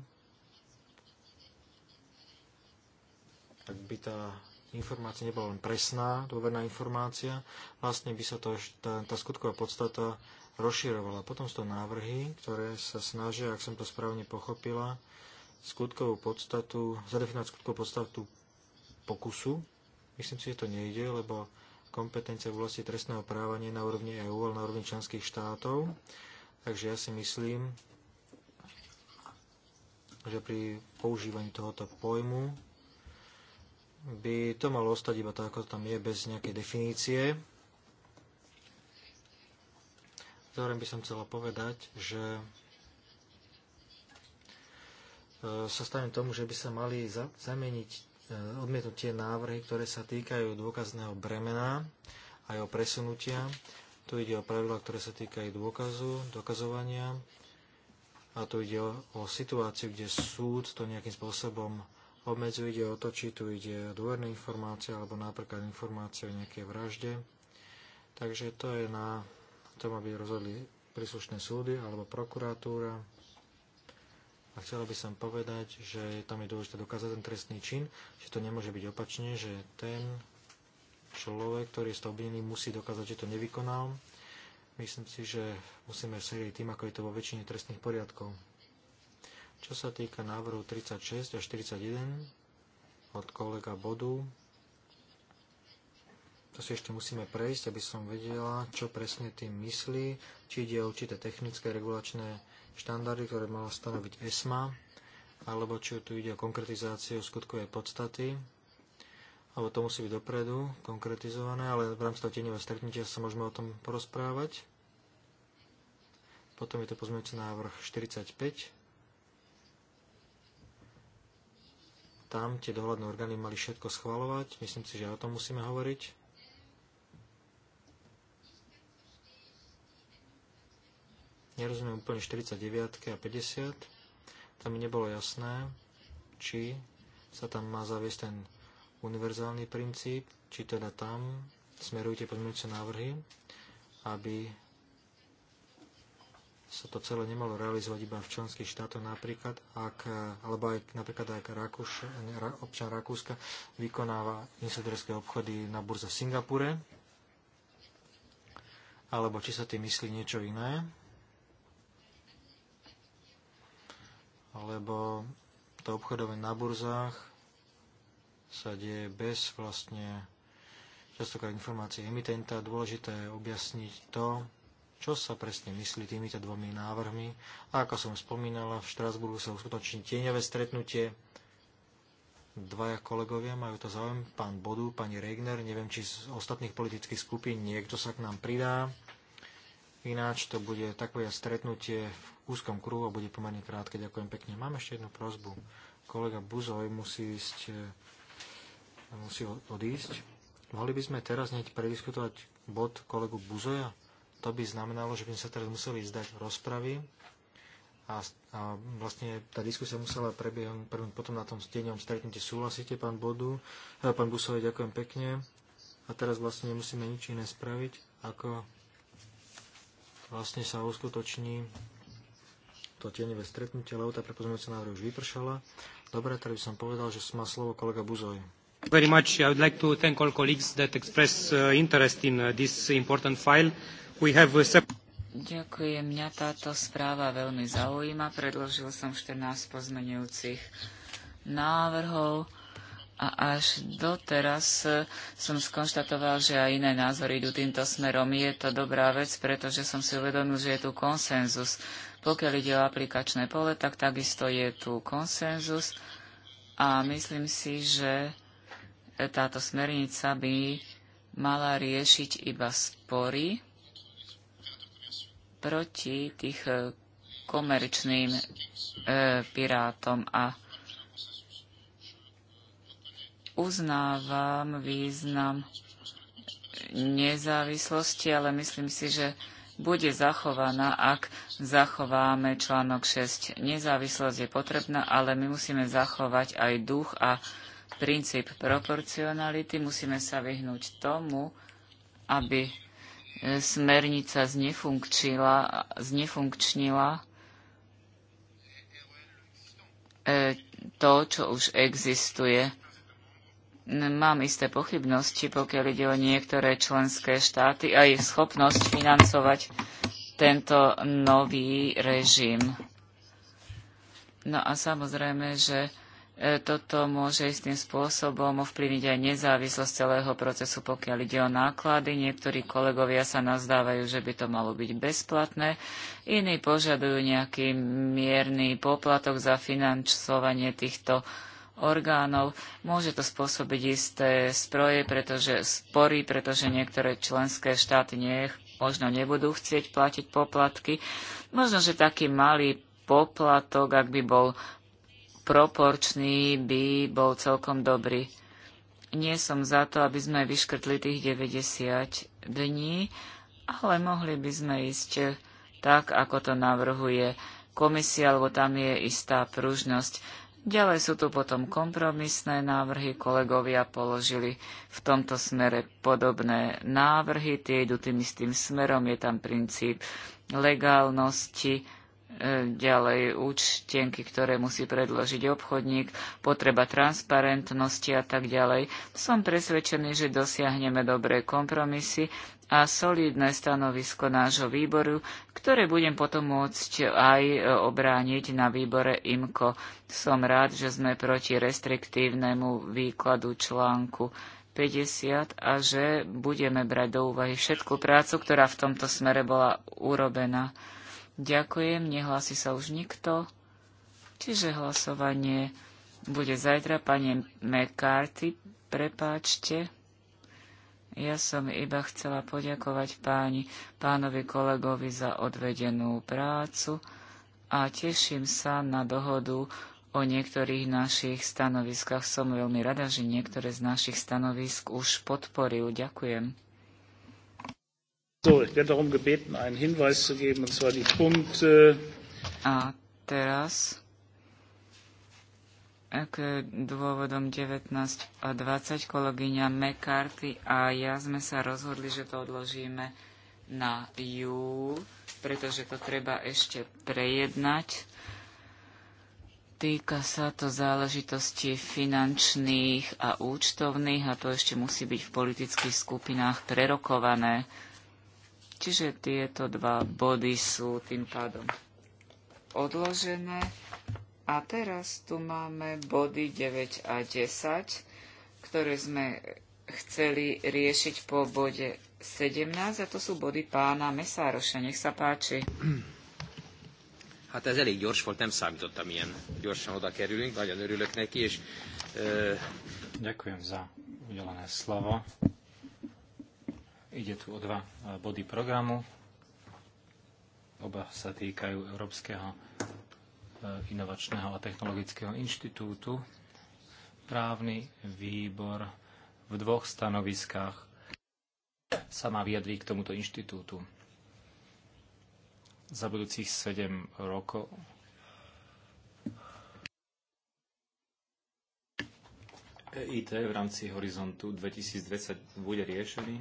tak by tá informácia nebola len presná, dôverná informácia, vlastne by sa to, tá, tá skutková podstata rozširovala. Potom sú to návrhy, ktoré sa snažia, ak som to správne pochopila, skutkovú podstatu, zadefinovať skutkovú podstatu pokusu. Myslím si, že to nejde, lebo kompetencia v oblasti trestného práva nie je na úrovni EÚ, ale na úrovni členských štátov. Takže ja si myslím, že pri používaní tohoto pojmu by to malo ostať iba tak, ako tam je, bez nejakej definície. ktorým by som chcela povedať, že e, sa stavím tomu, že by sa mali zameniť e, odmietnutie návrhy, ktoré sa týkajú dôkazného bremena a jeho presunutia. Tu ide o pravidla, ktoré sa týkajú dôkazu, dokazovania a tu ide o, o situáciu, kde súd to nejakým spôsobom obmedzuje. Ide o to, či tu ide o dôverné informácie alebo napríklad informácie o nejakej vražde. Takže to je na má byť rozhodli príslušné súdy alebo prokuratúra. A chcela by som povedať, že tam je dôležité dokázať ten trestný čin, že to nemôže byť opačne, že ten človek, ktorý je z toho obvinený, musí dokázať, že to nevykonal. Myslím si, že musíme seriť tým, ako je to vo väčšine trestných poriadkov. Čo sa týka návrhu 36 a 41 od kolega Bodu, to si ešte musíme prejsť, aby som vedela, čo presne tým myslí, či ide o určité technické regulačné štandardy, ktoré mala stanoviť ESMA, alebo či tu ide o konkretizáciu skutkovej podstaty, alebo to musí byť dopredu konkretizované, ale v rámci toho tieňového stretnutia sa môžeme o tom porozprávať. Potom je to pozmeňujúci návrh 45. Tam tie dohľadné orgány mali všetko schvalovať. Myslím si, že o tom musíme hovoriť. nerozumiem úplne 49 a 50. Tam mi nebolo jasné, či sa tam má zaviesť ten univerzálny princíp, či teda tam smerujte pozmeňujúce návrhy, aby sa to celé nemalo realizovať iba v členských štátoch napríklad, ak, alebo aj napríklad aj Rakúš, občan Rakúska vykonáva insiderské obchody na burze v Singapure, alebo či sa tým myslí niečo iné. lebo to obchodovanie na burzách sa deje bez vlastne častokrát informácie emitenta. Dôležité je objasniť to, čo sa presne myslí týmito dvomi návrhmi. A ako som spomínala, v Štrasburgu sa uskutoční tieňové stretnutie. Dvaja kolegovia majú to záujem, pán Bodu, pani Regner, neviem, či z ostatných politických skupín niekto sa k nám pridá. Ináč to bude takové stretnutie v úzkom kruhu a bude pomerne krátke. Ďakujem pekne. Mám ešte jednu prozbu. Kolega Buzoj musí ísť, e, musí odísť. Mohli by sme teraz hneď prediskutovať bod kolegu Buzoja? To by znamenalo, že by sme sa teraz museli zdať rozpravy a, a vlastne tá diskusia musela prebiehnúť potom na tom steňom stretnutí. Súhlasíte, pán Bodu? E, pán Buzoj, ďakujem pekne. A teraz vlastne nemusíme nič iné spraviť, ako vlastne sa uskutoční to tieňové stretnutie, lebo tá prepozmeňujúca návrh už vypršala. Dobre, teda by som povedal, že má slovo kolega Buzoj. Very much. I would like to thank all colleagues that express uh, interest in uh, this important file. We have uh, Ďakujem. Mňa táto správa veľmi zaujíma. Predložil som 14 pozmenujúcich návrhov a až doteraz e, som skonštatoval, že aj iné názory idú týmto smerom. Je to dobrá vec, pretože som si uvedomil, že je tu konsenzus. Pokiaľ ide o aplikačné pole, tak takisto je tu konsenzus. A myslím si, že e, táto smernica by mala riešiť iba spory proti tých e, komerčným e, pirátom a uznávam význam nezávislosti, ale myslím si, že bude zachovaná, ak zachováme článok 6. Nezávislosť je potrebná, ale my musíme zachovať aj duch a princíp proporcionality. Musíme sa vyhnúť tomu, aby smernica znefunkčila, znefunkčnila e, to, čo už existuje. Mám isté pochybnosti, pokiaľ ide o niektoré členské štáty a ich schopnosť financovať tento nový režim. No a samozrejme, že e, toto môže istým spôsobom ovplyvniť aj nezávislosť celého procesu, pokiaľ ide o náklady. Niektorí kolegovia sa nazdávajú, že by to malo byť bezplatné, iní požadujú nejaký mierny poplatok za financovanie týchto orgánov. Môže to spôsobiť isté sproje, pretože spory, pretože niektoré členské štáty možno nebudú chcieť platiť poplatky. Možno, že taký malý poplatok, ak by bol proporčný, by bol celkom dobrý. Nie som za to, aby sme vyškrtli tých 90 dní, ale mohli by sme ísť tak, ako to navrhuje komisia, lebo tam je istá pružnosť. Ďalej sú tu potom kompromisné návrhy. Kolegovia položili v tomto smere podobné návrhy. Tie idú tým istým smerom. Je tam princíp legálnosti, e, ďalej účtenky, ktoré musí predložiť obchodník, potreba transparentnosti a tak ďalej. Som presvedčený, že dosiahneme dobré kompromisy a solidné stanovisko nášho výboru, ktoré budem potom môcť aj e, obrániť na výbore IMKO. Som rád, že sme proti restriktívnemu výkladu článku 50 a že budeme brať do úvahy všetku prácu, ktorá v tomto smere bola urobená. Ďakujem, nehlási sa už nikto. Čiže hlasovanie bude zajtra. pani McCarthy, prepáčte. Ja som iba chcela poďakovať páni, pánovi kolegovi za odvedenú prácu a teším sa na dohodu o niektorých našich stanoviskách. Som veľmi rada, že niektoré z našich stanovisk už podporil. Ďakujem. So, ich darum gebeten, einen Hinweis zu geben, und zwar die Punkte... A teraz k dôvodom 19 a 20 kolegyňa McCarthy a ja sme sa rozhodli, že to odložíme na júl, pretože to treba ešte prejednať. Týka sa to záležitosti finančných a účtovných a to ešte musí byť v politických skupinách prerokované. Čiže tieto dva body sú tým pádom odložené a teraz tu máme body 9 a 10, ktoré sme chceli riešiť po bode 17 a to sú body pána Mesároša. Nech sa páči. Hát ez elég gyors volt, nem számítottam ilyen gyorsan oda kerülünk, nagyon örülök neki, és... E... Ďakujem za udelené slovo. Ide tu o dva e, body programu. Oba sa týkajú Európskeho E, inovačného a technologického inštitútu. Právny výbor v dvoch stanoviskách sa má vyjadriť k tomuto inštitútu. Za budúcich 7 rokov e IT v rámci horizontu 2020 bude riešený.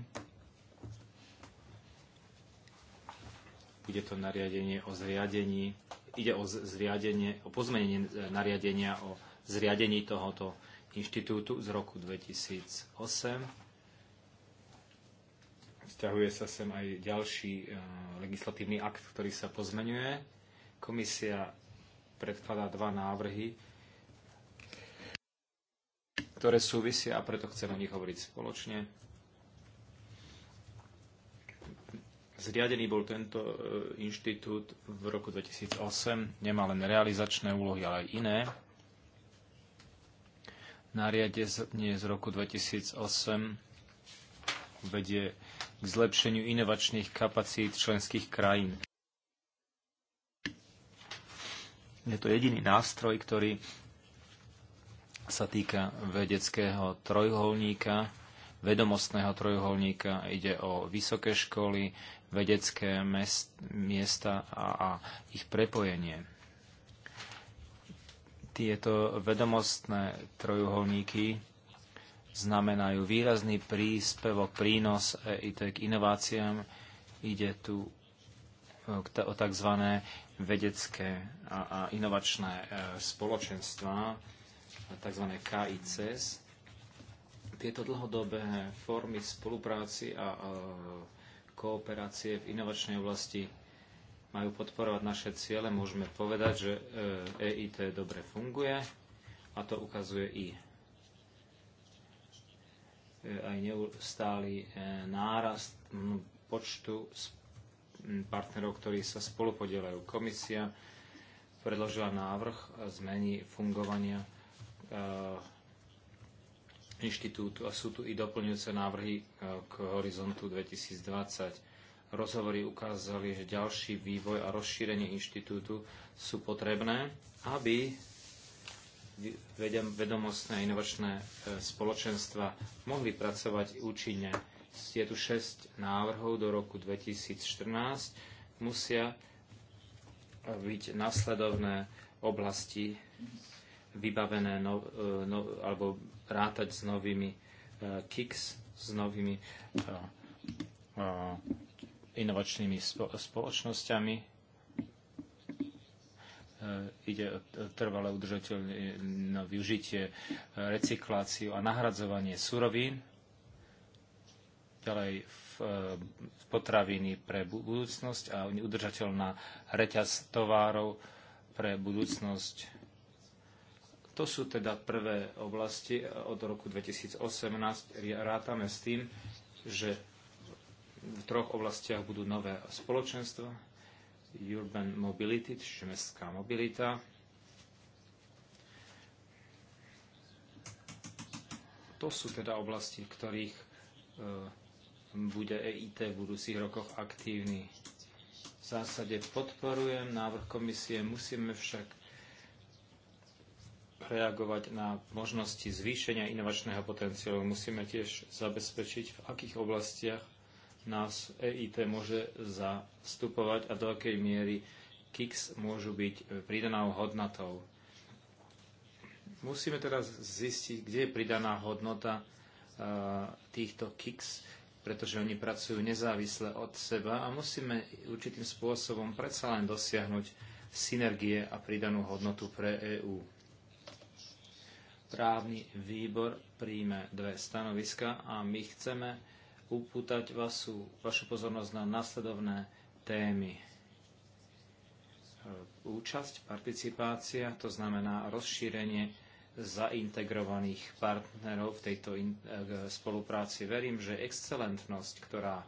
Bude to nariadenie o zriadení ide o zriadenie, o pozmenenie e, nariadenia o zriadení tohoto inštitútu z roku 2008. Vzťahuje sa sem aj ďalší e, legislatívny akt, ktorý sa pozmenuje. Komisia predkladá dva návrhy, ktoré súvisia a preto chcem o nich hovoriť spoločne Zriadený bol tento e, inštitút v roku 2008, nemá len realizačné úlohy, ale aj iné. Nariadenie z roku 2008 vedie k zlepšeniu inovačných kapacít členských krajín. Je to jediný nástroj, ktorý sa týka vedeckého trojholníka, vedomostného trojuholníka, ide o vysoké školy, vedecké mest, miesta a, a ich prepojenie. Tieto vedomostné trojuholníky znamenajú výrazný príspevok, prínos EIT k inováciám. Ide tu e, o tzv. vedecké a, a inovačné e, spoločenstva, tzv. KICS, tieto dlhodobé formy spolupráci a, a kooperácie v inovačnej oblasti majú podporovať naše ciele. Môžeme povedať, že EIT e dobre funguje a to ukazuje i e, aj neustály e, nárast počtu partnerov, ktorí sa spolupodielajú. Komisia predložila návrh zmeny fungovania inštitútu a sú tu i doplňujúce návrhy e, k horizontu 2020. Rozhovory ukázali, že ďalší vývoj a rozšírenie inštitútu sú potrebné, aby vedomostné a inovačné e, spoločenstva mohli pracovať účinne. Je tu 6 návrhov do roku 2014. Musia byť nasledovné oblasti vybavené no, e, no, alebo rátať s novými uh, kicks, s novými uh, uh, inovačnými spo- spoločnosťami. Uh, ide o trvalé udržateľné no, využitie, recykláciu a nahradzovanie surovín. Ďalej v, uh, potraviny pre budúcnosť a udržateľná reťaz továrov pre budúcnosť to sú teda prvé oblasti od roku 2018. Rátame s tým, že v troch oblastiach budú nové spoločenstva. Urban Mobility, čiže mestská mobilita. To sú teda oblasti, v ktorých e, bude EIT v budúcich rokoch aktívny. V zásade podporujem návrh komisie, musíme však reagovať na možnosti zvýšenia inovačného potenciálu. Musíme tiež zabezpečiť, v akých oblastiach nás EIT môže zastupovať a do akej miery KIX môžu byť pridanou hodnotou. Musíme teraz zistiť, kde je pridaná hodnota e, týchto KIX, pretože oni pracujú nezávisle od seba a musíme určitým spôsobom predsa len dosiahnuť synergie a pridanú hodnotu pre EÚ. Právny výbor príjme dve stanoviska a my chceme upútať vasu, vašu pozornosť na nasledovné témy. E, účasť, participácia, to znamená rozšírenie zaintegrovaných partnerov v tejto e, spolupráci. Verím, že excelentnosť, ktorá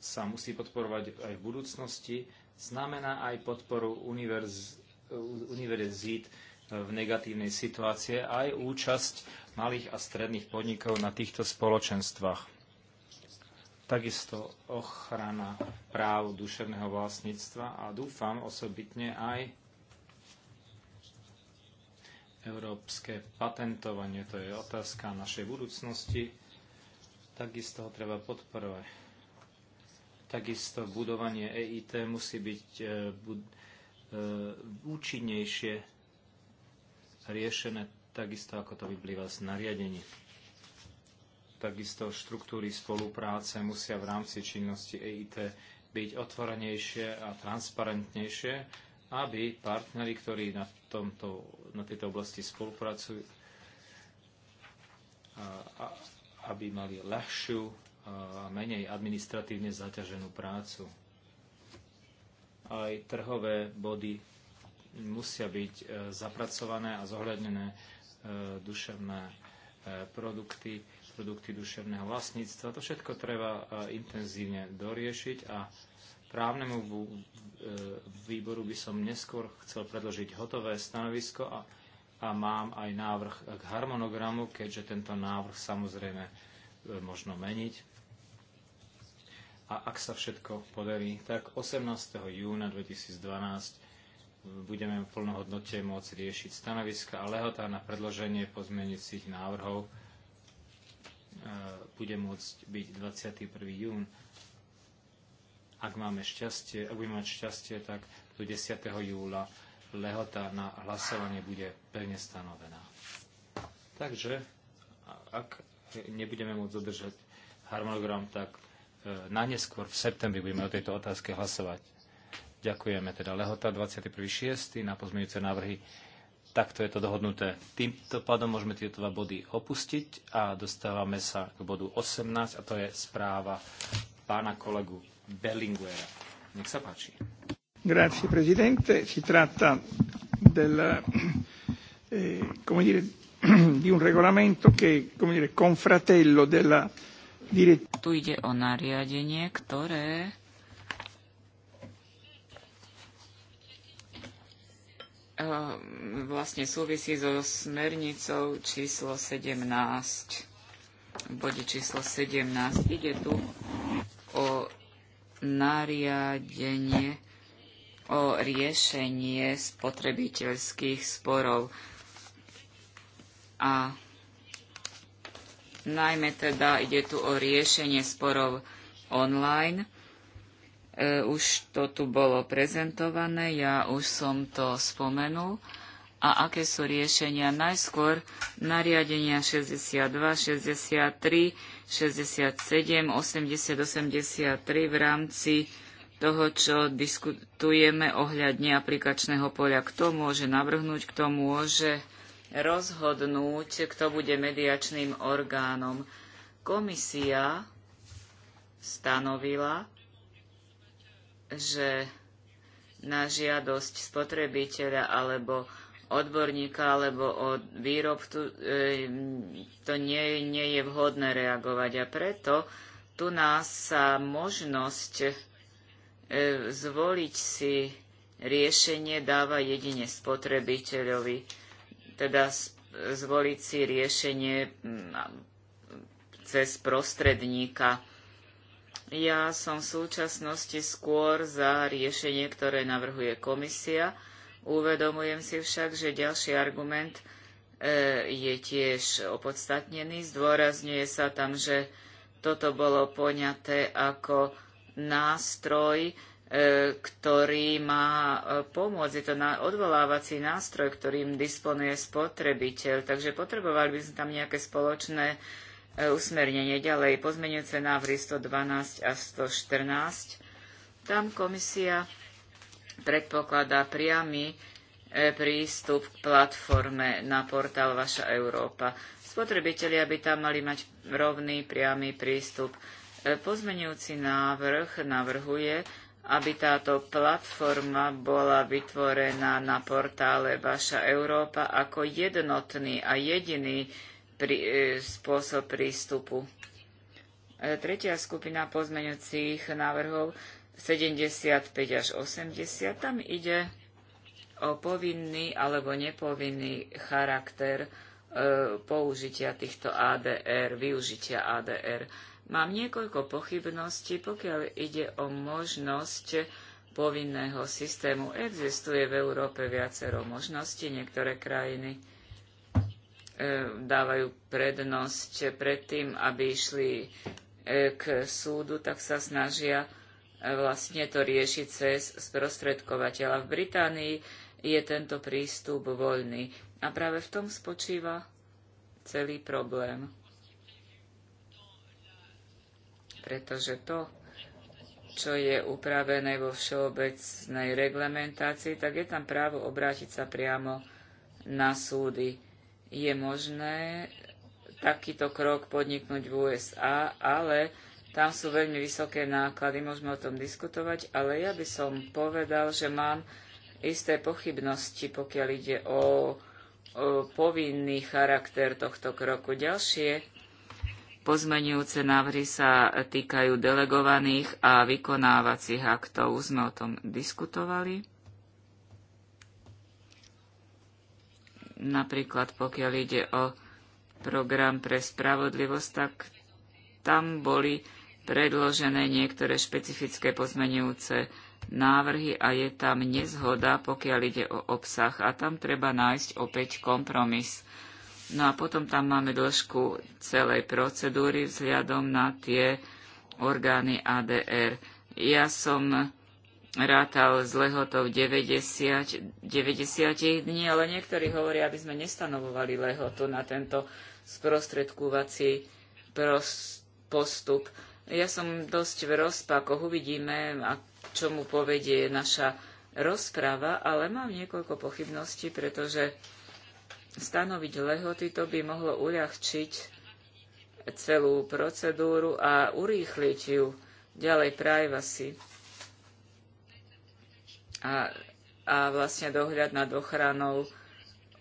sa musí podporovať aj v budúcnosti, znamená aj podporu univerz, e, univerzít v negatívnej situácie aj účasť malých a stredných podnikov na týchto spoločenstvách. Takisto ochrana práv duševného vlastníctva a dúfam osobitne aj európske patentovanie. To je otázka našej budúcnosti. Takisto ho treba podporovať. Takisto budovanie EIT musí byť e, e, účinnejšie riešené takisto, ako to vyplýva z nariadení. Takisto štruktúry spolupráce musia v rámci činnosti EIT byť otvorenejšie a transparentnejšie, aby partneri, ktorí na, tomto, na tejto oblasti spolupracujú, a, a, aby mali ľahšiu a menej administratívne zaťaženú prácu. Aj trhové body musia byť e, zapracované a zohľadnené e, duševné e, produkty, produkty duševného vlastníctva. To všetko treba intenzívne doriešiť a právnemu výboru by som neskôr chcel predložiť hotové stanovisko a, a mám aj návrh k harmonogramu, keďže tento návrh samozrejme možno meniť. A ak sa všetko podarí, tak 18. júna 2012 budeme v plnohodnote môcť riešiť stanoviska a lehota na predloženie pozmeniacich návrhov e, bude môcť byť 21. jún. Ak máme šťastie, ak budeme mať šťastie, tak do 10. júla lehota na hlasovanie bude pevne stanovená. Takže, ak nebudeme môcť dodržať harmonogram, tak e, na neskôr v septembri budeme o tejto otázke hlasovať. Ďakujeme teda Lehota 21.6. na pozmeňujúce návrhy. Takto je to dohodnuté. Týmto pádom môžeme tieto dva body opustiť a dostávame sa k bodu 18 a to je správa pána kolegu Bellinguera. Nech sa páči. Grazie Presidente, si tratta del, eh, come dire, di un regolamento che come dire, confratello della direttiva. Tu ide o nariadenie, ktoré Ehm, vlastne súvisí so smernicou číslo 17. V bode číslo 17 ide tu o nariadenie o riešenie spotrebiteľských sporov. A najmä teda ide tu o riešenie sporov online E, už to tu bolo prezentované, ja už som to spomenul. A aké sú riešenia? Najskôr nariadenia 62, 63, 67, 80, 83 v rámci toho, čo diskutujeme ohľadne aplikačného poľa. Kto môže navrhnúť, kto môže rozhodnúť, kto bude mediačným orgánom. Komisia stanovila, že na žiadosť spotrebiteľa alebo odborníka alebo od výrobcu to nie, nie je vhodné reagovať. A preto tu nás sa možnosť e, zvoliť si riešenie dáva jedine spotrebiteľovi, teda zvoliť si riešenie cez prostredníka ja som v súčasnosti skôr za riešenie, ktoré navrhuje komisia. Uvedomujem si však, že ďalší argument e, je tiež opodstatnený. Zdôrazňuje sa tam, že toto bolo poňaté ako nástroj, e, ktorý má e, pomôcť. Je to odvolávací nástroj, ktorým disponuje spotrebiteľ. Takže potrebovali by sme tam nejaké spoločné E, usmernenie. Ďalej pozmenujúce návrhy 112 a 114. Tam komisia predpokladá priamy e, prístup k platforme na portál Vaša Európa. Spotrebitelia by tam mali mať rovný priamy prístup. E, Pozmenujúci návrh navrhuje, aby táto platforma bola vytvorená na portále Vaša Európa ako jednotný a jediný E, spôsob prístupu. E, tretia skupina pozmeňujúcich návrhov 75 až 80. Tam ide o povinný alebo nepovinný charakter e, použitia týchto ADR, využitia ADR. Mám niekoľko pochybností, pokiaľ ide o možnosť povinného systému. Existuje v Európe viacero možností, niektoré krajiny E, dávajú prednosť predtým, aby išli e, k súdu, tak sa snažia e, vlastne to riešiť cez sprostredkovateľa. V Británii je tento prístup voľný. A práve v tom spočíva celý problém. Pretože to, čo je upravené vo všeobecnej reglementácii, tak je tam právo obrátiť sa priamo na súdy je možné takýto krok podniknúť v USA, ale tam sú veľmi vysoké náklady, môžeme o tom diskutovať, ale ja by som povedal, že mám isté pochybnosti, pokiaľ ide o, o povinný charakter tohto kroku. Ďalšie pozmenujúce návrhy sa týkajú delegovaných a vykonávacích aktov. Už sme o tom diskutovali. Napríklad pokiaľ ide o program pre spravodlivosť, tak tam boli predložené niektoré špecifické pozmenujúce návrhy a je tam nezhoda, pokiaľ ide o obsah a tam treba nájsť opäť kompromis. No a potom tam máme dĺžku celej procedúry vzhľadom na tie orgány ADR. Ja som rátal z lehotov 90, 90 dní, ale niektorí hovoria, aby sme nestanovovali lehotu na tento sprostredkúvací postup. Ja som dosť v rozpakoch, uvidíme, a čomu povedie naša rozprava, ale mám niekoľko pochybností, pretože stanoviť lehoty to by mohlo uľahčiť celú procedúru a urýchliť ju ďalej privacy a, a vlastne dohľad nad ochranou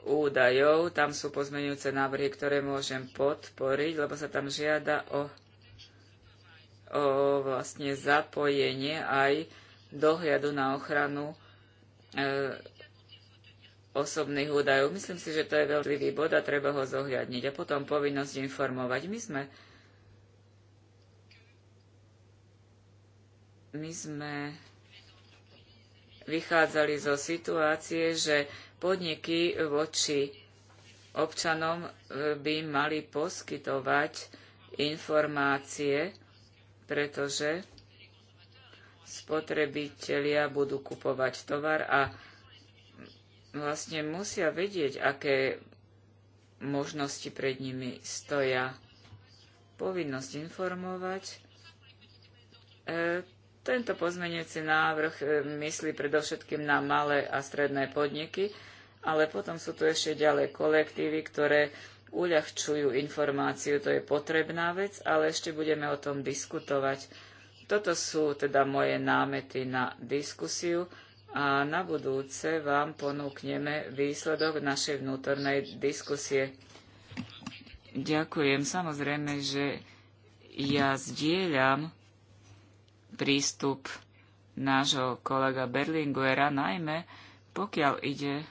údajov. Tam sú pozmenujúce návrhy, ktoré môžem podporiť, lebo sa tam žiada o, o vlastne zapojenie aj dohľadu na ochranu e, osobných údajov. Myslím si, že to je veľký bod a treba ho zohľadniť. A potom povinnosť informovať. My sme, my sme vychádzali zo situácie, že podniky voči občanom e, by mali poskytovať informácie, pretože spotrebitelia budú kupovať tovar a vlastne musia vedieť, aké možnosti pred nimi stoja. Povinnosť informovať. E, tento pozmenujúci návrh e, myslí predovšetkým na malé a stredné podniky, ale potom sú tu ešte ďalej kolektívy, ktoré uľahčujú informáciu. To je potrebná vec, ale ešte budeme o tom diskutovať. Toto sú teda moje námety na diskusiu a na budúce vám ponúkneme výsledok našej vnútornej diskusie. Ďakujem. Samozrejme, že ja zdieľam prístup nášho kolega Berlinguera, najmä pokiaľ ide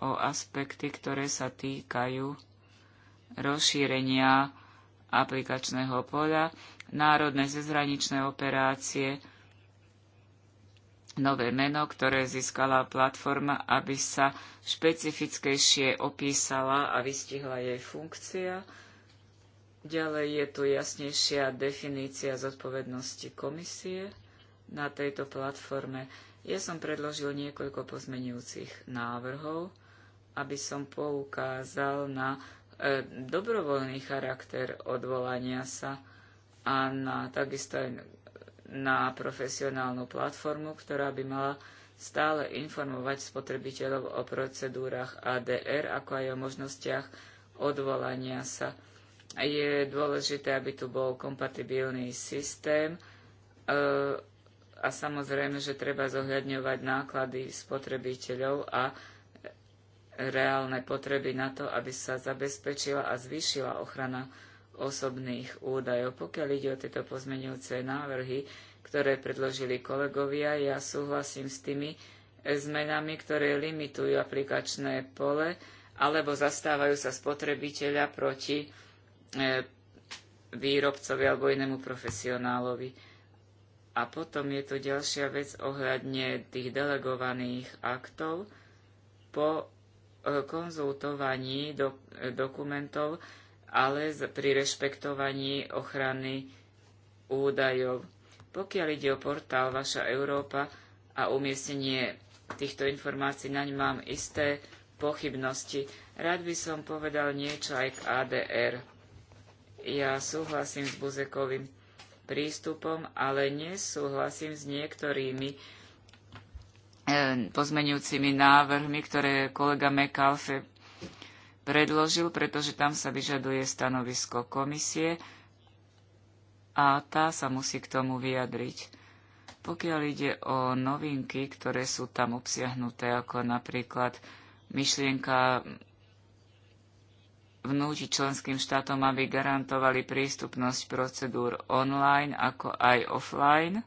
o aspekty, ktoré sa týkajú rozšírenia aplikačného poľa, národné zezraničné operácie, nové meno, ktoré získala platforma, aby sa špecifickejšie opísala a vystihla jej funkcia Ďalej je tu jasnejšia definícia zodpovednosti komisie na tejto platforme. Ja som predložil niekoľko pozmenujúcich návrhov, aby som poukázal na e, dobrovoľný charakter odvolania sa a na, takisto aj na profesionálnu platformu, ktorá by mala stále informovať spotrebiteľov o procedúrach ADR, ako aj o možnostiach odvolania sa je dôležité, aby tu bol kompatibilný systém e, a samozrejme, že treba zohľadňovať náklady spotrebiteľov a reálne potreby na to, aby sa zabezpečila a zvýšila ochrana osobných údajov. Pokiaľ ide o tieto pozmeňujúce návrhy, ktoré predložili kolegovia, ja súhlasím s tými zmenami, ktoré limitujú aplikačné pole alebo zastávajú sa spotrebiteľa proti E, výrobcovi alebo inému profesionálovi. A potom je tu ďalšia vec ohľadne tých delegovaných aktov. Po e, konzultovaní do, e, dokumentov, ale pri rešpektovaní ochrany údajov. Pokiaľ ide o portál Vaša Európa a umiestnenie týchto informácií, naň mám isté pochybnosti. Rád by som povedal niečo aj k ADR. Ja súhlasím s Buzekovým prístupom, ale nesúhlasím s niektorými eh, pozmenujúcimi návrhmi, ktoré kolega McAlfe predložil, pretože tam sa vyžaduje stanovisko komisie a tá sa musí k tomu vyjadriť. Pokiaľ ide o novinky, ktoré sú tam obsiahnuté, ako napríklad myšlienka Vnúti členským štátom, aby garantovali prístupnosť procedúr online ako aj offline.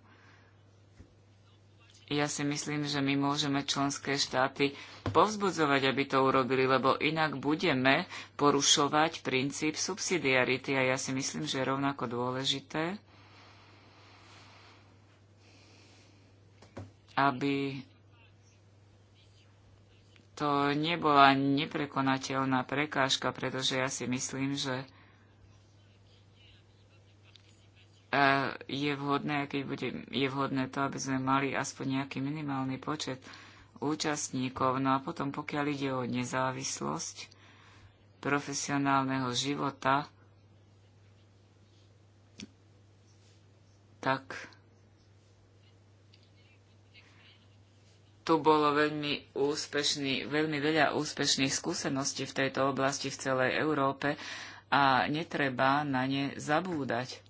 Ja si myslím, že my môžeme členské štáty povzbudzovať, aby to urobili, lebo inak budeme porušovať princíp subsidiarity a ja si myslím, že je rovnako dôležité, aby to nebola neprekonateľná prekážka, pretože ja si myslím, že e, je vhodné, keď bude, je vhodné to, aby sme mali aspoň nejaký minimálny počet účastníkov. No a potom, pokiaľ ide o nezávislosť profesionálneho života, tak tu bolo veľmi, úspešný, veľmi veľa úspešných skúseností v tejto oblasti v celej Európe a netreba na ne zabúdať.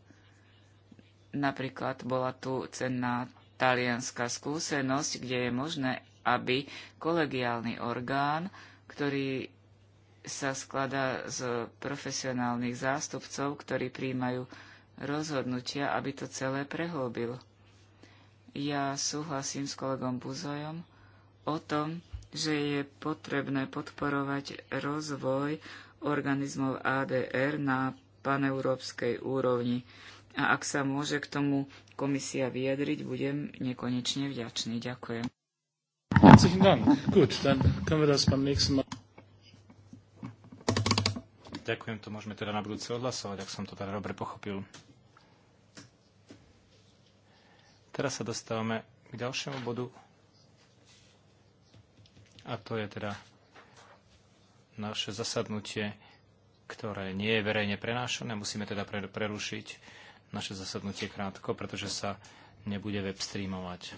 Napríklad bola tu cenná talianská skúsenosť, kde je možné, aby kolegiálny orgán, ktorý sa skladá z profesionálnych zástupcov, ktorí príjmajú rozhodnutia, aby to celé prehlbilo. Ja súhlasím s kolegom Buzojom o tom, že je potrebné podporovať rozvoj organizmov ADR na paneurópskej úrovni. A ak sa môže k tomu komisia vyjadriť, budem nekonečne vďačný. Ďakujem. Ďakujem, to môžeme teda na budúce odhlasovať, ak som to teda dobre pochopil. Teraz sa dostávame k ďalšiemu bodu. A to je teda naše zasadnutie, ktoré nie je verejne prenášané. Musíme teda prerušiť naše zasadnutie krátko, pretože sa nebude webstreamovať.